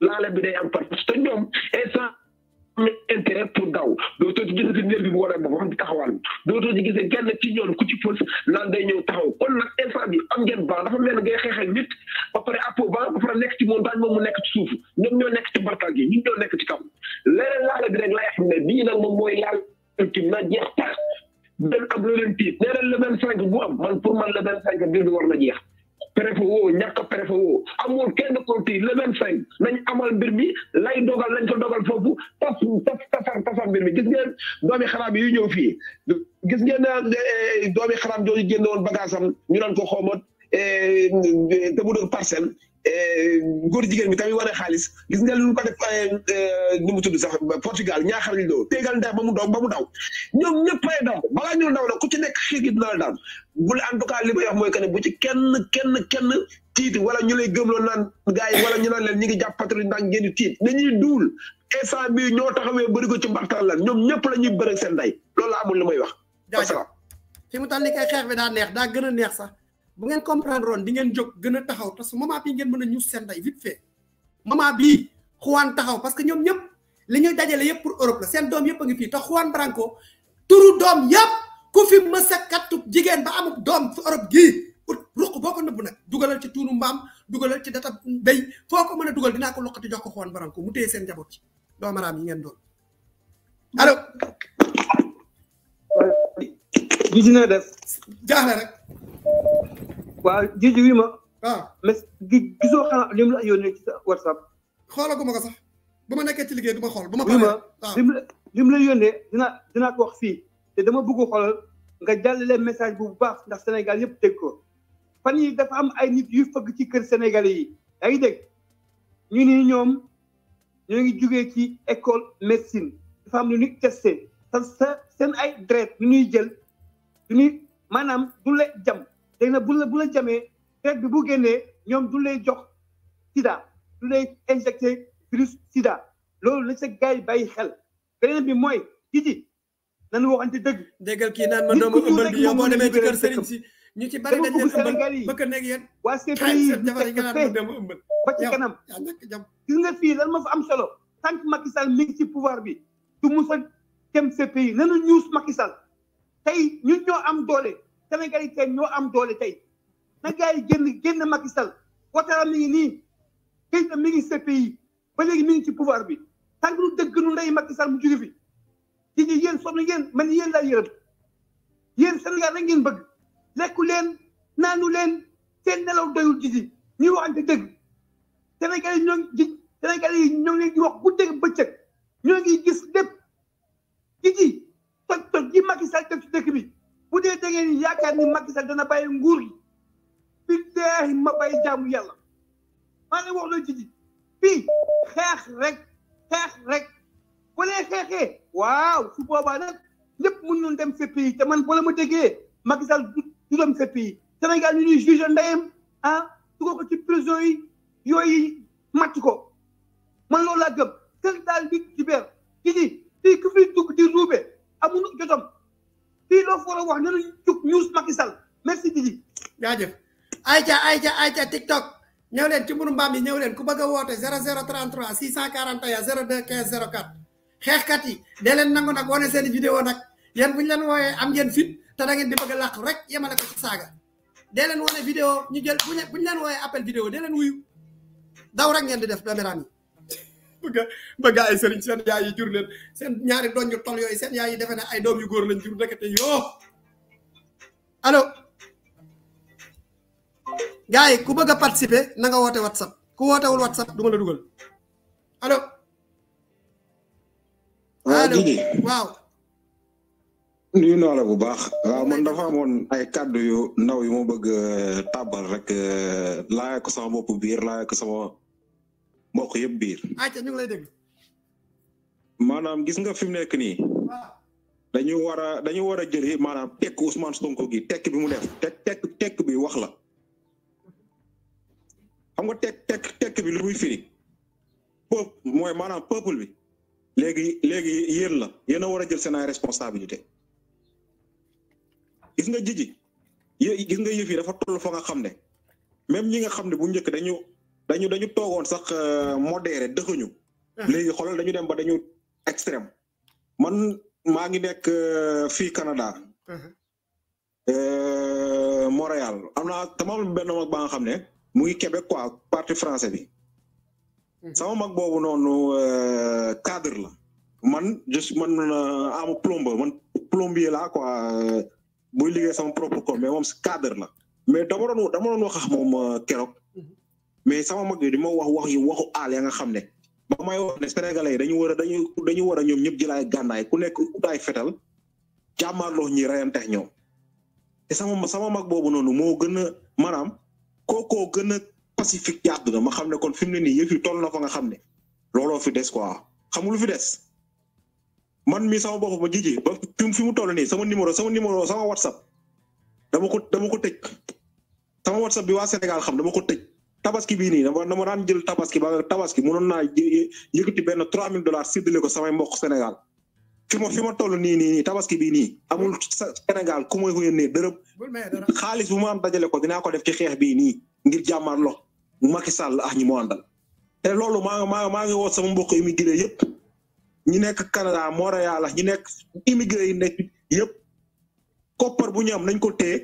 laale bi day am parce que ñoom instant intérêt pour daw dootoo ci gisati nerf bi bu war a boppam taxawal dootoo ci gisee genne ci ñoom ku ci fës naan day ñëw taxaw kon nag instant bi am ngeen baax dafa mel ne ngay xeexal nit ba pare àpp ba ba pare nekk ci montagne moom mu nekk ci suuf ñoom ñoo nekk ci barkaal gi ñun ñoo nekk ci kaw leneen laale bi rek lay xam ne bii nag moom mooy laal ultime na jeex tax benn am lu leen tiit nee na cinq bu am man pour man le vingt cinq mbir bi war na jeex préfet woo ñàkk préfet woo amul kenn ko ti le vingt cinq nañ amal mbir mi lay dogal lañ ko dogal foofu tas tas tasar mbir mi gis ngeen doomi xaraam yu ñëw fii gis ngeen eh, doomi xaraam jooju génn woon bagage am ñu doon ko xoomat eh, te mu dëkk parcelle Eh, góor jigéen bi tamit waree xaalis gis nga lu ko def eh, eh, nu mu tudd sax Portugal ñaaxal ñu doon tegal ndax ba mu daw ba mu daw ñoom ñëpp ay daw balaa ñu daw ku ci nekk xiir gi dina la daal bu en tout cas li may wax mooy que ne bu ci kenn kenn kenn tiit wala ñu lay gëmloo naan gars yi wala ñu naan leen ñi ngi jàpp patrouille ndax ngeen di tiit dañuy duul instant bii ñoo taxawee bëri ko ci mbartaan lan ñoom ñëpp la ñuy bëri seen day loolu la amul li may wax. jaajëf fi mu toll nii xeex bi daa neex daa gën a neex sax. bu ngeen comprendre woon di ngeen jóg gën a taxaw parce que moment bi ngeen mën a ñuus seen day vite fait moment bii xuwaan taxaw parce que ñoom ñëpp li ñuy dajale yëpp pour Europe la seen doom yëpp a ngi fii te xuwaan branco turu doom yëpp ku fi mës a kattu jigéen ba amub doom fi Europe gii ut ruq boko neub nak dugalal ci tunu mbam dugalal ci data béy foko ko dugal dina ko loqati jox ko xuwaan branco mu téye seen njaboot ci maram yi ngeen do allo gis def rek waaw jiji wi ma waaw mais gisoo xanaa li mu la yónnee ci sa whatsapp xoolagu ma ko sax ba ma nekkee ci liggéey du ma xool ba ma ma lim la li mu la yónnee dinaa dinaa ko wax fii te dama bëgg xoolal nga jàllale message bu baax ndax Sénégal yëpp dégg ko fan yi dafa am ay nit yu fëgg ci kër Sénégalais yi yaa ngi dégg ñu ni ñoom ñoo ngi jugee ci école médecine dafa am lu ñuy testé sa seen ay dret lu ñuy jël lu ñuy maanaam du la jam léegi nag bu la bu la jamee traite bi bu génnee ñoom du lay jox sida du lay injecté virus sida loolu la sa gars yi bàyyi xel beneen bi mooy Djidji nañu waxante dëgg. déggal kii naan ma doomu ëmbal bi yow boo demee ci kër Serigne si ñu ci bari dañ leen ëmbal bëgg nekk yéen. waa CPI bi ba ci kanam. gis nga fii lan ma am solo tant Macky Sall mi ngi ci pouvoir bi du mus a dem CPI nanu ñuus Macky Sall tey ñun ñoo am doole. Sénégal yi tey ñoo am doole tey na gars yi génn génn Macky Sall Ouattara mi ngi nii Keïta mi ngi CPI ba léegi mi ngi ci pouvoir bi tant que lu dëgg nu ndey Macky Sall mu jóge fi ci ñi yenn soxna yéen man yéen yërëm yéen Sénégal na ngeen bëgg lekku leen naanu leen seen nelaw doyul ci si waxante dëgg Sénégal yi ñoo ngi Sénégal yi ñoo ngi leen di wax bu dëgg bëccëg ñoo ngi gis lépp ci ji toj toj yi Macky Sall dëkk bi bu dee da ngeen yaakaar ni Macky Sall dana bàyyi nguur gi billaahi ma bàyyi jaamu yàlla maa ngi wax ci ji fii xeex rek xeex rek bu waaw su boobaa nag lépp mën noonu dem fépp yi te man boo la ma déggee Macky Sall du dem fépp yi Sénégal ñu ñuy juge ndeyam ah dugal ko ci prison yi yooyu màcc ko man loolu laa gëm bi ci beer ci ji fi dugg di ruube amul jotom fii loo war a wax ne la ñu jóg news Macky Sall merci Didi. jaajëf ayca ayca ñëw leen ci mbirum mbaam yi ñëw leen ku bëgg a woote 0033 641 02 15 04 xeexkat yi dee leen nangu nag wane seen i vidéo nag yéen bu ñu leen wooyee am ngeen fit te da ngeen di bëgg a làqu rek yemale ko ci saaga dee leen wane vidéo ñu jël bu ñu leen wooyee appel vidéo dee leen wuyu daw rek ngeen di def doomi raam yi bëgg a ba gars yi sëriñ seen yaay yi jur leen seen ñaari doñ yu tol yooyu seen yaay yi defe ne ay doom yu góor lañ jur ndekete yoo allo gars ku bëgg a participer na nga woote whatsapp ku wootewul whatsapp du ma la dugal allo allo waaw nuyu naa la bu baax waaw man dafa amoon ay kàddu yu ndaw yu ma bëgg euh, tàbbal rek euh, laaya ko sama bopp biir laaya ko sama mbokk yëpp biir. ayca ñu dégg. maanaam gis nga fi mu nekk nii. Ah. dañu war a dañu war a jëli maanaam tekk Ousmane Sonko gi tekk bi mu def te tekk tekk bi wax la. xam nga tekk tekk tekk bi lu muy firi. peuple mooy maanaam peuple bi. léegi léegi yéen la yéen war a jël seen ay gis nga jiji gis nga yëf yi dafa toll fa nga xam ne même ñi nga xam ne bu njëkk dañu dañu dañu togon sax euh, modéré dexuñu ah. légui xolal dañu dem ba dañu extrême man ma ngi nek euh, fi Canada uh-huh. euh, Montréal amna tamam benn mag ba nga xamné ne mu ngi Québec quoi parti français bi uh-huh. sama mag bobu nonu cadre la man juste man am plombe man plombier la quoi buy liggéey sama propre corps mais moom cadre la mais dama doon dama doon wax ak moom mais sama mag yi di ma wax wax yu waxu aal ya nga xam ne ba may wax ne dañu war a dañu dañu a ñoom ñëpp jëlaay gànnaay ku nekk utaay fetal jàmmaarloo ñi reyanteex ñoom te sama sama mag boobu noonu moo gën a maanaam kookoo gën a pacifique ci na ma xam ne kon fi mu ne nii yëf yi toll na fa nga xam ne looloo fi des quoi xamul fi des man mii sama bopp ma jiji ba fi mu toll nii sama numéro sama numéro sama whatsapp dama ko dama ko tëj sama whatsapp bi waa Sénégal xam dama ko tëj tabaski bii nii dama dama daan jël tabaski ba tabaski mënoon naa yëkkati benn 3000 dollars séddale ko samay mbokk Sénégal fi ma fi ma toll nii nii nii tabaski bii nii amul Sénégal ku may yónnee dërëm xaalis bu ma am dajale ko dinaa ko def ci xeex bii nii ngir jàmmarloo Macky Sall ah ñi mu àndal. te loolu maa maa maa ngi woo sama mbokk immigré yëpp ñi nekk Canada Montréal ñi nekk immigré yi nekk yëpp koppar bu ñu am nañ ko téye.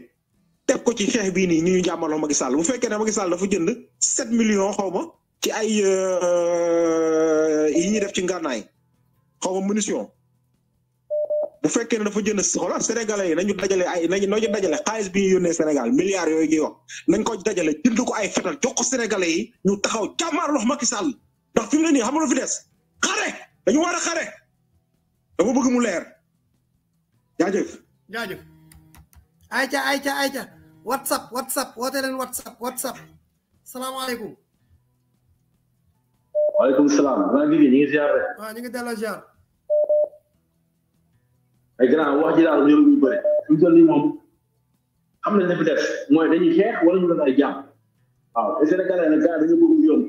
teg ko ci xeex bii nii ñu ñu jàmmaloo Macky Sall bu fekkee ne Macky Sall dafa jënd sept millions xaw ma ci ay euh, yi ñuy def ci ngànnaay xaw ma munition bu fekkee ne dafa jënd xoolal sénégalais yi ñu dajale ay nañu nañu dajale xaalis bi ñu yónnee Sénégal yooyu ñuy nañ ko dajale jënd ko ay fetal jox ko yi ñu taxaw jàmmaarloo Macky Sall ndax fi mu ne nii xam nga lu des xare dañu war a xare dama bëgg mu leer jaajëf jaajëf ayca ayca ayca whatsapp whatsapp woote leen whatsapp whatsapp salaamaaleykum. waaleykum salaam. grand Guigui ñu ngi ziar rek. waaw ñu ngi delloo ziar. ay grand wax ji daal ñu ngi bëri. ñu toll nii moom xam nañ ne fi def mooy dañuy xeex wala ñu doon ay jàmm. waaw te Sénégalais nag gars dañu bëgg yomb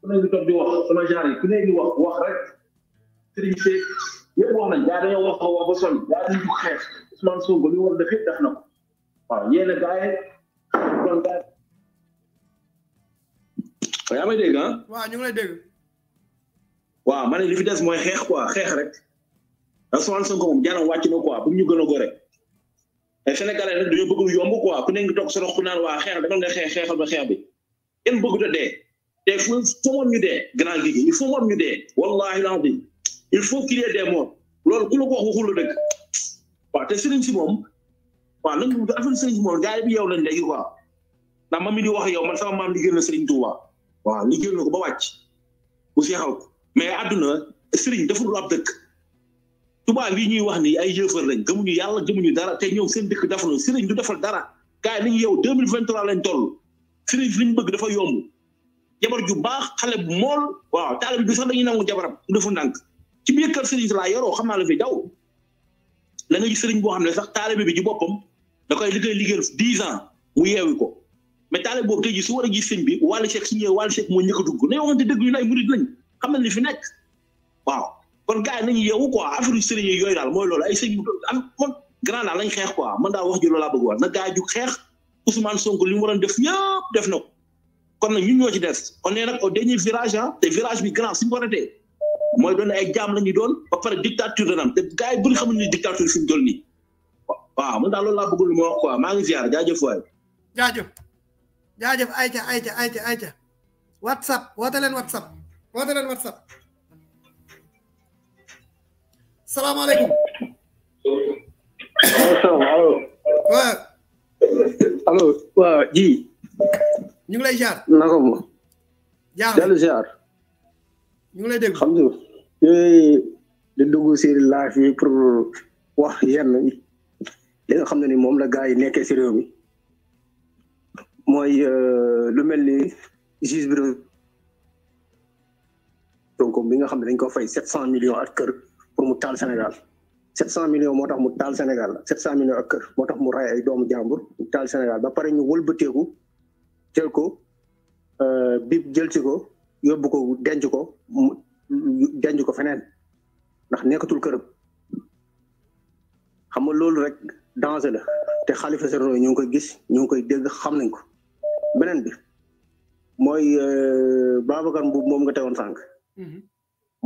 ku ne ngi toog di wax sama genre yi ku ne ngi wax wax rek sëriñ Seck yëpp wax nañ gars dañoo wax wax ba sonn gars dañu xeex Ousmane Sonko li war a def yëpp def na ko. waaw yéen a gars yi kon gars may dégg waaw ñu ngi lay ma ne li fi des mooy xeex quoi xeex rek. da Ousmane Sonko moom jaanam wàcc na quoi bu ñu gën a gore. te Sénégalais nag dañoo bëgg lu yomb quoi ku nekk toog sa ku naan waa xeex dafa nga xeex xeexal ba xeex bi. kenn bëggut a dee. te fu fu moom ñu dee grand gi il faut moom ñu dee wallahi loolu ku la ko wax dëgg te sëriñ si waaw nag affaire sëriñ moom gars yi bi yow lañ léegi quoi ndax ma mi di wax yow man sama maam liggéey na sëriñ Touba waaw liggéey na ko ba wàcc bu seexaw ko mais àdduna sëriñ deful ab dëkk Touba lii ñuy wax ni ay yëfër lañ gëmuñu yàlla gëmuñu dara te ñëw seen dëkk dafa na sëriñ du defal dara gars yi nañu yow deux mille vingt trois lañ toll sëriñ fi liñ bëgg dafa yomb jabar ju baax xale bu mool waaw taalib bi sax dañuy nangu jabaram du defu ndànk ci biir kër sëriñ laa yoroo xam naa daw da nga gis sëriñ boo xam ne sax taalibe bi ci boppam da koy li koy liggéeyal dix mu yeewi ko mais taalibe boobu tey jii su war a gis sëñ bi wàllu Seck su ñëwee wàllu Seck moo njëkk dugg nañoo waxante dëgg ñu ne ay murid lañ xam nañ li fi nekk waaw kon gars yi nañu yeewu quoi affaire sëriñ yi yooyu daal mooy loolu ay sëñ am man grand daal lañ xeex quoi man daal wax ji loolu laa bëgg wax na gars yi ju xeex Ousmane Sonko li mu waroon def ñëpp def na ko kon na ñun ñoo ci des on est nag au dernier virage ah te virage bi grand suñu ko ratee mooy doon ay jaam la ñuy doon ba pare dictature dana am te gars yi bu ñu xamul ni dictature fi mu toll daal loolu laa bëggul ma wax maa ngi ziar jaajëf waay. jaajëf jaajëf ayca ayca ayca ayca whatsapp woote leen whatsapp woote leen whatsapp salaamaaleykum. allo. ñu ngi lay ziar. naka ma. ñu ngi lay dégg. alhamdulilah. yooyu si laaj yi pour wax yenn li nga xam ne ni moom la gars yi nekkee si réew mi mooy euh, lu mel ni juge bi donc bi nga xam ne dañ ko fay sept cent million ak kër pour mu taal Sénégal sept cent millions moo tax mu taal Sénégal sept cent millions ak kër moo tax mu ray ay doomu jàmbur mu taal Sénégal ba pare ñu wëlbateeku jël ko euh, bib jël ci ko yóbbu ko denc ko janj ko feneen ndax nekkatul këram xam nga loolu rek danger la te xalifa sa ñu ngi koy gis ñu ngi koy dégg xam nañ ko beneen bi mooy euh, babacar mbub moom nga tegoon sànq mhm.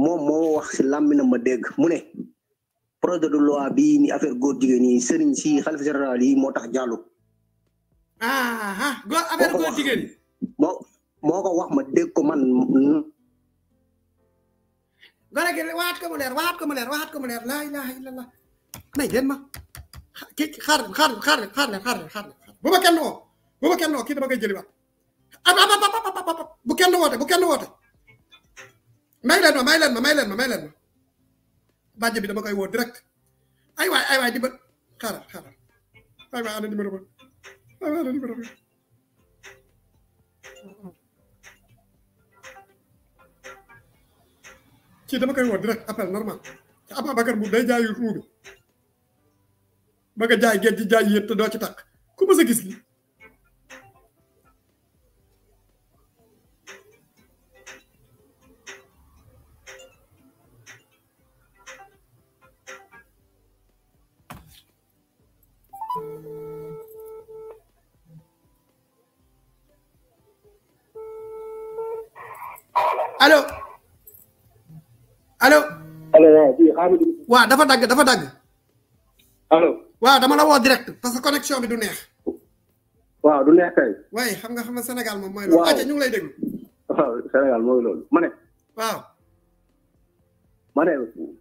moom moo wax si làmminam ma dégg mu ne projet de loi bi ni affaire góor jigéen yi sëriñ si xalifa général yi moo tax jàllu ah ah, ah. affaire góor jigéen moo moo ko wax ma dégg ko man gone gi waxaat ko mu leer waxaat ko mu leer waxaat ko mu leer laa ilaha illallah may leen ma kii xaar leen xaar leen xaar leen xaar leen xaar leen bu kenn woo bu ma kenn woo kii dama koy jëliwaat ab bu kenn woote bu kenn woote may ma may leen ma may leen ma may leen ma bàjj bi dama koy woo direct ay waay ay waay di ba xaaral xaaral ay waay ana numéro ba ay waay ana numéro ba ci dama koy woo direct appel normal te Ababacar Mbuub day jaayu ruubi bëgg a jaay géej gi jaay yëpp te doo ci takk ku mës a gis li waaw dafa dagg dafa dagg allo waaw dama la woo direct parce que connexion bi du neex waaw du neex kay waaye xam nga xam nga Sénégal moom mooy loolu aja ñu ngi lay déglu waaw Sénégal mooy loolu ma ne waaw ma ne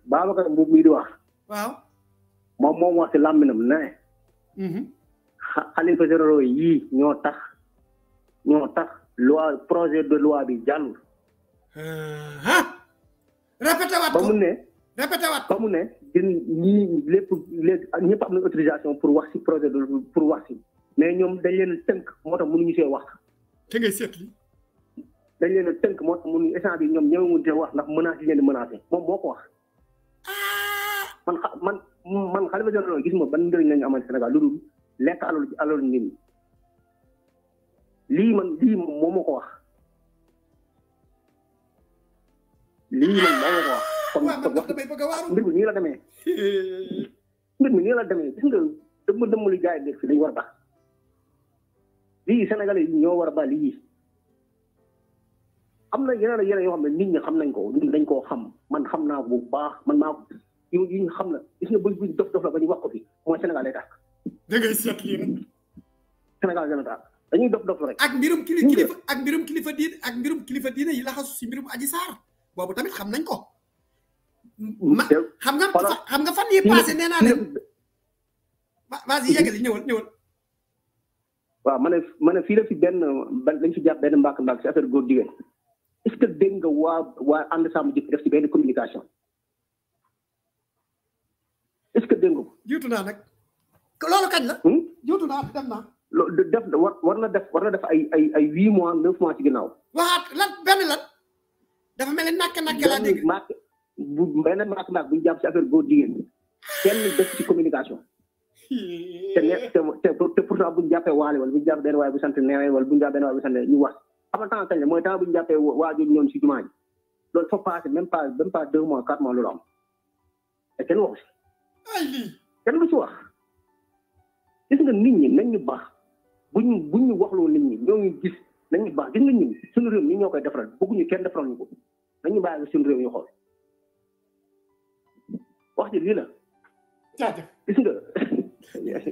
Babacar Mbour mii di wax waaw moom moom wax si làmbinam ne xalifa eh, généraux yii ñoo tax ñoo tax loi projet de loi bi jàllul répété waat ko ba mu ne répété waat mu ne gën ñii lépp léegi ñëpp am na autorisation pour wax si projet de pour wax si mais ñoom dañ leen tënk moo tax mënuñu see wax. te ngay seetli. dañ leen tënk moo tax mënuñu échange bi ñoom ñëwee see wax ndax menace yi leen di menacé moom moo ko wax. Ah! man xa man man xalifa général gis ma la ñu amal Sénégal lu dul lekk alalu alalu nit ñi lii moom moo ma ko wax lii ko wax. comme comme wax mbir mi nii la demee. mbir mu nii la demee gis nga dëmm dëmm li gars yi nekk fi war a baax lii Sénégalais yi ñoo war a baax lii am na yeneen yeneen yoo xam ne nit ñi xam nañ ko nit dañ koo xam man xam naa bu baax man maa ko yow yi xam la gis nga buñ dof dof la ba ñu wax ko fi mooy Sénégal lay tàkk. da ngay seet lii rek. Sénégal dana tàkk dañuy dof dof rek. ak mbirum kilifa ak mbirum kilifa diine ak mbirum kilifa diine yi laxasu si mbirum Adji Sarr boobu tamit xam nañ ko. ma xam nga xam nga fan yii passé nee naa ba vas y yeggali ñëwal ñëwal waaw ma ne ma ne fi benn lañ fi jàpp benn mbàkk mbàkk si affaire góor jigéen est-ce que dégg nga waa waa ànd sàmm def si benn communication est-ce que dégg nga loolu kañ la hmm? jiitu naa dem def war war na def war na def ay ay ay huit mois neuf mois ci ginnaaw waxaat lan benn lan dafa mel ni nàkk laa dégg bu benn maak maak bu ñu jàpp si affaire góor jigéen kenn def ci communication. te ne te te bu ñu jàppee waale wala bu ñu jàpp benn waay bu sant neewee wala bu ñu jàpp benn bu ñu mooy temps bu ñu jàppee waa jooju ñoom si jumaa ji loolu fa passé même pas même pas deux mois quatre mois loolu am te kenn waxu si. kenn du si wax gis nga nit ñi nañ ñu baax bu ñu bu ñu waxloo nit ñi ñoo ngi gis nañ ñu baax gis nga ñun suñu réew mi ñoo koy defaral bëgguñu kenn defaral ñu ko nañ ñu bàyyi suñu ñu xool. wax ji lii iya, la. jaajëf gis nga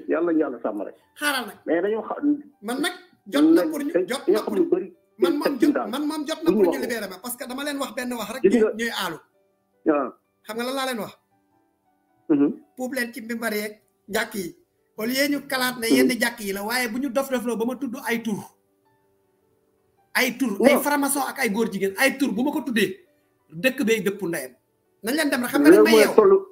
yàlla ñu yàlla sàmm rek. xaaral nag mais dañoo xam. man nag jot na pour ñu jot na pour ñu man moom jot man moom jot na pour ñu libéré ma parce que dama leen wax benn wax rek. gis nga ñuy aalu. waaw xam nga lan laa leen wax. puub leen ci mbimbar yeeg jàkk yi. au lieu ñu kalaat ne yenn jàkk yi la waaye bu ñu dof dofloo ba ma tudd ay tur. ay tur ay faramason ak ay góor jigéen ay tur bu ma ko tuddee dëkk bee dëpp ndeyam. nañ leen dem rek xam nga dañ may yeew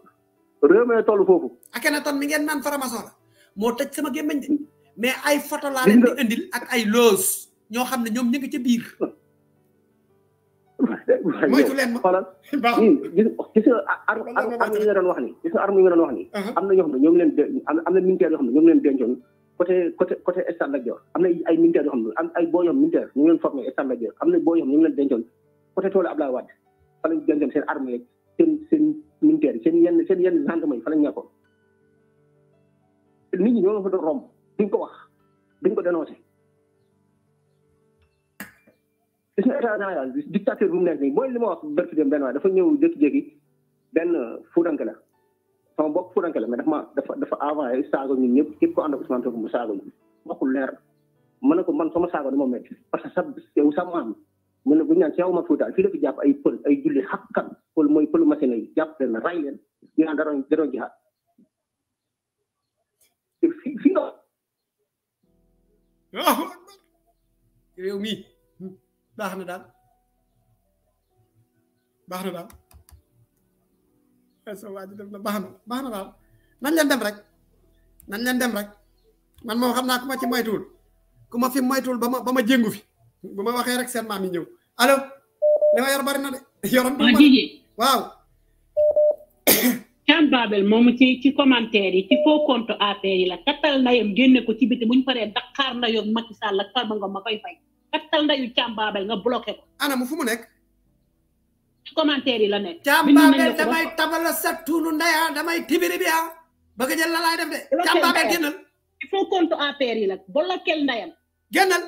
réew mi toll foofu. Akhenaton mi ngeen naan faramason la moo tëj sama gémmiñ de mais ay photo laa leen di indil ak ay loos ñoo xam ne ñoom ñu ngi ca biir. moytu leen ma xoolal gis nga arme yi nga doon wax ni gis nga arme yi nga doon wax ni am na ñoo xam ne ñoom leen de am na militaire yoo xam ne ñoom leen dencoon côté côté côté stade Lat Dior am na ay militaire yoo xam ne am ay boo yoo xam militaire ñu ngi leen formé stade Lat Dior am na boo yoo xam ne ñu ngi leen dencoon côté toolu Abdoulaye Wade fa lañ dencoon seen arme yeeg seen seen militaire seen yenn seen yenn gendarmerie fa lañ nekkoon nit ñi ñoo la fa doon romb duñ ko wax duñ ko dénoncé gis na état général bi dictateur bu mu nekk nii mooy li ma wax benn waay dafa ñëw jëkk jékki benn fuuranke la sama bokk fuuranke la mais dafa dafa dafa envoyé saago ñun ñëpp képp ko ànd ak Ousmane Sonko mu saago ñu waxul leer ma ne ko man sama saago dama metti parce que sa yow sa maam mu na bu ñu naan Cheikh Omar Fouta fii la fi jàpp ay pël ay julli xakkan pël mooy pëlu machine yi jàpp leen ray leen ñu dara daroon daroon jihaat te fii mi baax na daal baax na daal eh, so waa ji def na baax na baax na daal nan leen dem rek nan leen dem rek man moom xam naa ku ma ci moytuwul ku ma fi moytuwul ba ma ba jéngu fi bu ma waxee rek seen maam yi ñëw allo li ma yor na de. yoroon waaw Jiji waaw. Thiam moom ci ci commentaire yi ci faux compte affaire yi la kattal ndayam génne ko ci biti bu ñu paree Dakar ndayoog Macky Sall ak Farba Ngom ma koy fay kattal ndayu Thiam Babel nga bloqué ko. ana mu fu mu nekk. ci commentaire yi la nekk. Thiam Babel damay tabala sa tuunu ndaya damay tibiri bi ah bëgg jël la laay def de. Thiam Babel génnal. ci faux compte affaire yi la bloqué ndayam. génnal.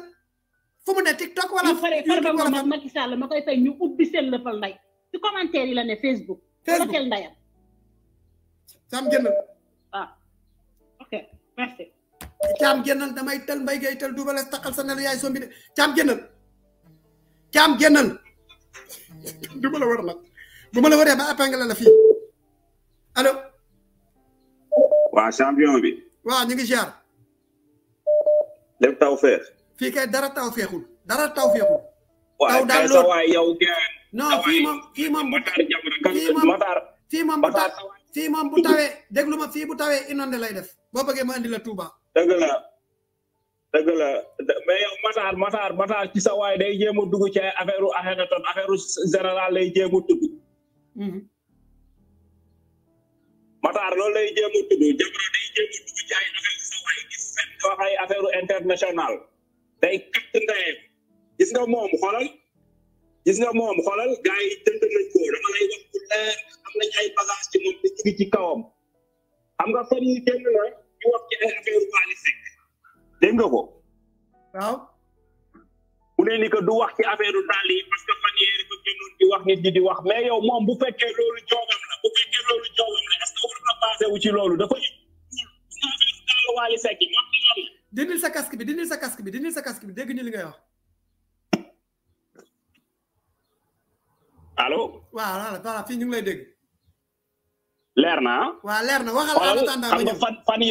fu mu ne TikTok wala. YouTube wala fan Macky Sall ma koy fay ñu ubbi seen lëfal nday ci commentaire yi la ne Facebook. Facebook wala ndayam. Thiam génnal. Ah. waaw ok merci. damay tël mbay gay tël dubale taxal sa nelu yaay sombi de Thiam la war nag bu ma la waree ba épingle la fii allo. waa champion bi. waaw ñu ngi ziar. lépp taw feex. fii kay dara taw feexul dara taw feexul. taw daal moom fii moom bu fii moom moom bu tawee déglu ma fii bu tawee inondé lay def boo bëggee ma indi la Touba. dëgg ci sa waay day jéem a dugg ci ay affaire général lay jéem a tudd. Mhm. Matar loolu lay jéem a tudd international day katt ndeyam gis nga moom xoolal gis nga moom xoolal gars yi jënd nañ wax ku leer am nañ ay bagage ci moom te ci ci kawam xam nga fan yi génn na ñu wax nga ko waaw mu que du wax ci affaire dàll yi parce que fan yee rek gënoon di wax nit ñi di wax mais yow moom bu fekkee loolu joogam la bu fekkee loolu joogam la est ce que war na basé ci loolu dafa yëg affaire dàll Wally Seck yi moom dindil sa casque bi di sa casque bi dindil sa casque bi dégg ñu li ngay wax. allo. waaw voilà voilà ñu ngi lay dégg. leer na waa leer na waxal la xam nga fan fan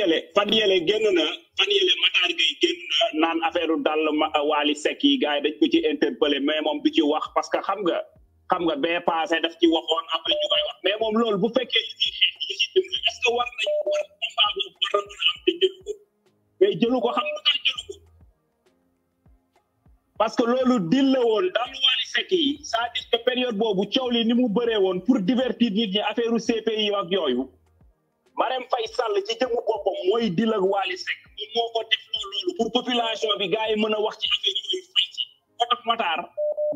fan yële génn na fan yële Matar Gueye génn na naan affaire dal euh, Waly Seck yi gars yi dañ ko ci interpellé mais moom du ci wax parce que xam nga xam nga bee passé def ci waxoon après ñu koy moom loolu bu fekkee li ñuy xeex li ci jëm est-ce que war nañu war combat boobu war na mën a am te jël ko. mais jëlu ko xam lu tax ko parce que loolu dil la woon daal lu yi cest à période boobu coow li ni mu bëree woon pour divertir nit ñi affaire u CPI ak yooyu Marème Faye Sall ci jëmu boppam mooy dil ak Wally Seck moo ko def loolu pour population bi gars yi mën a wax ci affaire yooyu fay ci otof Matar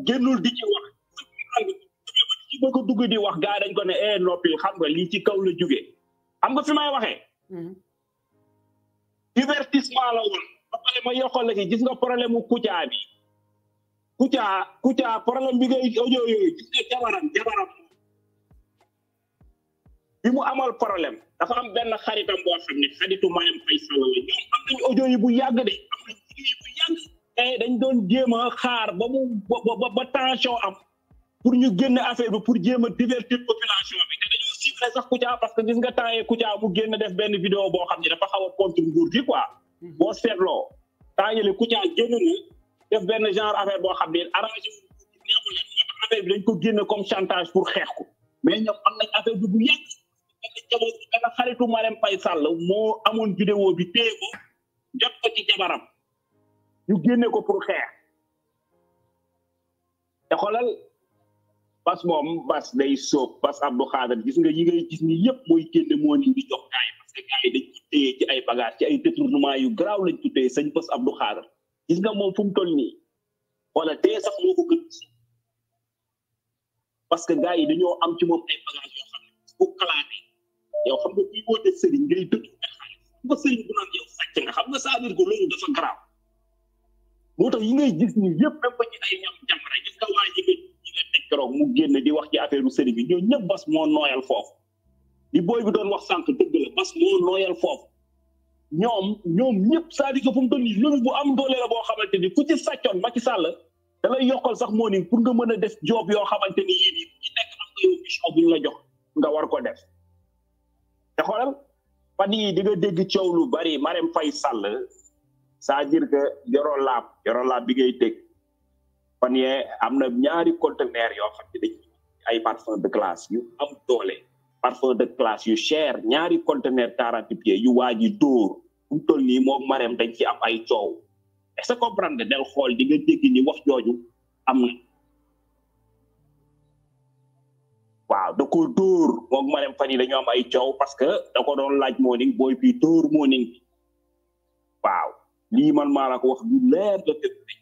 génnul di ci dugg di wax gars dañ ko ne eh noppi xam nga lii ci kaw la jóge xam nga fi may waxee hmm. divertissement la woon ba pare ma yokkal la ci gis nga problème wu Kouthia bi Kouthia Kouthia problème bi ga audio yooyu gis nga jabaram jabaram bi mu amal problème dafa am benn xaritam boo xam ne xaritu Marième am nañu audio bu yàgg eh, dañ doon jéem a xaar ba mu ba ba tension am pour ñu génn affaire bi pour jéem a divertir bi jaaxle sax Kouthia parce que gis nga temps yii a mu génn def benn vidéo boo xam ne dafa xaw a contre nguur gi quoi. Mhm. boo seetloo temps yële Kouthia génn na def benn genre affaire boo xam ne arrangé neexul leen bi dañ ko génne comme chantage pour xeex ko mais ñoom am nañ affaire bi bu yàgg benn jaboot Sall moo amoon vidéo bi téye ko ko ci jabaram ñu génne ko pour xeex te xoolal. bas moom bas day sóob bas Abdou Xaadar gis nga yi ngay gis ni yëpp mooy génne moo ni di jox gars yi que dañ ko téye ci ay bagage ci ay détournement yu garaaw lañ ko téye sëñ bas Abdou Xaadar gis nga moom fu wala tey sax moo ko gën parce que gars yi dañoo am ci moom ay bagage yoo xam ne xam nga kuy woote sëriñ xam nga sëriñ bu naan yow sàcc nga loolu dafa garaaw moo tax yi ngay gis ni yëpp même ba ci ay ñam jàmm gis nga waa ji keroog mu génn di wax ci affaire sëriñ bi ñooñu ñëpp bas moo nooyal foofu li booy bi doon wax sànq dëgg la bas moo nooyal foofu ñoom ñoom ñëpp cest ko dire mu toll nii bu am doole la boo xamante ni ku ci sàccoon Macky Sall da lay sax moo pour nga mën a def job yoo xamante ni yéen jox nga war ko def te xoolal fan yii di dégg coow lu bari Marème fay Sall c'est-à-dire que yoroo laab yoroo laab bi ngay teg. fan yee am ñaari conteneur yo xamni dañ ay parfum de classe yu am doole parfum de classe yu cher ñaari conteneur 40 pieds yu waji door bu fu toll nii moom marem dañ ci am ay ciow est ce comprendre del xol di nga dégg ni wax joju am waaw da ko door mo marem fani dañu am ay ciow parce que da ko don laaj morning boy bi dóor morning waaw li man maa la ko wax du leer de tëdd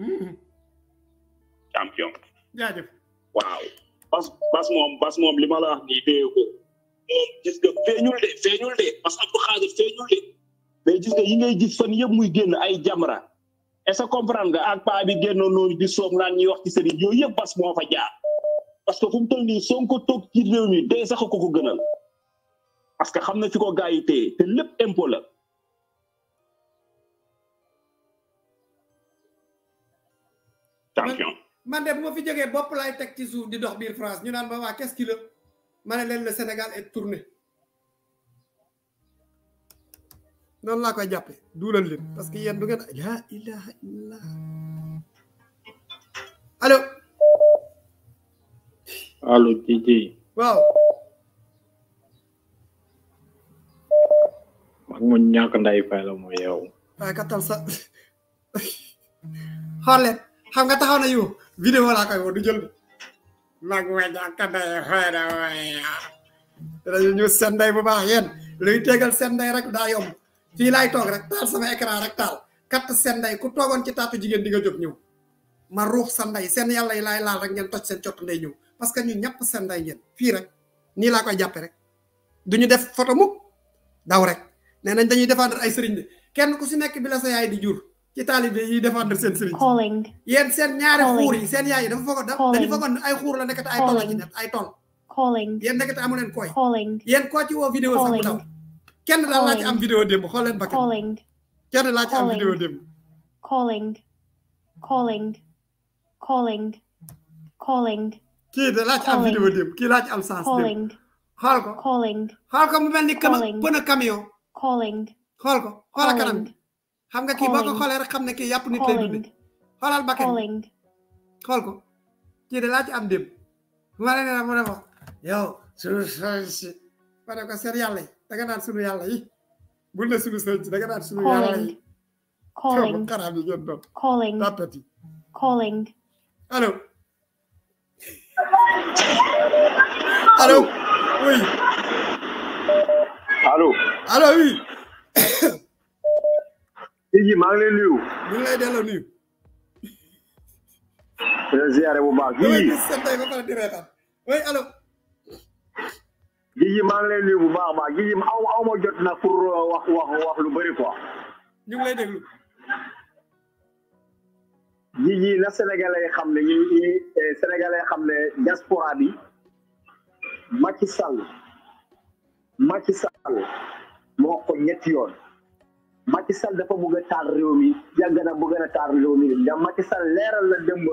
Mm-hmm. champion. jaajëf waaw. bas bas moom bas moom li ma la ko moom gis nga feeñul de feeñul de parce que Abdou Khadir feeñul de mais gis nga yi ngay gis fan yëpp muy génn ay jamra est-ce que comprendre nga ak paa bi génnoon noonu di soog naan ñuy wax ci sëriñ yooyu yëpp bas moo fa jaar parce que fu toll nii Sonko toog ci réew mi dee sax ko ko gënal parce que xam na fi ko gaa yi téye te champion man de mo fi joge bop lay tek ci suuf di dox bir France ñu naan ba wa qu'est-ce qui le mané len le Sénégal est tourné non la koy jàppe duulal lit parce que yeen du ngeen la ilaha illa allo allo didi wow mo ñak nday fay la mo yow ay katal sa xool xam nga taxaw na yu vidéo laa koy woo du jël mag ma jàkka day da way dañu ñu seen day bu baax yeen luy tegal seen day rek daa yomb fii lay toog rek taal sama écran rek taal kat seen day ku toogoon ci taatu jigéen di nga jóg ñëw ma ruux seen day seen yàlla yi laay laal rek ngeen toj seen cott nday ñëw parce que ñu ñàpp seen day ngeen fii rek nii laa koy jàppe rek duñu def photo mu daw rek nee nañ dañuy défendre ay sëriñ de kenn ku si nekk bi la sa yaay di jur ci taalibe yi défendre seen sëriñ yéen seen ñaari xuur yi seen yaay yi dafa foogoon dañu foogoon ay xuur la nekkate ay toll la ci nekk ay toll yéen nekkate amu leen koy yéen koo ci woo vidéo sax mu daw kenn daal laa ci am vidéo démb xool leen bakk kenn laa ci am vidéo démb calling calling calling calling kii de laa ci am vidéo démb kii laa ci am sens démb xool ko xool ko mu mel ni kama pneu camion xool ko xoola kanam xam nga kii ko xoolee rek xam ne kii yàpp nit lay dundee. xoolal bakkan xool ko kii de laa ci am démb. bu ma leen mu ne ma yow sunu sëriñ si ma ne ko seen yàlla yi naan sunu yàlla yi bul ne sunu sëriñ si naan sunu yàlla yi. calling calling calling allo allo oui allo allo oui Iji maa ngi lay nuyu. ñu bu baax. Iji maa ngi lay bu baax a baax Iji aw aw ma jot na pour euh, wax wax wax lu bëri quoi. ñu na Sénégalais xam ne ñi eh, xam ne diaspora bi Macky Sall Macky Sall moo ko ñetti yoon. Macky Sall dafa bëgg a taal réew mi yàgg na bëgg na taal réew mi ndax Macky Sall leeral la démb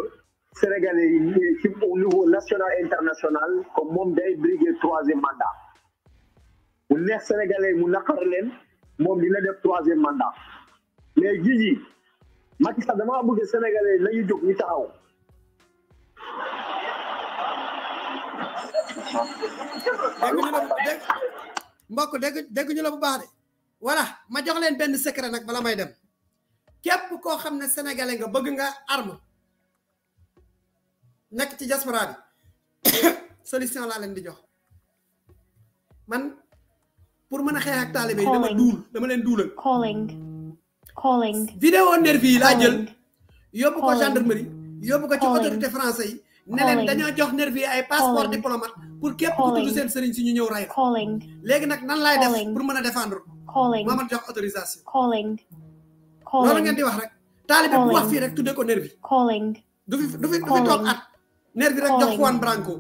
Sénégalais yi ci niveau national international comme moom day briguer troisième mandat mu neex Sénégalais mu naqar leen moom dina def troisième mandat mais jiji Macky Sall dama bëgg Sénégalais nañu jóg ñu taxaw mbokk dégg dégg ñu la baax voilà ma jox len ben secret nak bala may dem kep ko xamne ne sénégalais nga bëgg nga arme nek ci diaspora bi solution la len di jox man pour mëna xé ak talibé dama dul dama len dulal calling calling. vidéo nervi yi laa jël yobbu ko gendarmerie yobbu ko ci autorité français yi. ne len dañoo jox nervi ay passeport diplomate pour kep ko tuddu sen sëriñ si ñu ñëw ray calling légui nak nan lay def pour mëna défendre. calling moo mën jox autorisation. calling. calling loolu ngeen di wax rek. taalibe bu wax fii rek tudde ko nervi. calling. du fi du fi toog at. nervi rek jox Juan Branco.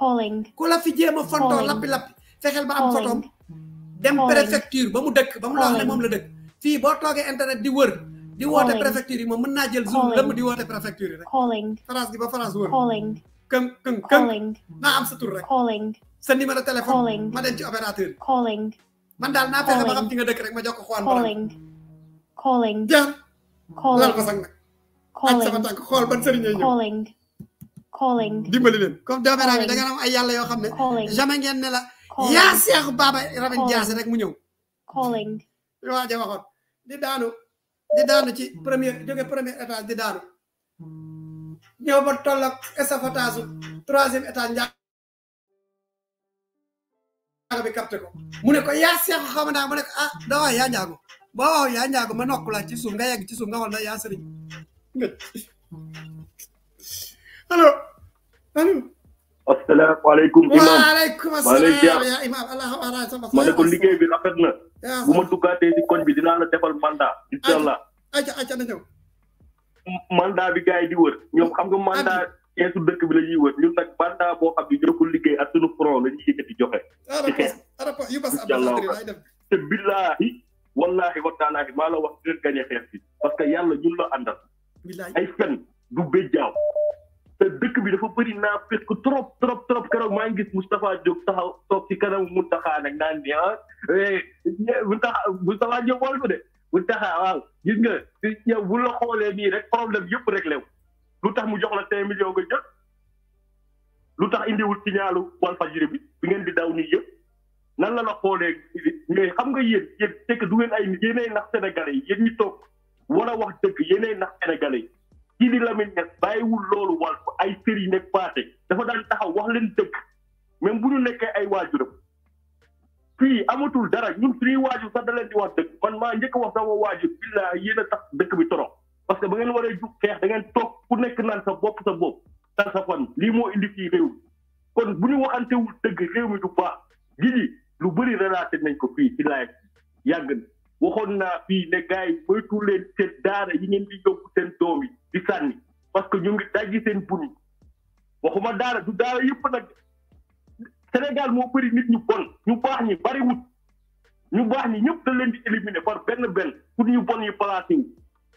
calling ku la fi jéem a fontoo lappi lappi. fexeel ba am fotoom. dem préfecture ba mu dëkk ba mu la ne moom la dëkk. fii boo toogee internet di wër. di woote préfecture yi moom mën naa jël zoom lëmm di woote préfecture yi rek. calling France gi ba France wër. calling këng këng këng. naa am sa tur rek. calling sa numéro téléphone. ma dem ci opérateur. calling man daal na fexe ba xam ci nga dëkk rek ma jox ko xool. calling calling. jaar. calling ko sax nag. calling ak sama tànk xool ban sëriñ dimbali leen comme doomu raam yi da nga am ay yàlla yoo xam ne. calling jamais ngeen ne la. calling yaa seex baaba Lamine Diassé rek mu ñëw. calling. li waa ja di daanu di daanu ci premier jóge première étage di daanu ñëw ba toll ak estafetage troisième étage njàng. njaago bi capté mu ne ko yaa seexu naa mu ne ko ah da waay yaa njaago ba waaw yaa njaago ma nokk ci suuf nga yegg ci suuf nga wal na yaa sëriñ allo allo asalaamaaleykum ma ne liggéey bi rafet na bu ma duggaatee ci koñ bi dinaa la defal mandat incha allah aca aca ñëw mandat bi gars di wër ñoom xam nga mandat keesu dëkk bi la ñuy wër ñun nag mandat boo xam ne ñoo ko liggéey ak sunu front la ñuy yëkkati joxe. ci xeex te billaahi wallaahi wa taalaahi maa la wax dina gañe xeex bi parce que yàlla ñun la àndal. ay fen du béjjaaw. te dëkk bi dafa bëri naa fekk trop trop trop keroog maa ngi gis Moustapha Diop taxaw toog ci kanam Mountakha nag naan ni ah Mountakha Moustapha Diop wol ko de Mountakha waaw gis nga yow bu la xoolee nii rek problème yëpp rek lew lu tax mu jox la cinq million nga jël lu tax indiwul signalu Walfadjri bi bi ngeen di daw nii yëpp nan la la xoolee mais xam nga yéen yéen fekk du ngeen ay yéenay nax sénégalais yi yéen ñi toog war wax dëkk yéenay nax sénégalais yi kii di Lamine Niass loolu Walf ay sër nekk paate dafa daan taxaw wax leen dëkk même bu ñu nekkee ay waajuram fii amatul dara ñun suñuy waajur sax da leen di wax dëgg man maa njëkk wax sama waajur billaa yéen a tax dëkk bi torox parce que ba ngeen waree jug xeex da ngeen toog ku nekk naan sa bopp sa bopp tal sa fan lii moo indi fii réew mi kon bu ñu waxantewul dëgg réew mi du baax gi lu bëri relaté nañ ko fii ci laaj yàgg na waxoon naa fii ne gars yi moytu leen seen daara yi ngeen di yóbbu seen doom yi di sànni parce que ñu ngi dajji seen buni waxuma daara du daara yëpp nag Sénégal moo bëri nit ñu bon ñu baax ñi bariwut ñu baax ñi ñëpp da leen di éliminer par benn benn pour ñu bon yi placé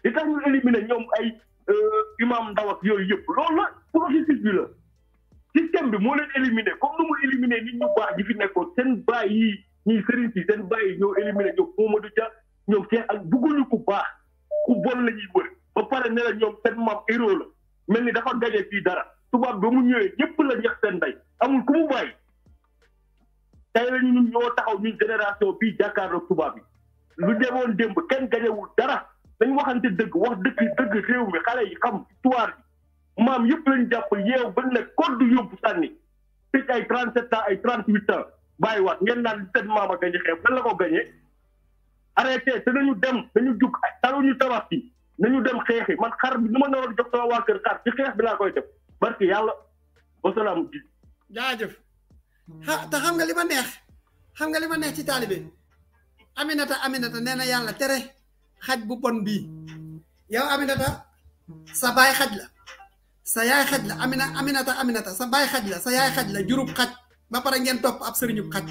li tax ñu éliminé ñoom ay euh, imam ndaw ak yooyu yëpp loolu la processus bi la système bi moo leen éliminé comme nu mu éliminé nit ñu baax ñi fi nekkoon seen baay yi ñuy sëriñ si seen baay yi ñoo éliminé ñoom Momadou Dia ñoom Cheikh ak bugguñu ku baax ku bon la ñuy wër ba pare ne la ñoom seen maam héros la mel ni dafa daje fii dara tubaab ba mu ñëwee ñëpp la ñax seen ndey amul ku mu bàyyi tey la ñu ñoo taxaw ñu génération bii jàkkaarloog tubaab yi lu demoon démb kenn gañewul dara dañ waxante dëgg wax dëgg dëgg réew mi xale yi xam histoire maam yëpp lañ jàpp yeew ba ne code yóbbu sànni tëj ay 37 ans ay 38 ans bàyyiwaat ngeen naan seen maam a gañe xeex lan la ko gañee arrêté te nañu dem nañu jug taluñu tabax yi nañu dem xeexi man xar bi nu ma naroon jox sama waa kër xar ci xeex bi laa koy def barki yàlla wasalaam ji jaajëf ah te xam nga li ma neex xam nga li ma neex ci taalibe Aminata Aminata nee na yàlla tere xaj bu bon bi yow Aminata sa bay saya la sa yaay la Amina Aminata Aminata sa bay saya la sa yaay xaj la jurub xaj ba para ngeen top ab serignu xaj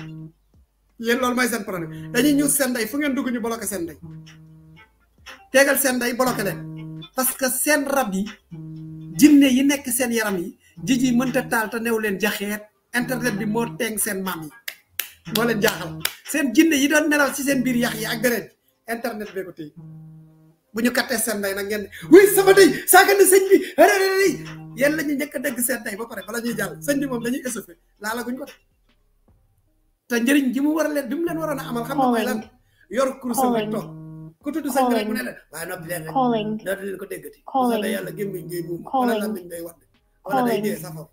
yeen lol mooy sen problème dañuy ñu sen day fu ngeen dugg ñu bloquer sen day tegal sen day bloquer len parce que sen rab jinne yi nek yarami. yaram yi jiji mënta taal ta new len jaxet internet bi mo teng sen maam yi jinne yi doon melal ci sen bir ak dereet internet bee ko téye bu ñu kattee seen ndey nag ngeen wuy sama day saaga na sëñ bi rëy yéen la ñuy njëkk a seen ndey ba pare bala ñuy jàll sëñ bi moom la ñuy échauffé laa guñ ko te njëriñ ji mu war a leen bi mu leen waroon a amal xam nga mooy lan yor kursa rek toog ku tudd sëñ bi rek mu ne la waaye noppi leen rek dootu leen ko déggati sa day yàlla gémmiñ ngay muum wala làmmiñ day wadd wala day dee safar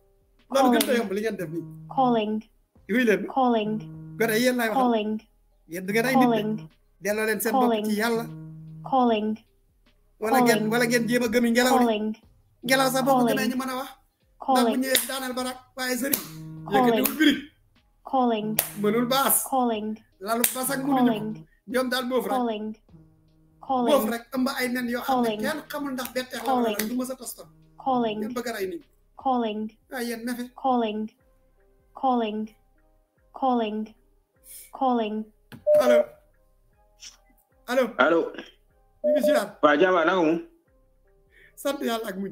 loolu gën a yomb li ngeen def nii calling wuy leen calling gone yéen laay wax yéen da ngeen ay nit delloo leen seen bopp ci yàlla. calling wala ngeen wala ngeen jéem a gëmi ngelaw li. ngelaw sax boo ko gëmee ñu mën a wax. calling ndax bu ñëwee daaneel ba nag waaye sëriñ. yëkkatiwul birig. calling mënul baas. calling lalu baas ak mënuñu ko ñoom daal boof rek. calling boof rek ëmb ay nen yoo xam ne kenn xamul ndax betteex la wala du mës a tos tam. calling ngeen bëgg a rey nit ñi. calling waaye yéen nefe. calling calling calling calling. allo. allo allo. ñu ngi ziar. waaw ak muñ.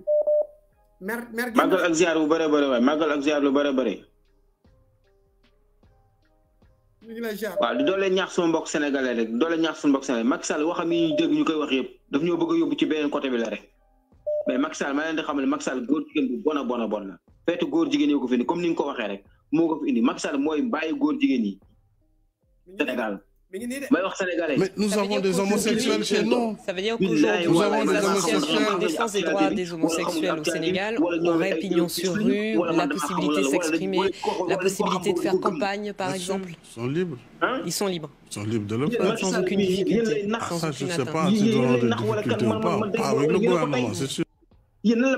mer mer gi màggal ak ziar bu bëree bëri waay màggal ak ziar lu bëree bëri. ñu ngi lay doole ñaax suñu mbokk sénégalais rek doole ñaax suñu mbokk sénégalais Macky Sall waxam yi dégg ñu koy wax yëpp daf ñoo bëgg a yóbbu ci beneen côté bi la rek. mais Macky Sall ma leen di xamal ne Macky Sall góor jigéen bu bon a bon a bon góor jigéen yi ko fi comme ni nga ko waxee rek moo ko fi indi Macky mooy bàyyi góor jigéen yi Sénégal Mais nous avons des homosexuels chez nous. Ça veut dire qu'aujourd'hui, nous avons des homosexuels. défense des droits des homosexuels au Sénégal aurait pignon sur rue, la possibilité de s'exprimer, la possibilité de faire campagne, par exemple. Ils sont libres. Ils sont libres. Ils sont libres de le Sans aucune difficulté. ça, je ne sais pas ils des difficultés pas. avec le gouvernement, c'est sûr. Il y a a un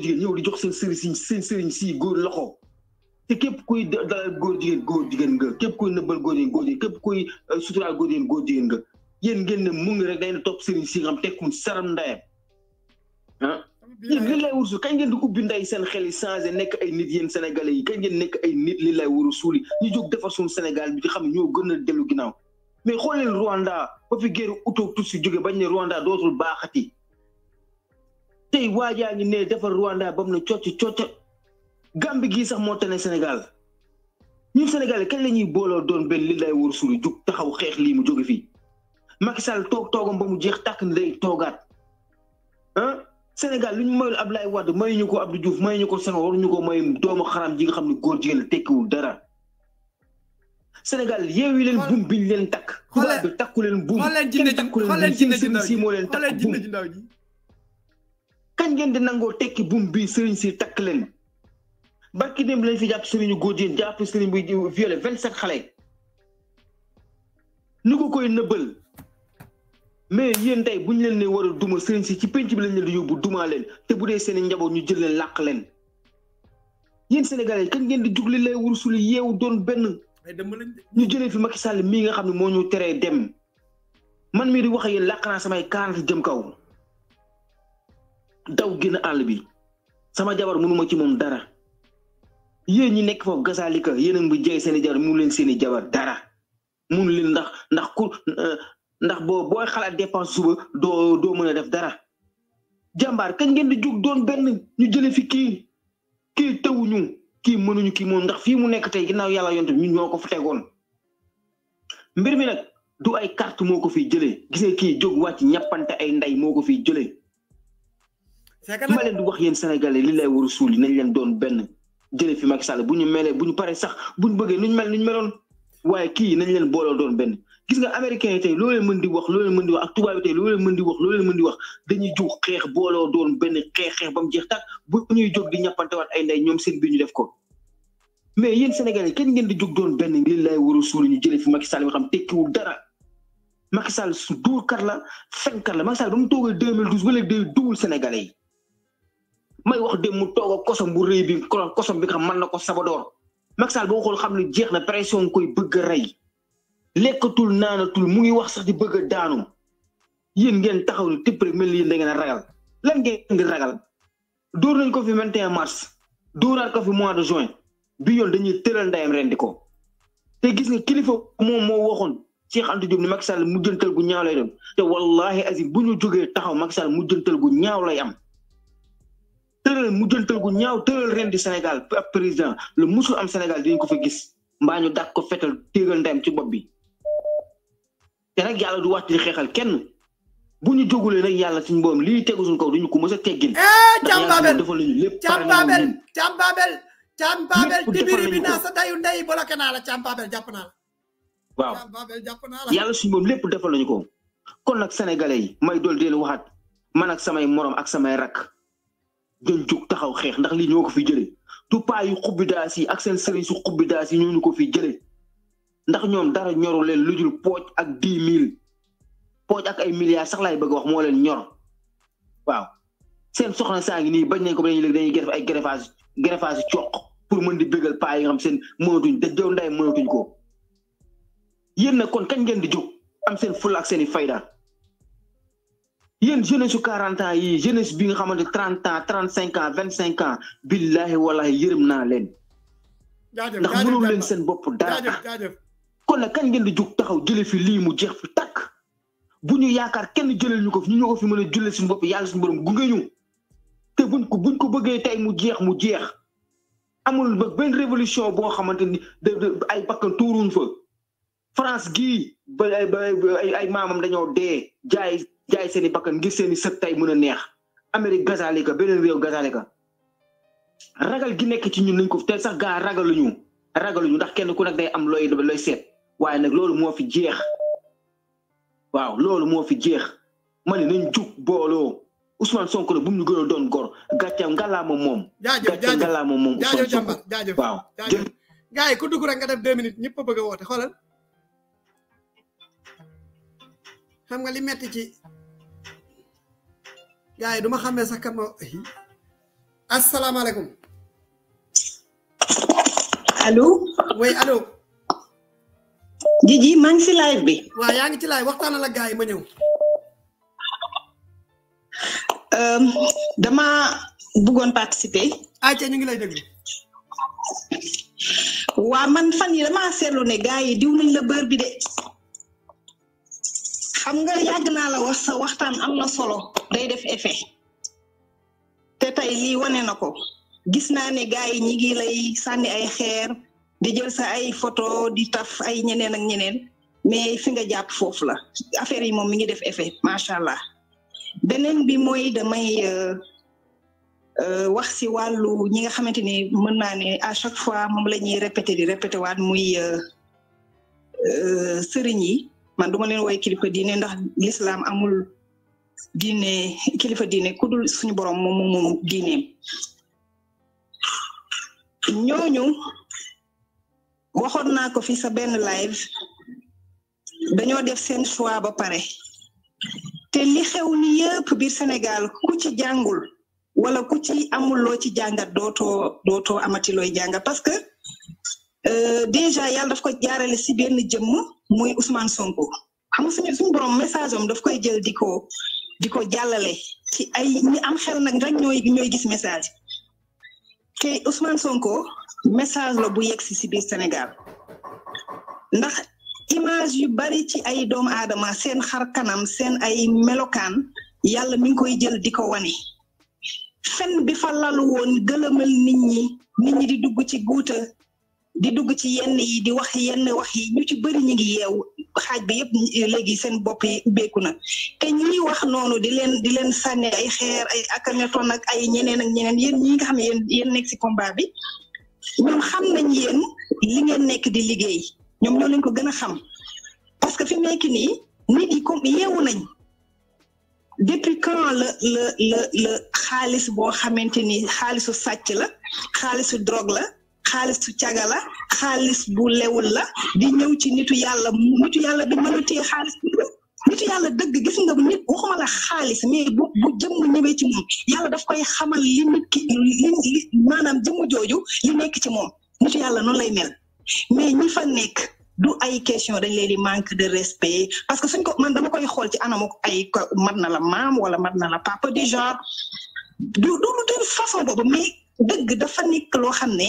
il y a un un te képp kuy dalal góor jigéen góor jigéen nga képp kuy nëbbal góor jigéen góor jigéen képp kuy euh, suturaal góor jigéen góor jigéen nga yéen ngeen ne mu ngi rek dañu topp sëriñ si nga te tekkum saram ndayam ah yéen li lay wurusul kañ ngeen du ubbi nday seen xel yi changé nekk ay nit yen sénégalais yi kañ ngeen nekk ay nit li lay wuru suuli ñu jóg defar suñu sénégal bi di xam ñoo gën a dellu ginnaaw mais xool leen Rwanda ba fi géeru utoog tut si jóge bañ ne Rwanda dootul baaxati tey waajaa ngi ne defar Rwanda ba mu ne cocc Gambie gii sax moo tane Sénégal ñun Sénégal kañ la ñuy booloo doon benn li lay wóor suulu jug taxaw xeex lii mu jóge fii Macky Sall toog toogam ba mu jeex takk ni day toogaat ah Sénégal lu ñu mayul Abdoulaye Wade mayuñu ko juuf Diouf mayuñu ko Senghor waruñu ko may doomu xaram ji nga xam ni góor jigéen la tekkiwul dara Sénégal yeewi leen buum biñ leen takk. xoolee bi takku leen buum kenn takku leen buum si moo leen takk buum kañ ngeen di nangoo tekki buum bii sëriñ si takk leen. barki démb lañ fi jàpp Serigne Godien jàpp Serigne buy violé vingt cinq xale ni ko koy nëbbal mais yéen tey bu ñu leen ne war a duma si ci penc bi lañ leen di yóbbu dumaa leen te bu dee seen njaboot ñu jël leen làq leen yéen Sénégalais kañ ngeen di jugli lay wursuli yeewu doon benn ñu jëlee fi Macky sàll mii nga xam ne moo ñu teree dem man mii di wax yéen làq naa samay quarante jëm kaw daw génn àll bi sama jabar mënuma ci moom dara yeen ñi nekk foofu gasaalika yéen a ngi bu jaay seen i jabar mënu leen seen jabar dara mënu leen ndax ndax ku eh, ndax boo booy xalaat dépense suba doo doo mën a def dara jàmbaar kañ ngeen di jóg doon benn ñu jële fi kii kii tawuñu kii mënuñu kii moom ndax fii mu nekk tey ginnaaw yàlla yonte ñun ñoo ko fa tegoon mbir mi nag du ay carte moo ko fiy jëlee gis kii jóg wàcc ñàppante ay ndey moo ko fiy jëlee ma leen di wax yéen sénégalais li lay war a suul nañ leen doon benn jëlee fi Macky Sall bu ñu melee bu ñu paree sax bu ñu bëggee nu ñu mel nu ñu meloon waaye kii nañ leen booloo doon benn gis nga américain yi tey loolee mën di wax loolee mën di wax ak tubaab yi tey loolee mën di wax loolee mën di wax dañuy jug xeex booloo doon benn xeex xeex ba mu jeex tàkk bu ñuy jóg di ñappantewaat ay ndey ñoom seen biir ñu def ko mais yéen Sénégalais kenn ngeen di jug doon benn ngir lay war a suul ñu jëlee fi Macky Sall yoo xam tekkiwul dara Macky Sall su dóorkat la fenkat la Macky Sall ba mu toogee 2012 ba léegi day duwul Sénégalais yi may wax dem mu toog a kosom bu rëy bi kosom bi nga man mën na ko sabadoor Macky Sall boo xool xam ne jeex na pression koy bëgg a rey lekkatul naanatul mu ngi wax sax di bëgg a daanu yéen ngeen taxaw ni tëpp mel ni yéen da ngeen ragal lan ngeen ragal dóor nañ ko fi 21 mars dóoraat ko fi mois de juin bi yoon dañuy tëral ndayam rendi ko te gis nga kilifa moom moo waxoon Cheikh Anta Diop ne Macky Sall mujjantal gu ñaaw lay dem te wallahi azim bu ñu jógee taxaw Macky Sall mujjantal gu ñaaw lay am tëral mu jëntal gu ñaaw tëral ren di Sénégal a président lu musul am Sénégal dinañ ko fa gis mbaa ñu dàq ko fetal téegal ndeyam ci bopp bi te nag yàlla du wàcc xeexal kenn bu ñu jógulee rek yàlla suñu boom lii tegu suñu kaw duñu ko mës a teggin. Eh, Thiam Babel dafa lañu lépp Thiam Babel Thiam Babel Thiam Babel dibiri bi naa sa dayu ndey bloqué naa la Thiam Babel jàpp naa la. waaw yàlla suñu boom lépp defal lañu ko kon ak sénégalais yi may dool deel waxaat man ak samay morom ak samay rakk gën jóg taxaw xeex ndax li ñoo ko fi jële du paa yu xubbi daas yi ak seen sëriñ su xubbi daas yi ñoo ñu ko fi jëlee ndax ñoom dara ñoru leen lu dul pooj ak dix mille pooj ak ay milliards sax laay bëgg wax moo leen ñor waaw seen soxna saa ngi nii bañ nañ ko ba léegi dañuy def ay greffage greffage coq pour mën di bégal paa yi nga xam seen mënatuñ da jow nday mënatuñ ko yéen na kon kañ ngeen di jóg am seen fulla ak seen i fayda yéen jeunesse su 40 ans yi jeunesse bi nga xamante 30 ans 35 ans 25 ans billahi wallahi yërëm naa leen. ndax mënul leen seen bopp dara kon nag kañ ngeen di jug taxaw jële fi lii mu jeex fi takk bu ñu yaakaar kenn jëleel ñu ko fi ñu ñu ko fi mën a jëlee suñu bopp yàlla suñu borom gunge ñu te buñ ko buñ ko bëggee tey mu jeex mu jeex amul ba benn révolution boo xamante ni ay bakkan tuuruñ fa France gii ba ay ay maamam dañoo dee jaay jaay seen i bakkan ngir seen sët tay mën a neex Amérique gazalika beneen réew gazalika ragal gi nekk ci ñun nañ ko te sax gaa ragaluñu ragaluñu ndax kenn ku nekk day am looy looy seet waaye nag loolu moo fi jeex waaw loolu moo fi jeex ma ne nañ jug booloo Ousmane Sonko la bu mu ñu gën doon góor gàcceem ngalaama moom. jaajëf jaajëf gàcceem ngalaama moom Ousmane Sonko waaw. jaajëf gars yi ku dugg rek nga def deux minutes ñëpp a bëgg a woote xoolal. xam nga li metti ci gaay duma xamé sax kam alaykum allo way allo Jiji mang ci live bi wa ya ngi ci live waxtana la gaay ma ñew ñëw euh, dama bëggon participer ci ñu ngi lay déglu wa man fan yi dama seetlu né gaay yi diw nañ la bër bi dé xam nga yàgg naa la wax sa waxtaan am na solo day def effet te tey lii wane na ko gis naa ne gars yi ñi ngi lay sànni ay xeer di jël sa ay photo di taf ay ñeneen ak ñeneen mais fi nga jàpp foofu la affaire yi moom mi ngi def effet macha allah beneen bi mooy damay euh, euh, wax si wàllu ñi nga xamante ni mën naa ne à chaque fois moom la ñuy répété di répété waat muy euh, sëriñ yi. man duma leen woy kilifa diine ndax lislaam amul diine kilifa diine ku dul suñu borom moom moom moom diineem ñooñu waxoon naa ko fi sa benn live dañoo def seen choix ba pare te li xew ni yëpp biir Sénégal ku ci jàngul wala ku ci amul loo ci jàngat dootoo dootoo amati looy jàngat parce que Euh, déjà yàlla daf ko jaarale si benn jëmm muy Ousmane Sonko xam nga suñu suñu borom message am daf koy jël di ko di jàllale ci ay ñi am xel nag rek ñooy ñooy gis message te Ousmane Sonko message la bu yegg si si biir Sénégal ndax image yu bari ci ay doomu aadama seen xar kanam seen ay melokaan yàlla mi ngi koy jël di ko wane fen bi fa lalu woon gëlëmal nit ñi di dugg ci guuta di dugg ci yenn yi di wax yenn wax yi ñu ci bëri ñu ngi yeew xaaj bi yëpp léegi seen bopp yi ubbeeku na te ñi wax noonu di leen di leen sànni ay xeer ay akaneton ak ay ñeneen ak ñeneen yéen ñi nga xam ne yéen yéen nekk si combat bi ñoom xam nañ yéen li ngeen nekk di liggéey ñoom ñoo leen ko gën a xam parce que fi mu nekk nii nit yi comme yeewu nañ depuis quand la la la xaalis boo xamante ni xaalisu sàcc la su drogue la xaalisu caga la xaalis bu lewul la di ñëw ci nitu yàlla nitu yàlla bi mën a téye xaalis bi nitu yàlla dëgg gis nga nit waxuma la xaalis mais bu bu jëmm ci moom yàlla daf koy xamal li nit ki li maanaam jëmm jooju li nekk ci moom nitu yàlla noonu lay mel mais ñi fa nekk du ay question dañ leen di manque de respect parce que suñ ko man dama koy xool ci anamu ay mat na la maam wala mat na la papa du genre du du du façon boobu mais dëgg dafa nekk loo xam ne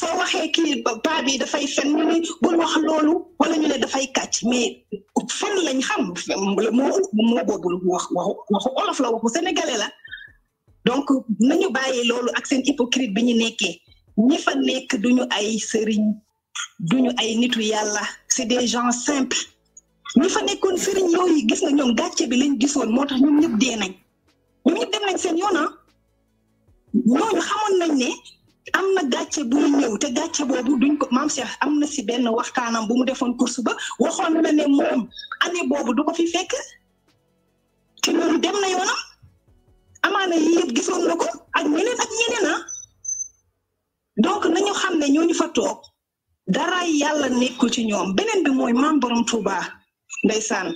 soo waxee kii paa bi dafay fen ñu ne bul wax loolu wala ñu ne dafay kàcc mais fen lañ xam moo moo boobu wax waxu waxu olof la waxu sénégalais la donc nañu bàyyi loolu ak seen hypocrite bi ñu nekkee ñi fa nekk du ñu ay sëriñ duñu ay nitu yàlla c'est des gens simples ñi fa nekkoon sëriñ yooyu gis nga ñoom gàcce bi lañ gisoon moo tax ñu ñëpp dee nañ ñoom ñëpp dem nañ seen yoon ah. ñooñu xamoon nañ ne am na gàcce buy ñëw te gàcce boobu duñ ko maam Cheikh am na si benn waxtaanam bu mu defoon course ba waxoon na ne moom année boobu du ko fi fekk te loolu dem na yoonam amaana yi yëpp gisoon na ko ak ñeneen ak ñeneen ah donc xam ne ñooñu fa toog dara yàlla nekkul ci ñoom beneen bi mooy maam borom Touba ndeysaan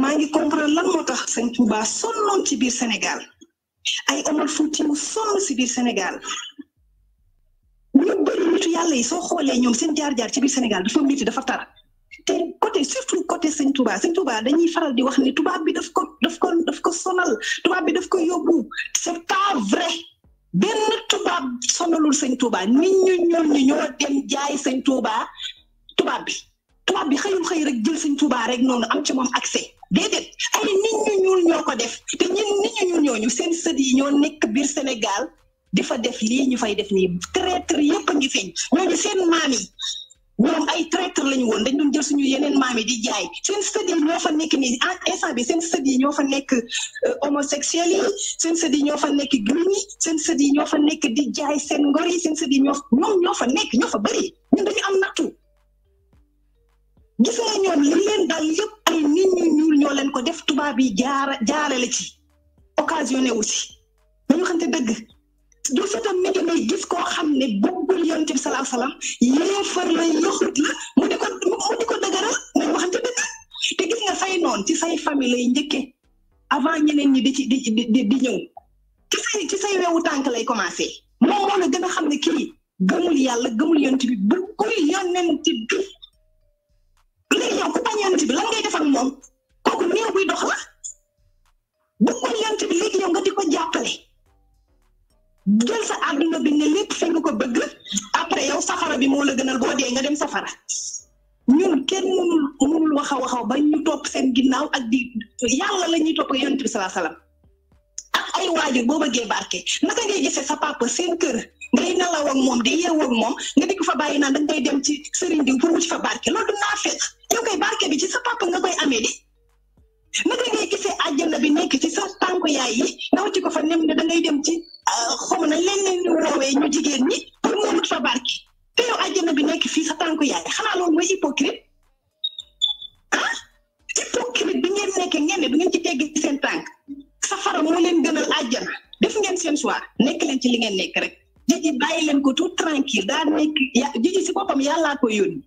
maa ngi comprendre lan moo tax sëñ Touba sonnoon ci biir Sénégal. ay Omar Fouti mu sonn si biir Sénégal ñu bëri nitu yàlla yi soo xoolee ñoom seen jaar-jaar ci biir Sénégal dafa métti dafa tar te côté surtout côté sañ Touba sëñ Touba dañuy faral di wax ni tubaab bi daf ko daf ko daf ko sonal tubaab bi daf ko yóbbu c'est pas vrai benn tubaab sonalul sëñ Touba nit ñu ñoon ñi ñoo dem jaay sañ Touba tubaab bi tubaab bi xëyul xëy rek jël suñ Tuubaa rek noonu am ci moom accès déedéet ay nit ñu ñuul ñoo ko def te ñun nit ñu ñuul ñooñu seen sët yi ñoo nekk biir Sénégal di fa def lii ñu fay def nii traître yëpp a ngi feeñ ñooñu seen maam yi ñoom ay traître lañu woon dañ doon jël suñu yeneen maam yi di jaay seen sët ñoo fa nekk nii ah, instant bi seen sët yi ñoo fa nekk euh, homosexuel yi seen sët yi ñoo fa nekk gris seen sët yi ñoo fa nekk di jaay seen ngor yi seen sët yi ñoo ñoom fa nekk bëri ñun am nattu gisoo ñoom li leen dal yëpp ay nit ñu ñuul ñoo leen ko def tubaab yi jaara jaarale ci occasionné aussi dañu xam te dëgg du fetam nit ngay gis ko xam ne bëggul yonent bi salaahu salaam yéefar la yoxut la mu di ko mu di ko dëgëral nañ waxante dëgg te gis nga say noon ci say famille lay njëkke avant ñeneen ñi di ci di di di ñëw ci say ci say wewu tànk lay commencé moom moo la gën a xam ne kii gëmul yàlla gëmul yonent bi bëggul yonent bi léegi aku ku bañ yonent bi lan ngay def ak moom kooku néew yang dox la bu bañ yonent bi léegi yow nga di ko jàppale jël sa àdduna bi ne lépp fi nga ko bëgg après yow safara bi moo la gënal boo dee nga dem safara ñun kenn mënul mënul waxa waxa ba ñu topp seen ginnaaw ak di yàlla la ñuy topp yonent bi ak ay naka ngay sa papa seen kër ngay nelaw ak moom di yeew ak moom nga di ko fa bàyyi naan dangay dem ci sëriñ diw pour wut fa barke loolu du naa fekk yow koy barke bi ci sa papa nga koy amee di nga ngay gisee àjjana bi nekk ci sa tànku yaay yi nga wacc ko fa nem ne dangay dem ci ah, xamu na leen leen woowee ñu jigéen ñi pour mu wut fa barke te yow àjjana bi nekk fii sa tànku yaay xanaa loolu mooy hypocrite ah hypocrite bi ngeen nekk ngeen ne bi ngeen ci tegg seen tànk safara moo leen gënal àjjana def ngeen seen soir nekk leen ci li ngeen nekk rek jiji bàyyi leen ko tout tranquille daa nekk jiji si boppam yàllaa ko yónni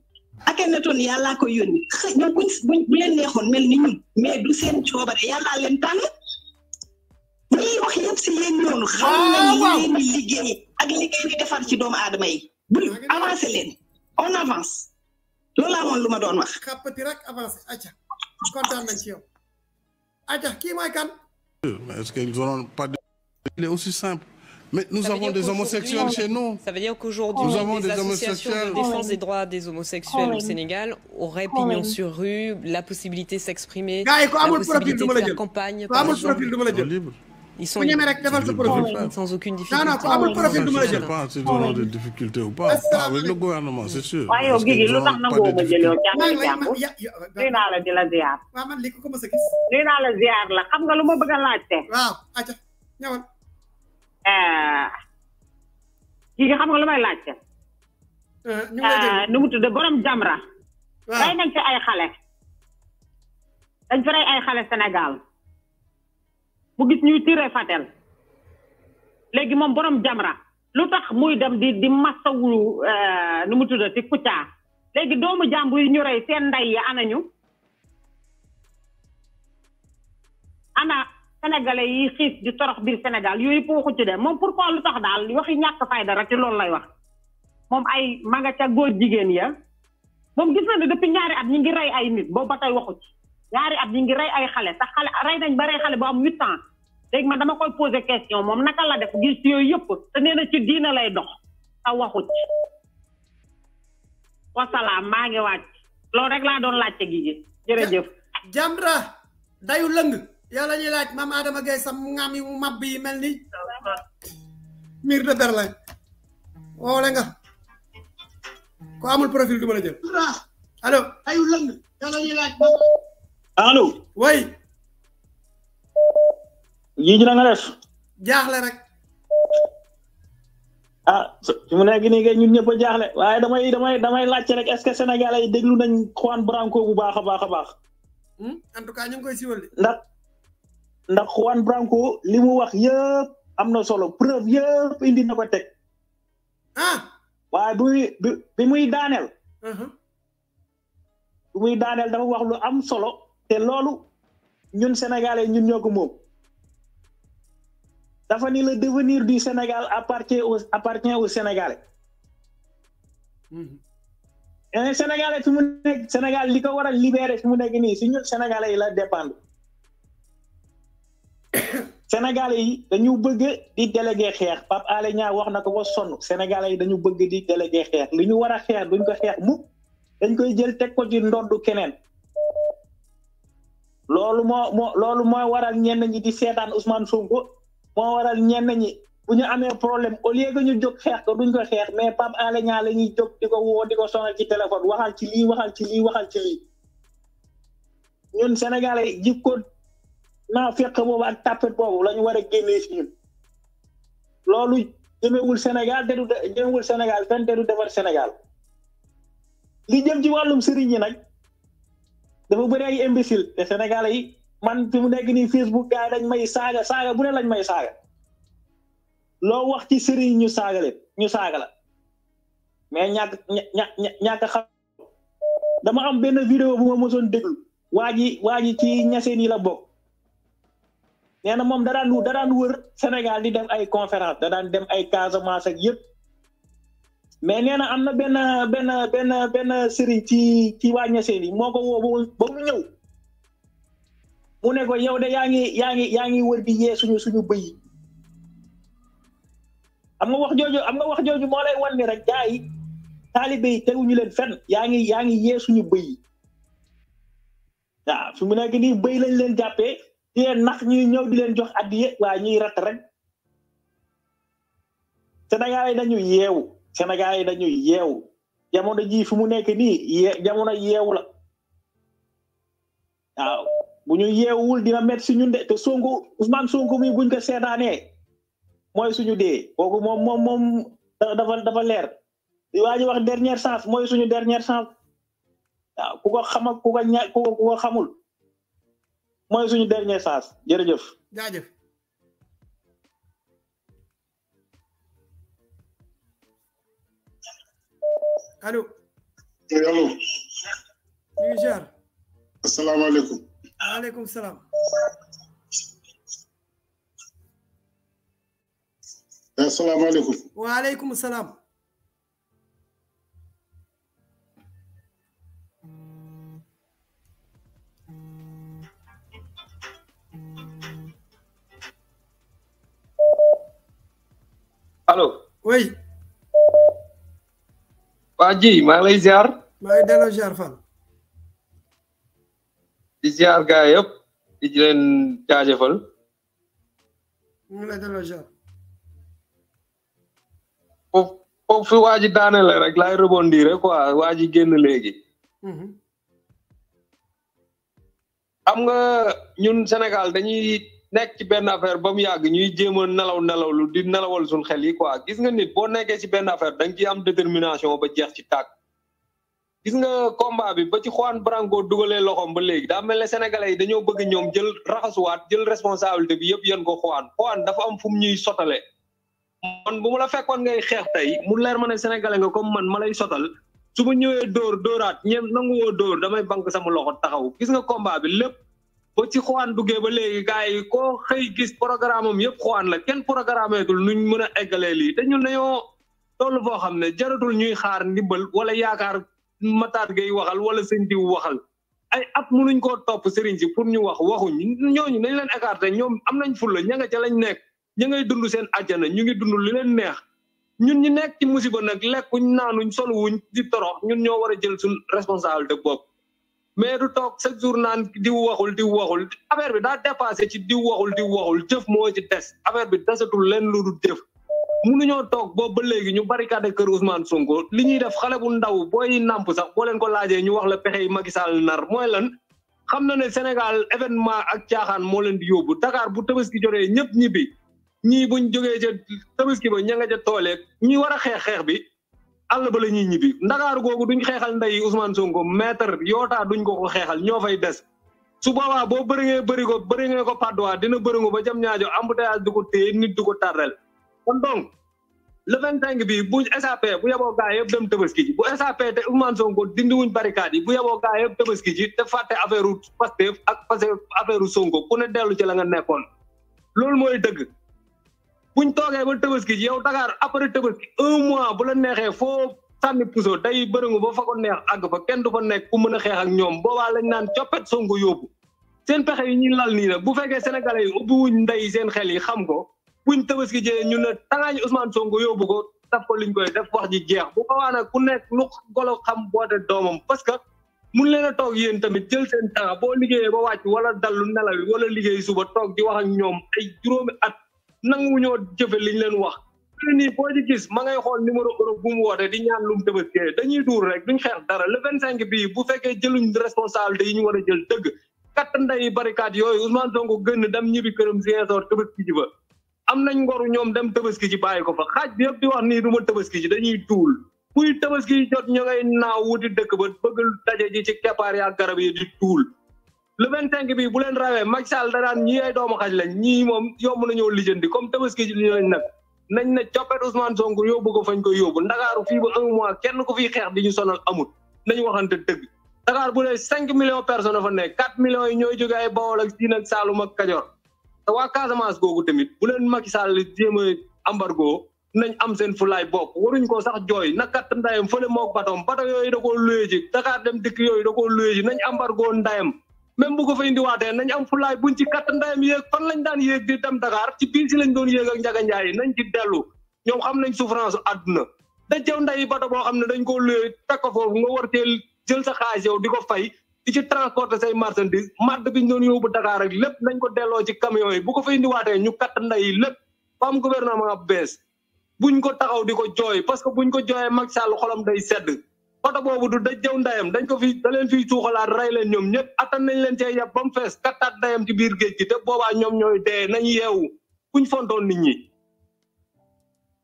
Akhenaton yàllaa ko yónni ñoom buñ bu leen neexoon mel ni ñun mais du seen coobare yàllaa leen tànn ñii wax yëpp si yéen ñoonu xam ah, nañ leen liggéey ak liggéey di defar ci doomu aadama yi bu avancé leen on avance loolu laa moon lu ma doon wax xàppati rek avancé aca Mais nous avons des homosexuels chez nous. Ça veut dire qu'aujourd'hui, nous avons des, associations de défense des droits des homosexuels au Sénégal auraient pignon sur rue, la possibilité de s'exprimer, la possibilité de faire campagne. Ils sont libres. sans aucune difficulté. Je ne sais pas si nous avons des difficultés ou pas. Avec le gouvernement, c'est sûr. Parce que Je ne sais pas de difficultés. kii nga xam nga lu may laajte. Euh, euh, nu mu tudd borom Jamra. waaw rey nañ fi ay xale. dañ fi rey ay xale Sénégal. mu gis ñuy tiré Fatel. léegi moom boroom Jamra lu tax muy dem di di masawu euh, nu mu tuddati Kouthia léegi doomu jàmbur yu ñu rey seen ndey yi anañu ana. sénégalais yi xiif di torox biir Sénégal yooyu waxu ci de moom pourquoi lu tax daal waxi ñàkk fayda dara ci loolu lay wax moom ay ma nga ca góor jigéen ya moom gis na ne depuis ñaari at ñi ngi rey ay nit boobu ba tey waxu ci ñaari at ñi ngi rey ay xale sax xale rey nañ ba rey xale bu am huit ans léegi man dama koy posé question moom naka la def gis yooy yëpp te nee na ci diina lay dox te waxu ci maa ngi wàcc loolu rek laa doon laajte gi jërëjëf. Jamra dayu lëng. yalla ñi laaj mam Adama gay sam ngam yi mu màbb yi mel ni de Berlin nga ko amul profil du ma la jël allo ayu lang yalla ñi laaj allo way yi ñu nga def jaaxle rek ah ci mu gi ni kay ñun ñepp a waye damay damay damay laajte rek est-ce que sénégalais yi déglu nañ Juan Branco bu baaxa baaxa baax hmm en tout cas ñu ngi koy siwol ndax ndax wan Branco li mu wax yëpp am na solo preuve yëpp indi na ko teg. ah. waaye bi bi daaneel. Uh-huh. bi muy daaneel dafa wax lu am solo. te loolu ñun sénégalais ñun ñoo ko moom. dafa ni le devenir du Sénégal appartient au appartient au sénégalais. Uh-huh. et sénégalais fi mu nekk Sénégal li ko waral a libéré fi mu nekk nii si ñun sénégalais la dépendre. sénégalais yi dañu bëgg di délégué xeex pap Alé Niang wax na ko ba sonn sénégalais yi dañu bëgg di délégué xeex li ñu wara a xeex duñ ko xeex mu dañ koy jël tek ko ci ndoddu keneen loolu mo mo loolu moo waral ñen ñi di sétane Ousmane Sonko mo waral ñen ñi bu ñu amee problème au lieu que ñu jóg xeex ko duñ ko xeex mais pap Alé Niang la ñuy jóg di ko woo sonal ci téléphone waxal ci li waxal ci li waxal ci li ñun sénégalais jikko na fekk boobu ak tàppet boobu la ñu war a génnee si ñun loolu jëmewul Sénégal dedu jëmewul Sénégal fenn dedu defar Sénégal li jëm ci wàllum sëriñ yi nag dafa bëri ay imbécile te sénégal yi man fi mu nekk nii Facebook gaay dañ may saaga saaga bu ne lañ may saaga loo wax ci sëriñ ñu saaga leen ñu saaga la mais ñàkk ñàkk xam dama am benn vidéo bu ma mësoon déglu waa ji waa ji ci ñaseen yi la bokk nee moom da daan da wër Sénégal di dem ay conférence da daan dem ay Casamance ak yëpp mais nee na am na benn benn benn benn sëriñ ci ci waa Ñaseen moo ko woo ba mu ñëw mu ne ko yow de yaa ngi yaa ngi yaa ngi wër di yee suñu suñu bëy am na wax jooju am na wax jooju moo lay wan ni rek gaa yi taalibe yi leen fen yaa ngi yaa ngi yee suñu bëy waaw su mu nekk nii bëy lañ leen jàppee di leen nax ñuy ñëw di leen jox addiye waa ñuy rat rek sénégalais yi dañu yeewu sénégalais yi dañu yeewu jamono ji fu mu nekk nii jamono yeewu la waaw bu ñu yeewul dina met si ñun de te sonko ousmane sonko mi buñ ko seetaanee mooy suñu dee kooku moom moom moom dafa dafa leer waa ji wax dernière chance mooy suñu dernière chance waaw ku ko xam ak ku ko ña ku ko xamul mooy suñu dernier chance jërëjëf. jaajëf. allo. allo. nuyu ziar. asalaamaaleykum. waaleykum salaam. asalaamaaleykum. waaleykum salaam. way waa ji maa ngi lay ziar. maa ngi delloo fan. di ziar gaa yëpp di leen jaajëfal. ñu ngi lay delloo ziar. fi waa ji rek laay rebondir rek quoi waa ji génn léegi. Mhm. xam nga ñun Sénégal dañuy. Nek ci ben affaire bam yag ñuy jéem nelaw nelaw lu di nelawal sun xel yi quoi gis nga nit bo nekkee ci ben affaire dang ci am détermination ba jeex ci tak gis nga combat bi ba ci Juan Brango dugalé loxom ba légui da melni sénégalais yi dañoo bëgg ñom jël waat jël responsabilité bi yëpp yeen ko Juan Juan dafa am fu ñuy sotale man bu mu la fekkon ngay xex tay mu leer mané dor sénégalais nga comme man malay sotal suma ñëwé door doorat ñem damay bank sama loxo taxaw gis nga combat bi lepp ba ci xawaan duggee ba léegi gars yi koo xëy gis programme am yëpp xawaan la kenn programme dul nuñ mën a eggalee lii te ñun yoo toll foo xam ne jaratul ñuy xaar ndimbal wala yaakaar mataat gay waxal wala sëñ diw waxal ay at mu mënuñ ko topp sëriñ si pour ñu wax waxuñ ñooñu nañ leen écarté ñoom am nañ fulla ña nga ca lañ nekk ña ngay dund seen àjjana ñu ngi dundu li leen neex ñun ñu nekk ci musiba nag lekkuñ naanuñ wuñ di torox ñun ñoo war a jël suñ responsabilité bopp mais du toog chaque jour naan diw waxul diw waxul affaire bi daa dépassé ci diw waxul diw waxul jëf moo ci des affaire bi desatul lenn lu dul jëf. mënuñoo toog boobu ba léegi ñu barricade kër Ousmane Sonko li ñuy def xale bu ndaw booy nàmp sax boo leen ko laajee ñu wax la pexe yi Macky Sall nar mooy lan. xam na ne Sénégal événement ak caaxaan moo leen di yóbbu Dakar bu tabaski jotee ñëpp ñibbi ñii buñ jógee ca tabaski ba ña nga ca tooleeg ñi war a xeex xeex bi. àll ba la ñuy ñibbi ndakaaru du duñ xeexal ndey Ousmane Sonko maître yootaa duñ ko ko xeexal ñoo fay des su boobaa boo bëringee bëri ko bëringee ko padduwaa dina bëringo ba jam ñaajo embouteillage du ko téye nit du ko tàrrel kon donc le vingt cinq bi bu SAP bu yeboo gaa yëpp dem tabaski ji bu SAP te Ousmane Sonko dindi wuñ barricade yi bu yeboo gaa yëpp tabaski ji te fàtte affaire u Pastef ak Pastef affaire u Sonko ku ne dellu ci la nga nekkoon loolu mooy dëgg buñ toogee ba tabaski ji yow Dakar après tabaski un mois bu la neexee foo sànni puso day bërëngu ba fa ko neex àgg fa kenn du fa nekk ku mën a xeex ak ñoom boobaa lañ naan coppet sonko yóbbu seen pexe yi ñu lal nii nag bu fekkee sénégalais yi ubbi wuñ ndey seen xel yi xam ko buñ tabaski jee ñu ne tangaañ Ousmane Sonko yóbbu ko daf ko liñ koy def wax ji jeex bu ko waa nag ku nekk lu golo xam boote doomam parce que mun leen toog yéen tamit jël seen temps boo liggéeyee ba wàcc wala dallu nelaw wala liggéey suba toog di wax ak ñoom ay juróomi at nanguwuñoo jëfe liñ leen wax len nii boo ci gis ma ngay xool numéro Europe bu mu woote di ñaan lu mu tabaskee dañuy duur rek duñ xeex dara le vingt bi bu fekkee jëluñ responsabilité yi ñu war a jël dëgg kat nday barricade yooyu Ousmane Sonko gën dem ñibbi këram Ziguinchor tabaski ji ba am nañ ngoru ñoom dem tabaski ji bàyyi ko fa xaaj bi yëpp di wax nii du ma tabaski ji dañuy tuul kuy tabaski ji jot ñu ngay naaw wuti dëkk ba bëgg daje ji ci keppaar yaa garab yi di tuul le vingt cinq bii bu leen rawee Macky Sall da ñi ay doomu xaj lañ ñii moom yom yomb nañoo lijjanti comme tabaski ji lañ nag nañ ne coppet Ousmane Sonko yóbbu ko fañ ko yóbbu ndakaaru fii ba un mois kenn ku fiy xeex di ñu sonal amul nañu waxante dëgg Dakar bu ne cinq millions personne fa ne quatre millions yi ñooy jóge ay Bawol ak Siin ak Saalum ak Kajoor te Casamance googu tamit bu leen Macky Sall jéem a nañ am seen bok bopp waruñ ko sax jooy nakat ndayam fële mook batom bato yooyu da koo luyee dem dikk yooyu da koo luyee ji nañ ndayam même bu ko fa indiwaatee nañ am fulaay buñ ci katt ndayam yéeg fan lañ daan yéeg di dem Dakar ci biir si lañ doon yéeg ak Njaga Njaay nañ ci dellu ñoom xam nañ souffrance àdduna dañ jëw nday bato boo xam ne dañ koo luye teg ko foofu nga war teel jël sa xaalis yow di ko fay i ci transporter say marchandise madd bi ñu doon yóbbu Dakar rek lépp nañ ko delloo ci camions yi bu ko fa indiwaatee ñu katt nday lépp fa am gouvernement bu bees buñ ko taxaw di ko jooy parce que buñ ko jooyee Macky Sall xolam day sedd oto boobu du da jëw ndayam dañ ko fi da leen fiy tuuxalaat rey leen ñoom ñëpp attan nañ leen cee yab ba mu fees kattaat ndayam ci biir géej gi te boobaa ñoom ñooy dee nañ yeewu kuñ fontoon nit ñi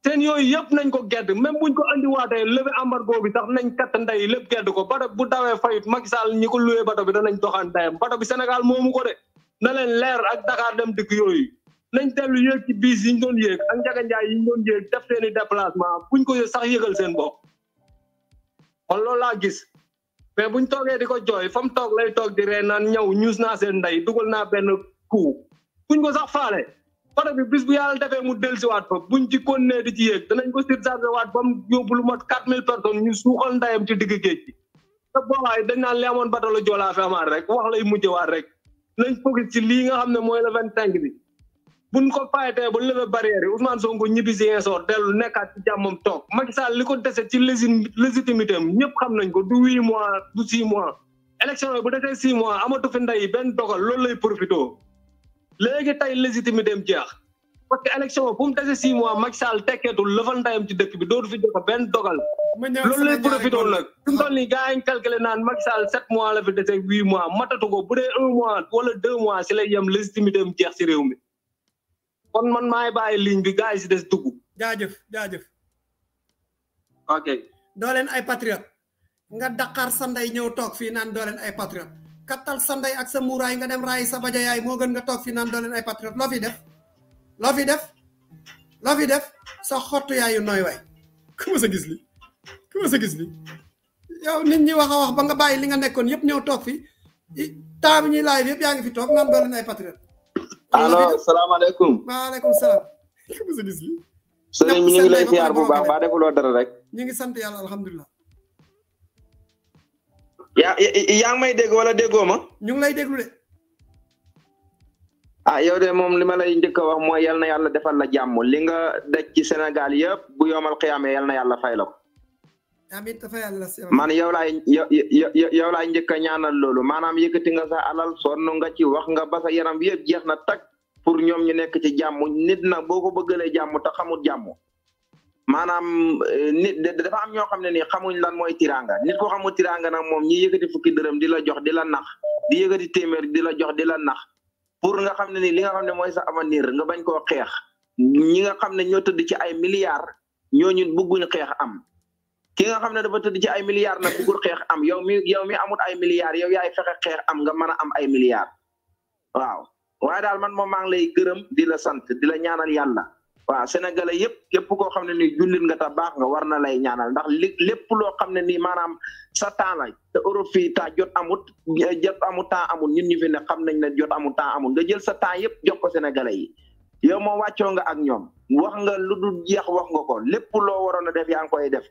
seen yooyu yëpp nañ ko gedd même buñ ko andiwaatee levée embargo bi tax nañ katt nday lépp gedd ko bato bu dawee fayit Macky Sall ñi ko luwee bato bi danañ doxaan ndayam bato bi Sénégal moomu ko de na leen leer ak Dakar dem dikk yooyu nañ dellu yéeg ci bis yi ñu doon yéeg ak njaganjaay yi ñu doon yéeg def seeni déplacement buñ ko sax yëgal seen bopp man loolu laa gis mais buñ toogee di ko jooy fa mu toog lay toog di ree naan ñëw ñuus naa seen ndey dugal naa benn coup buñ ko sax faale oto bi bis bu yàlla defee mu dellusiwaat fa bu ci continuer di ci yéeg danañ ko surchargé waat ba mu yóbbu lu mat quatre mille personnes ñu suuxal ndeyam ci digg géej gi te boobaay dañ naan li amoon batalo joolaa fi amaat rek wax lay mujjëwaat rek nañ focus ci lii nga xam ne mooy la vingt cinq bi buñ ko fayetee ba lever barrière yi Ousmane Sonko ñibbi si insoor dellu nekkaat ci mom toog Macky Sall li ko dese ci légitimité am ñëpp xam nañ ko du huit mois du six mois élection bu desee six mois amatu fi nday benn dogal loolu lay profité léegi tey légitimité am jeex parce que élection bu mu dese six mois Macky Sall tekkeetul lëfal ndeyam ci dëkk bi dootu fi joxe benn dogal loolu lay profité nag suñu toll nii gars naan Macky Sall sept mois la fi dese huit mois matatu ko bu dee un mois mois si lay yem légitimité am jeex si réew mi kon man may baye ligne bi gars yi dess des dugg. jaajeuf jaajeuf ok. do len ay patriote nga dakar sa ndey ñëw toog fii naan doo ay patriote Katal sa ndey ak sa mouray nga dem ray sa yaay mo gën nga tok fi nan do len ay patriote lo fi def. lo fi def lo fi def sa xottu yaayu yu waay ku ma sa gis li ku ma sa gis li yow nit ñi waxa wax ba nga baye li nga nekkon yep ñew tok fi temps bi ñuy laaj fi tok do len ay patriote. allo salaamaaleykum. waaleykum salaam. sëriñ bi ñu ngi lay ziar bu baax ba defuloo dara rek. ñu ngi sant yàlla alhamdulilah. yaa yaa may dégg wala déggoo ma. ñu ngi lay déglu de. ah yow de moom li ma lay njëkk a wax mooy yal na yàlla defal la jàmm li nga daj ci Sénégal yëpp bu yomal xiyaamee yal na yàlla fay la man yow lay yow yow lay ñëk ñaanal lolu manam yëkëti nga sa alal sonu nga ci wax nga basa yaram bi jeex na tak pour ñom ñu nekk ci jamm nit na boko ko jamm ta te xamul jàmm maanaam eh, nit dafa am ño ni xamuñ lan moy tiranga nit ko xamu tiranga nak mom ñi yëkëti fukki dërëm di la jox di la nax di yëkëti téeméer di la jox di la nax pour nga xam ni li nga xam moy sa avenir nga bañ ko xex ñi nga xam ño tudd ci ay milliards bëggu ñu xex am ki nga xamne dafa tudd ci ay milliards xex am yow mi yow mi amut ay milliards yow yaay fexe xex am nga mëna am ay milliards waaw waaye dal man mo mang lay gërëm di la sant di la ñaanal yalla wa sénégalais yépp képp ko xamne ni jullit nga ta bax nga war na lay ñaanal ndax lepp lo xamne ni manam satan la te europe fii ta jot amut jot amut ta amul ñun ñu fi ne xamnañ na jot amut ta amul nga jël sa yépp jox ko sénégalais yi yow mo waccio nga ak ñom wax nga lu dul jeex wax nga ko lepp lo warona def koy def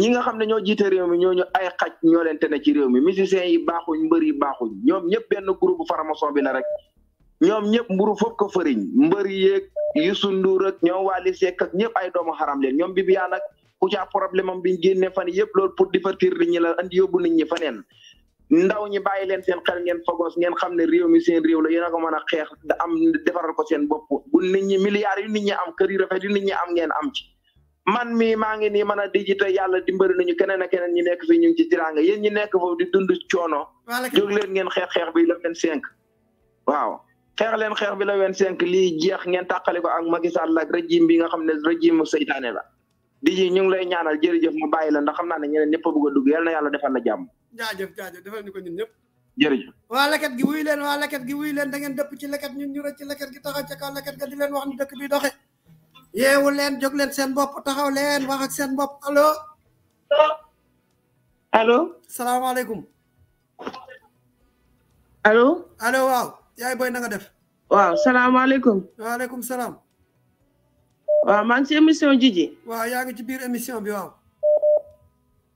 ñi nga xam ne ñoo jiite réew mi ñooñu ay xaj ñoo leen tene ci réew mi musiciens yi baaxuñ mbër yi baaxuñ ñoom ñëpp benn groupe faramason bi la rek ñoom ñëpp mburu foofu ko fëriñ mbër yeeg Youssou Ndour ak ñoom Wally Seck ak ñëpp ay doomu xaram leen ñoom Bibiane nag ku ca problème am biñ génne fan yëpp loolu pour divertir nit ñi la andi yóbbu nit ñi faneen ndaw ñi bàyyi leen seen xel ngeen fogos ngeen xam ne réew mi seen réew la yéen a ko mën a xeex da am defaral ko seen bopp nit ñi milliards yu ñi am kër yu rafet yu nit ñi am ngeen am ci man mi ma ngi nii man a yalla di mbeur nañu keneen ak keneen ñi nekk fi ñu ci tiranga yeen ñi nekk fofu di dund coono. jog leen ngeen xex xex bi la le 5 waaw xex leen xex bi la le 5 li jeex ngeen takali ko ak Macky Sall ak régime bi nga xam ne régime seytaane la. di ji ñu ngi lay ñaanal jërëjëf mu bayila ndax xamna naa ñeneen ñepp bëgg dugg yalla na yalla defal la jamm jaajëf jaajëf defal ni ko ñun ñëpp. jërëjëf wa leket gi wuy leen wa leket gi wuy leen da ngeen depp ci leket ñun ñu rëcc ci gi taxaw ci ka leket ga di leen wax ni dëkk bi doxé yeewu leen jog leen seen bopp taxaw leen wax ak seen bopp allo. allo. salaamaaleykum. allo. allo waaw. yaay boy na def. waaw salaamaaleykum. waaleykum salaam. waaw maa ngi si émission Jiji. waaw yaa ci biir émission bi waaw.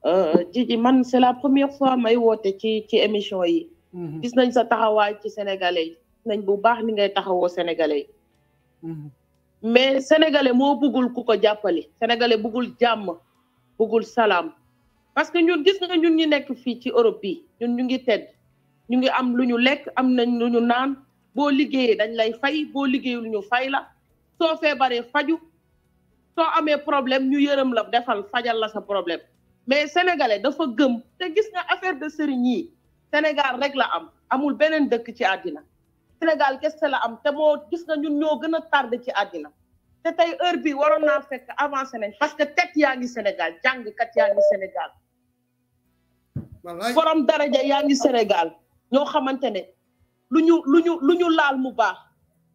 Euh, Jiji man c'est la première fois may woote ci ci émission yi. Mhm. gis nañ sa taxawaay ci sénégalais yi. nañ bu baax ni ngay taxawoo sénégalais yi. Mhm. mais sénégalais moo bëggul ku ko jàppale sénégalais bëggul jàmm bëggul salaam parce que ñun gis nga ñun ñu nekk fii ci Europe bi ñun ñu ngi tedd ñu ngi am lu ñu lekk am nañ lu ñu naan boo liggéeyee dañ lay fay boo liggéeyul ñu fay la soo fee baree faju soo amee problème ñu yërëm la defal fajal la sa problème mais sénégalais dafa gëm te gis nga affaire de sëriñ yi Sénégal rek la am amul beneen dëkk ci àddina Sénégal qu'est-ce que te là nous avons ñun ñoo gën a ci heure bi avancer parce que tet yaa au Sénégal jàngkat yaa au Sénégal borom daraja yaa ngi Sénégal ñoo xamante ne lu Sénégal. Nous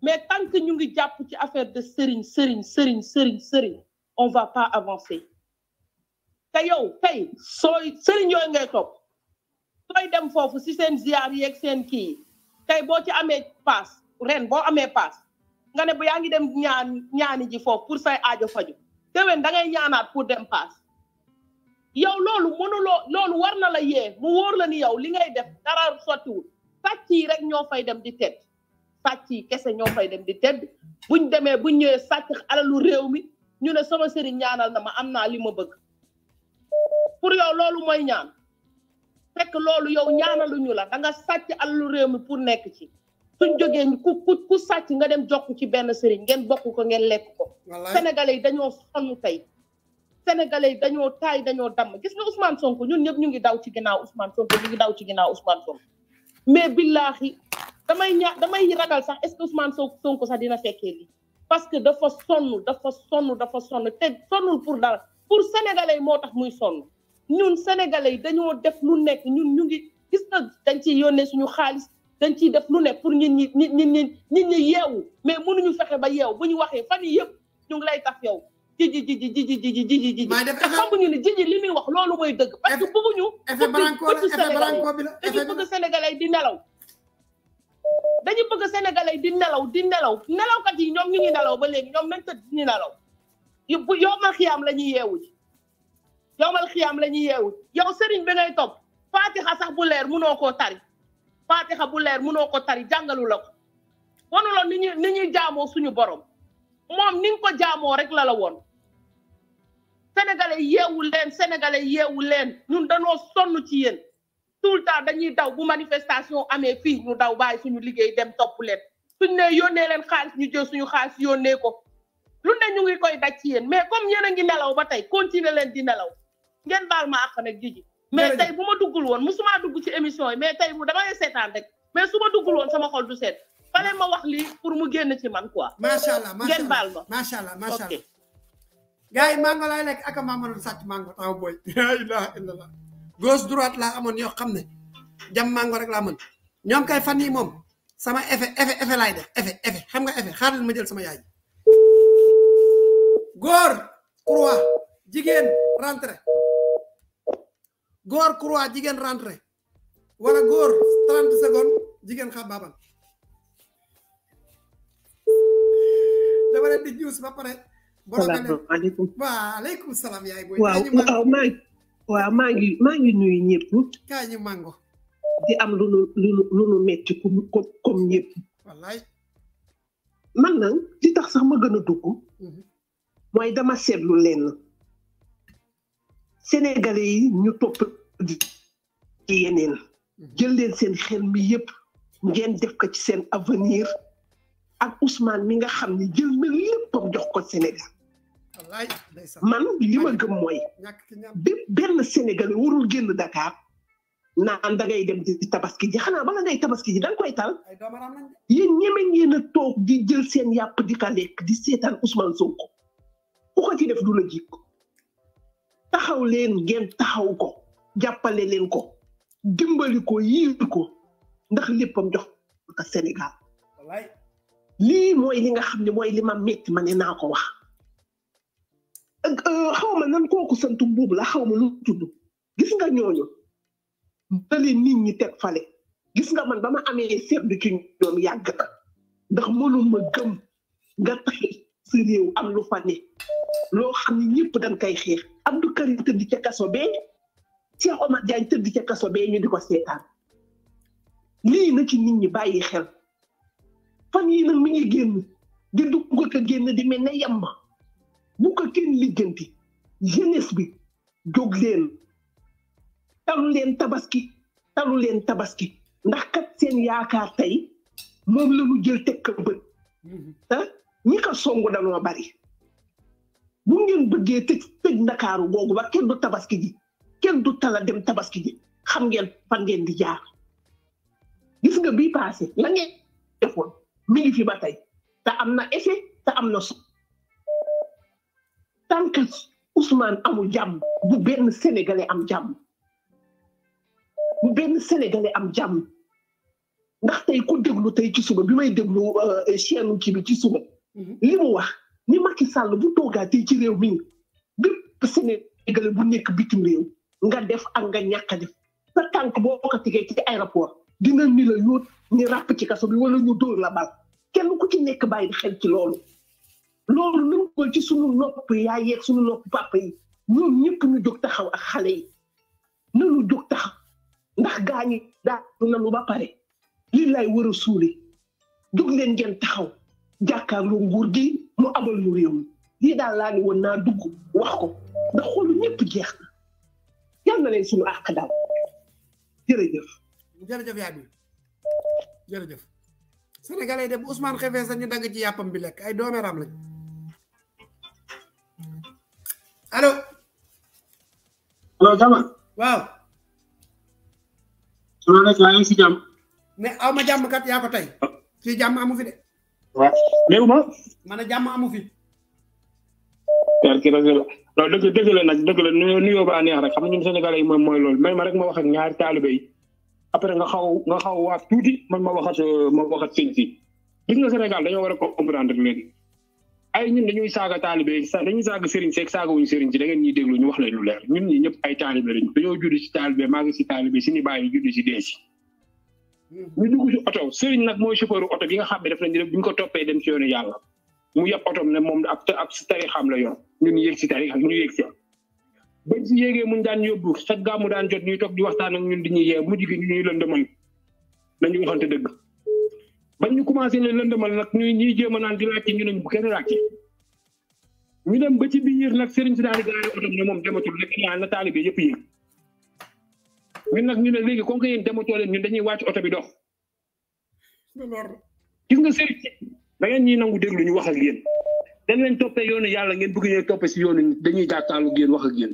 mais tant que nous ngi ci affaire de on va pas avancer te yow Soy, sooy sëriñ ngay topp sooy dem si ziar tey boo ci amee paas reen boo amee paas nga ne bu yaa ngi dem ñaan ñaani ji foofu pour say aajo faju déwén da ngay ñaanaat pour dem paas yow loolu mënuloo loolu war na la yee mu wóor la ni yow li ngay def dara sottiwul sàcc yi rek ñoo fay dem di tedd sàcc yi kese ñoo fay dem di tedd buñ demee buñ ñëwee sàcc alalu réew mi ñu ne sama sëriñ ñaanal na ma am naa li ma bëgg pour yow loolu mooy ñaan fekk loolu yow ñaanaluñu la da nga sàcc alalu réew mi pour nekk ci suñ jógee ku ku ku sàcc nga dem jokk ci benn sëriñ ngeen bokk ko ngeen lekk ko sénégalais yi dañoo sonn tey sénégalais yi dañoo taay dañoo damm gis nga Ousmane Sonko ñun ñëpp ñu ngi daw ci ginnaaw Ousmane Sonko ñu ngi daw ci ginnaaw Ousmane Sonko mais billaahi damay ña damay ragal sax est-ce que Ousmane Sonko sax dina fekkee lii parce que dafa sonn dafa sonn dafa sonn te sonnul pour dara pour sénégalais yi moo tax muy sonn ñun sénégalais yi dañoo def lu nekk ñun ñu ngi gis na dañ ciy yónnee suñu xaalis dañ ciy def lu nekk pour ñit ñi nit ñi ñi nit ñi yeewu mais mënuñu fexe ba yeewu bu ñu waxee fan yi yëpp ñu ngi lay tax yow ji ji ji ji ji ji ji ji ji ji te xamuñu ne ji ji li muy wax loolu mooy dëgg parce que bëgguñu bëgg sénégalais dañu bëgg sénégalais di nelaw dañu bëgg sénégalais di nelaw di nelaw nelawkat yi ñoom ñu ngi nelaw ba léegi ñoom nañ tëdd ñu nelaw bu yow ma xiyaam la ñuy yeewu ji yowmal xiyaam la ñuy yeewu yow sëriñ bi ngay topp faatixa sax bu leer munoo koo tari faatixa bu leer mu noo ko tari jàngalu la ko wanuloon ni ñuy ni ñuy jaamoo suñu borom moom ni ko jaamoo rek la la woon sénégalais yeewu leen sénégalais yeewu leen ñun danoo sonn ci yéen tout le temps dañuy daw bu manifestation amee fii ñu daw bàyyi suñu liggéey dem topp leen suñ ne yónnee leen xaalis ñu jël suñu xaalis yónnee ko lu ne ñu ngi koy daj ci yéen mais comme yéen a ngi nelaw ba tey continuer leen di nelaw ngeen baal ma àq nag Jiji mais tey bu ma duggul woon musuma dugg ci émission mais tey bu damay seetaan rek mais su ma duggul woon sama xol du seet fale ma wax lii pour mu génn ci man quoi. macha allah ngeen baal ma macha allah macha allah. gars yi mango laay lekk ak maa mënoon sàcc mango taw booy. la ilaha illallah gauche laa amoon yoo xam ne jam mango rek laa mën ñoom kay fan yi moom sama effet effet effet laay def effet effet xam nga effet xaaral ma jël sama yaay. góor croix jigéen rentré. góor croix jigéen rentré wala góor 30 secondes jigéen xabaabal dama leen di ba pare. salaamaaleykum waaleykum salaam yaay booy. waaw maa ngi maa ngi maa ngi nuyu ñëpp. màngo di am lu nu lu nu metti comme comme ñëpp. man nag li tax sax ma gën a dugg. Mhm. mooy dama seetlu lenn. sénégalais yi ñu topp de yeneen mhm. jël leen seen xel mi ngeen def ko ci seen avenir ak Ousmane mi nga xam ne jël na léppam jox ko Sénégal man li ma gëm mooy benn sénégalais warul génn Dakar naan da ngay dem di tabaski ji xanaa bala ngay tabaski ji da koy tal a toog di jël seen yàpp di ka lekk di seetaan Ousmane Sonko ku ko ci taxaw leen ngeen taxaw ko jàppale leen ko dimbali ko yiir ko ndax léppam jox ko Sénégal lii mooy li nga xam ne mooy li ma metti ma ne naa ko wax euh, xaw ma nan kooku sant buub la xaw ma lu tudd gis nga ñooñu da leen nit ñi teg fale gis nga man ba ma amee seetlu ci ñoom yàgg na ndax mënuma gëm nga tax sa réew am lu fa ne loo xam ne ñëpp dañ koy xeex Abdou Karim tëdd ca kaso bee Cheikh Omar Diagne tëdd ca kaso bee ñu di ko seetaan lii na ci nit ñi bàyyi xel fan yii nag mi ngi génn di dugg ko génn di mel ne yemb bu ko kenn ligganti jeunesse bi jóg leen talu leen tabaski talu leen tabaski ndax kat seen yaakaar tey moom la ñu jël teg ko bët mm-hmm. ah ñi ko songu danoo bari bu ngeen bëggee tëj tëj ndakaaru googu ba kenn du tabaski ji kenn du tala dem tabaski ji xam ngeen fan ngeen di jaar gis nga bii passé la ngeen defoon mi ngi fi ba tey te am na effet te am na so tant que Ousmane amul jàmm bu benn sénégalais am jàmm bu benn sénégalais am jàmm ndax tey ku déglu tey ci suba bi may déglu euh, chaîne kii bi ci suba mhm. li wax ni Macky Sall bu toogaatee ci réew mi bépp Sénégalais bu nekk bitim réew nga def ak nga ñàkk def sa tànk boo ko tegee ci aéroport dina ni la yóot ni ràpp ci kaso bi wala ñu dóor la bal kenn ku ci nekk bàyyi xel ci loolu loolu lu ko ci suñu nopp yaay yeeg suñu nopp papa yi ñoom ñëpp ñu jóg taxaw ak xale yi nanu jóg taxaw ndax gaañi daa nanu ba pare lii lay war a suuli jóg leen ngeen taxaw jàkkaarloo nguur gi mu abal ñu réew mi lii la ni woon naa dugg wax ko ndax xoolu ñepp jeex na yal na len suñu ak daal jere jeuf jere jeuf yaabi jere jeuf sénégalais dem Ousmane xefee sax ñu dag ci yapam bi lek ay doomé ram lañ allo. allo Jama. waaw. sama ma nekk yaa ngi si jàmm. mais aw ma kat ya ko tay ci ah. jam amu fi de. waaw néew ma. ma ne a amu fi. kii rek la loolu dëgg dëgg la nag neex rek xam nga ñun sénégalais yi moom mooy loolu may ma rek ma wax ak ñaari taalibe yi après nga xaw nga xaw waat tuuti man ma waxat ma waxat sëñ si gis nga Sénégal dañoo war a comprendre léegi ay ñun dañuy saaga taalibe yi dañuy saaga sëriñ seeg saaga wuñu sëriñ si da ngeen déglu ñu wax leen lu leer ñun ñi ñëpp ay taalibe lañu dañoo judd si taalibe maa si taalibe suñu bàyyi judd si dee si ñu dugg si oto Serigne nag mooy chauffeur oto bi nga xam ne def nañ bu ñu ko toppee dem si yoonu yàlla mu yab otom ne moom ab ab si tarixam la yor ñun yéeg si tarix ñu yéeg si bañ si yéegee muñ sa gàmmu daan jot ñuy di waxtaan ak ñun di ñuy yee mujj gi ñu ñuy lëndëmal nañu waxante dëgg bañ ñu commencé ne lëndëmal nag ñuy ñuy jéem a naan di laajte ñu ne bu kenn laajte ñu dem ba ci biir nag Serigne si daal di gaare otom ne yëpp yéeg ñun nag ñu ne léegi comme que yéen dematoo leen ñun dañuy wàcc oto bi dox. gis nga sëriñ da ngeen ñuy nangu déglu ñu wax ak yéen dañ leen toppee yoonu yàlla ngeen bëgg ñoo toppee si yoonu dañuy jàkkaalu ak yéen wax ak yéen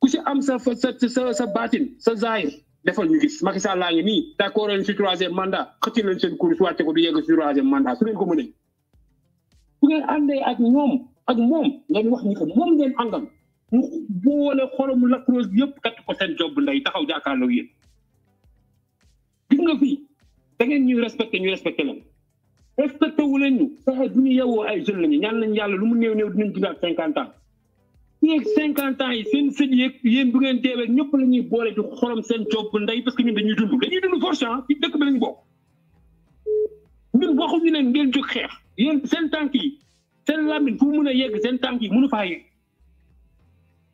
ku si am sa sa sa sa baatin sa zaahir defal ñu gis Macky Sall laa ngi nii d'accord leen si troisième mandat xëcc leen seen course wàcce ko du yegg si troisième mandat su ngeen ko mënee bu ngeen ak ñoom ak moom ngeen wax ni ko moom ngeen àndal mu boole xorom Lac-Rose yëpp kat ko seen job ndey taxaw jàkkaarloo yéen gis nga fii da ngeen ñuy respecté ñu respecté leen respecté wu leen ñu fexe bu ñu yewoo ay jeunes lañu ñaan nañ yàlla lu mu néew néew dinañ dundaat cinquante ans yeeg cinquante ans yi seen sët yeeg yéen bu ngeen teewee ñëpp la ñuy boole di xorom seen job ndey parce que ñun dañuy dund dañuy dund force ah ci dëkk bi lañu bokk ñun waxuñu leen ngeen jóg xeex yéen seen tànk yi seen làmmiñ fu mun a yegg seen tànk yi mënu faa yegg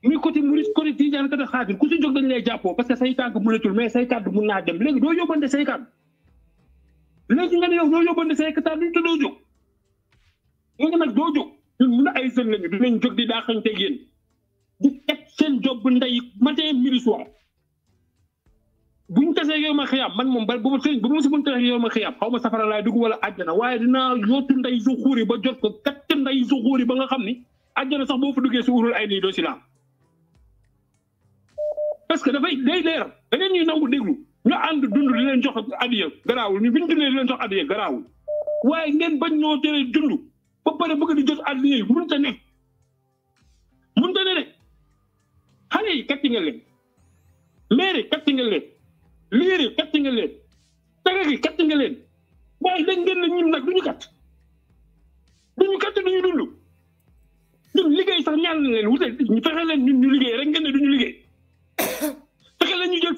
ñu côté murid côté tidiane côté xaadir ku ci jóg dañ lay jàppoo parce que say tànk mënatul mais say kàddu mun naa dem léegi doo yóbbante say kàddu léegi nga ne yow doo yóbbante say kàddu te doo jóg léegi nag doo jóg ñun mun ay sën lañu dinañ jóg di daaxante yéen di teg seen job ndey matin midi soir buñ tasee yow ma xiyam man moom bu ma sëñ bu ma si mën tasee yow ma xiyam xaw safara laay dugg wala àjjana waaye dinaa yootu ndey su xuuri ba jot ko katt ndey su xuuri ba nga xam ni àjjana sax boo fa duggee si urul ay nii doo si parce que dafay day leer da ngeen ñuy nangu déglu ñu ànd dund di leen jox adiya garaawul ñu bi ñu dundee leen jox adiya garaawul waaye ngeen bañ ñoo tere dund ba pare bëgg di jot adiya yi mënut a nekk mënut a ne rek xale yi katti nga leen maire yi katti leen waaye dañ ngeen ne ñun nag du ñu katt du ñu katt du ñu dund ñun liggéey sax ñaan leen wute ñu fexe leen ñun ñu liggéey rek ngeen ne du ñu liggéey.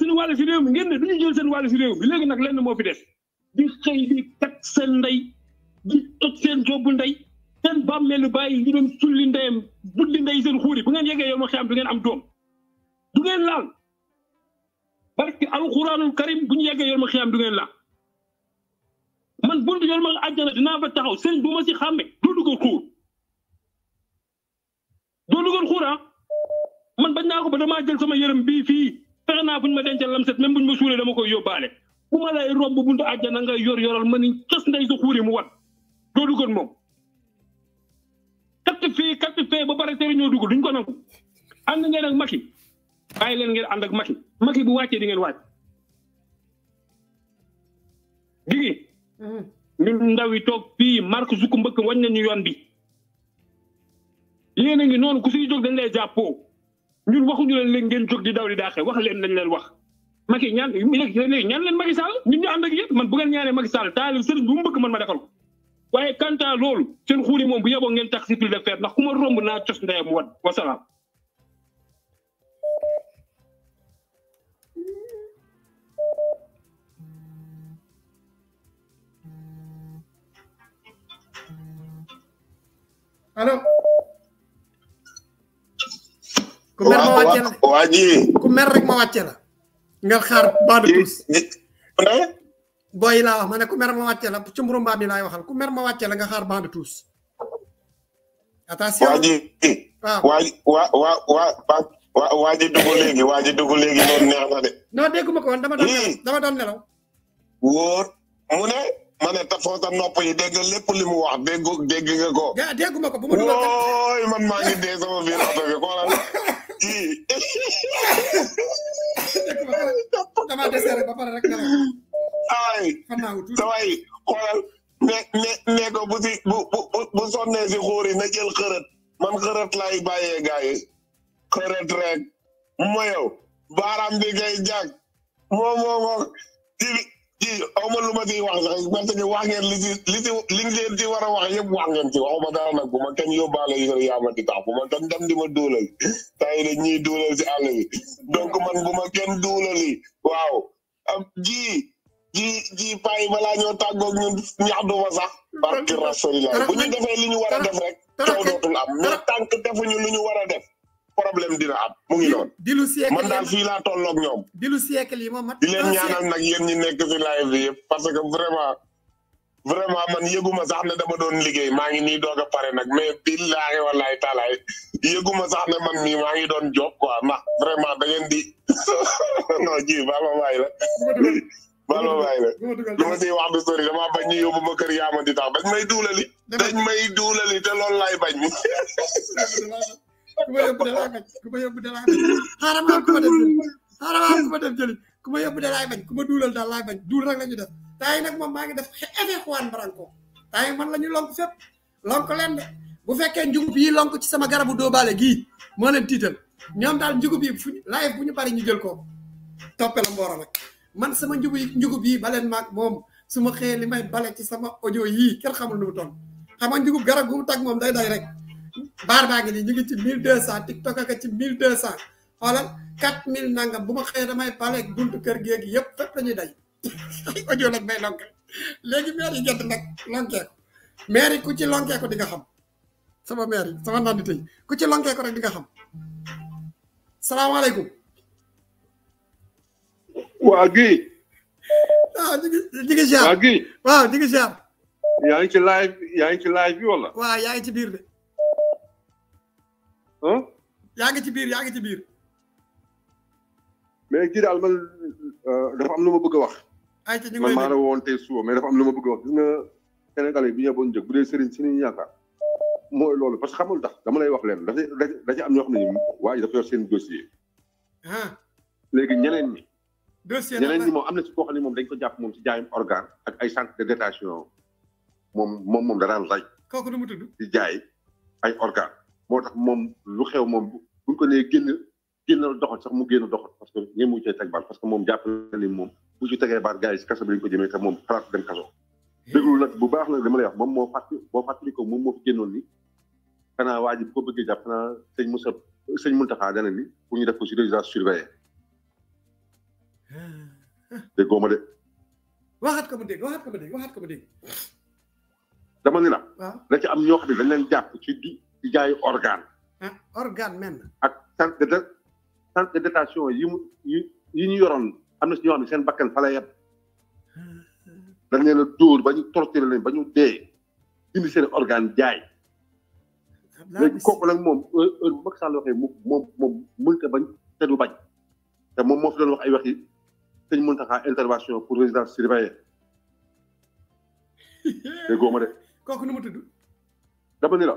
suñu wàll si réew mi ngeen ne du ñu jël seen wàll si réew mi léegi nag lenn moo fi des di xëy di tag seen ndey di toj seen jobbu ndey seen bàmmeelu bàyyi ñu dem sulli ndeyam buddi ndey seen xuur bu ngeen yeggee yow ma xam du ngeen am doom du ngeen laal parce que alxuraanul bu ñu yeggee ma xam du ngeen laal man buntu yow ma àjjana dinaa fa taxaw seen bu ma si xàmme doo dugal xuur doo dugal xuur ah. man bañ naa ko ba damaa jël sama yërëm bii fii. fexe buñ ma dencé lamset même buñ ma soulé dama koy yobalé bu lay romb buntu àjjana nga yor yoral mani ciss ndey sa xuuri mu wat do dugul mom katt fi kat fi ba bari té ñoo dugul duñ ko nangu and ngeen ak maki bay leen ngeen and ak maki maki bu wàccee di ngeen wacc digi hmm. ñun ndaw yi tok fi Mark zuku mbeuk wañ nañu yoon bi yéen ngi non ku siy jog dañ lay jappo ñun waxuñu leen leen ngeen jóg di daw di daaxee wax leen lañ leen wax Macky ñaan mi léegi ñaan leen Macky Sall ñun ñu and ak yépp man bu ngeen ñaané Macky Sall taalib sëriñ bu mu bëgg man ma defal ko waaye kanta à loolu seen xuuli moom bu yeboo ngeen tax si de fer ndax ku ma romb naa cos ndeyam wa salaam allo ku mer ma wàcce la waaji ku mer rek ma wàcce la nga xaar baa de tous boy laa wax ma ne ku mer ma wàcce la ci mburum mbaam yi laay waxal ku mer ma wàcce la nga xaar baa de tous attention waaji waaji waa waa waa waa waaji dugg léegi waaji dugg léegi noonu neex na de non dégguma ko woon dama doon dama doon nelaw wóor mu ne ma ne nopp yi dégg lépp li mu wax dégg dégg nga ko dégguma ko bu ma dugal man maa ngi dee sama biir oto bi xoolal dama saway xoolal ne ne ko bu si bu bu na jël xërët man xërët laay bàyyee gars yi rek moyow baaraam bi ngay jàng moom moom kii aw ma lu ma ciy wax sax ni wax ngeen li ci li ci li ngeen ci war a wax yëpp wax ngeen ci wax ma dara nag bu ma kenn yóbbaale yu yor yaa di tax bu ma kenn dem di ma duulal temps yii dañuy duulal si àll bi donc man bu ma kenn duulali waaw ab ji ji ji pay balaa ñoo tàggoog ñun ñax du ma sax. barki rasulillah bu ñu defee li ñu a def rek. coow dootul am mais tant que defuñu lu ñu war a def. problème dina am mu ngi noonu. di man daal fii la tolloog ñoom. di lu siècle yi moom leen ñaanal nag yéen ñi nekk fi live bi yëpp parce que vraiment man yëguma sax ne dama doon liggéey maa ngi nii doog a pare nag mais billaahi wallaahi taalaay yëguma sax ne man mii maa ngi doon job quoi vraiment da ngeen di non ji ba ma waay la. baal ma bàyyi la lu ma siy wax du sori damaa bañ ñu yóbbu ma kër yaamati tax dañ may duulali dañ may duulali te loolu laay bañ Kumaha pedalangan? kumaha pedalangan? Haram aku pada haram aku pada jadi. Kumaha bedalaman, kumaha dulal dalangan? durang lañu dah. Tay nak mom ma ngi def évé xwan branko. Tay man lañu Long fep, lonk len bu fekkee njugub yi lonk ci sama garabu dóobaale gii moo leen tiital ñoom daal njugub yi fu live bu ñu bari ñu jël ko toppe la mboora nag man sama njubu njugub yi baleen maag moom su ma xëyee li ci sama audio yii kenn xamul nu mu toll xam nga njugub garab gu tag moom day day rek Bar baa ngi ni ñu ngi ci mille tiktok ak ci mille deux cent xoolal quatre mille nangam bu ma xëyee damay baleeg buntu kër géegi yëpp fépp la ñuy daj audio nag may lonke léegi maire yi gedd nag lonkee ko maire yi ku ci lonkee ko di nga xam sama maire yi sama nandi tey ku ci lonkee ko rek di nga xam salaamaaleykum waa guy waaw ah, ñu ngi jaar waa guy waaw ñu ngi jaar yaa ci live yaa ngi ci live bi wala waaw yaa ci de yaa ngi ci biir yaa ngi ci biir. mais kii daal man euh, dafa am lu ma bëgg wax. ayca ñu ngi man maa la woon tey suba mais dafa am lu ma bëgg a wax gis nga Sénégal yi bi ñu bu dee sëriñ si ñu yaakaar mooy loolu parce que xamul dax dama lay wax leen da da ci am ñoo xam ne waa ji seen dossier. Ah. léegi ñeneen ñi. dossier ñeneen ñi moom am na si koo xam ne moom dañ ko jàpp moom si jaayum organe ak ay centre de détention moom moom moom da daan lay. kooku nu mu tudd. di jaay ay organe moo tax moom lu xew moom buñ ko nee génn génnal doxal sax mu génn doxal parce que ñoom mu cay teg baal parce que moom jàpp na ni moom bu ci tegee baal gars yi si kaso bi lañ ko jëmee te moom eh. bu baax nag dama lay wax moom moo fàtt boo fàttali ko moom moo fi génnoon ni xanaa waa ji bu ko bëggee jàpp xanaa sëñ Moussa sëñ Mountakha dana ni pour ñu def ko si résidence surveillée eh. déggoo ma de. waxaat ko ma dégg waxaat ko ma dégg waxaat ko ma dégg. dama ni la. waaw ci am ñoo xam ne dañ leen jàpp ci du. di jaay organe. ah organe même. ak centre de centre yi yi ñu yoroon am na si ñoo xam ne seen bakkan fa la yem. dañ leen a dóor ba ñu torturer leen ba ñu dee indi seen organe jaay. léegi kooku nag moom heure heure bu Macky Sall waxee bañ te du bañ te moom moo fi doon wax ay wax yi te ñu mënta xaar intervention pour résidence surveillée. dégg nga de. kooku nu mu dama ni la.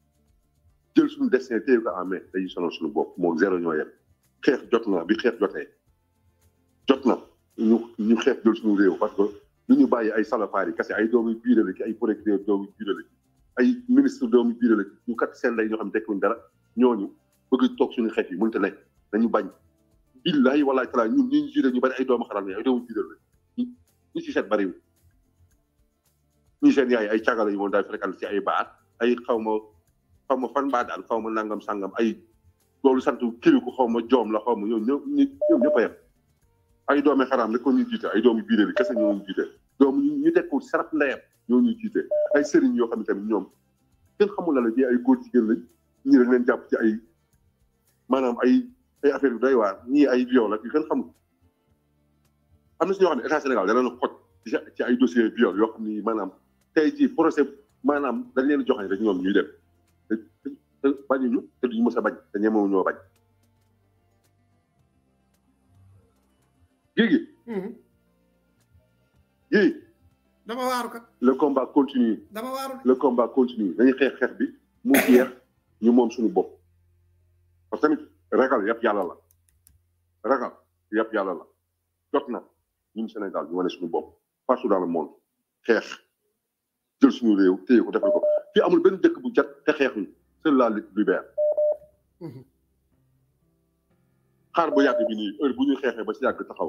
jël suñu destin téye ko en main dañuy sonal suñu bopp moom zéro ñoo yem xeex jot na bi xeex jotee jot na ñu ñu xeex jël suñu réew parce que lu ñu bàyyi ay salafaar yi kase ay doomu biire la ci ay producteur doomu biire la ci ay ministre doomu biire la ci ñu kat seen lay ñoo xam ne tekkuñ dara ñooñu bëgg toog suñu xeet yi mënut a nekk dañu bañ billahi walaay talaa ñun ñu ñu ñu bari ay doomu xalaat la ay doomu biire la ñu si seet bariwul ñu seen yaay ay càggala yi moom daal fréquenté ci ay baat ay xaw ma xaw ma fan baa daal xaw ma nangam sangam ay loolu sant kiriku xaw ma joom la xaw ma ñoom ñoom a ay doomi xaraam rek ko ñu jiite ay doomu yi ñu jiite doomu ñu tekkul sarap ndeyam ay sëriñ yoo xam ne tamit ñoom kenn xamul la la ji ay góor jigéen lañ ci ay maanaam ay ay affaire yu doy ñii ay viol ak yu kenn xamul am na si ñoo xam ne état Sénégal da leen ci ay dossier viol yoo xam ni maanaam tey jii procès maanaam dañ leen joxañ rek ñoom ñuy dem te bañuñu te duñu mës bañ te ñemewu ñoo bañ. Guigui. Hmm. Guigui. dama waru kat. le combat continue. dama waru le combat continue dañuy xeex xeex bi mu jeex ñu moom suñu bopp parce que tamit ragal yàpp yàlla la ragal yàpp yàlla la jot na ñun Sénégal ñu wane suñu bopp partout dans le monde xeex jël suñu réew téye ko defal ko. fii amul benn dëkk bu jot te xeexuñ c'est la lutte libère xaar bu yàgg bi nii heure bu ñuy xeexee ba si yàgg taxaw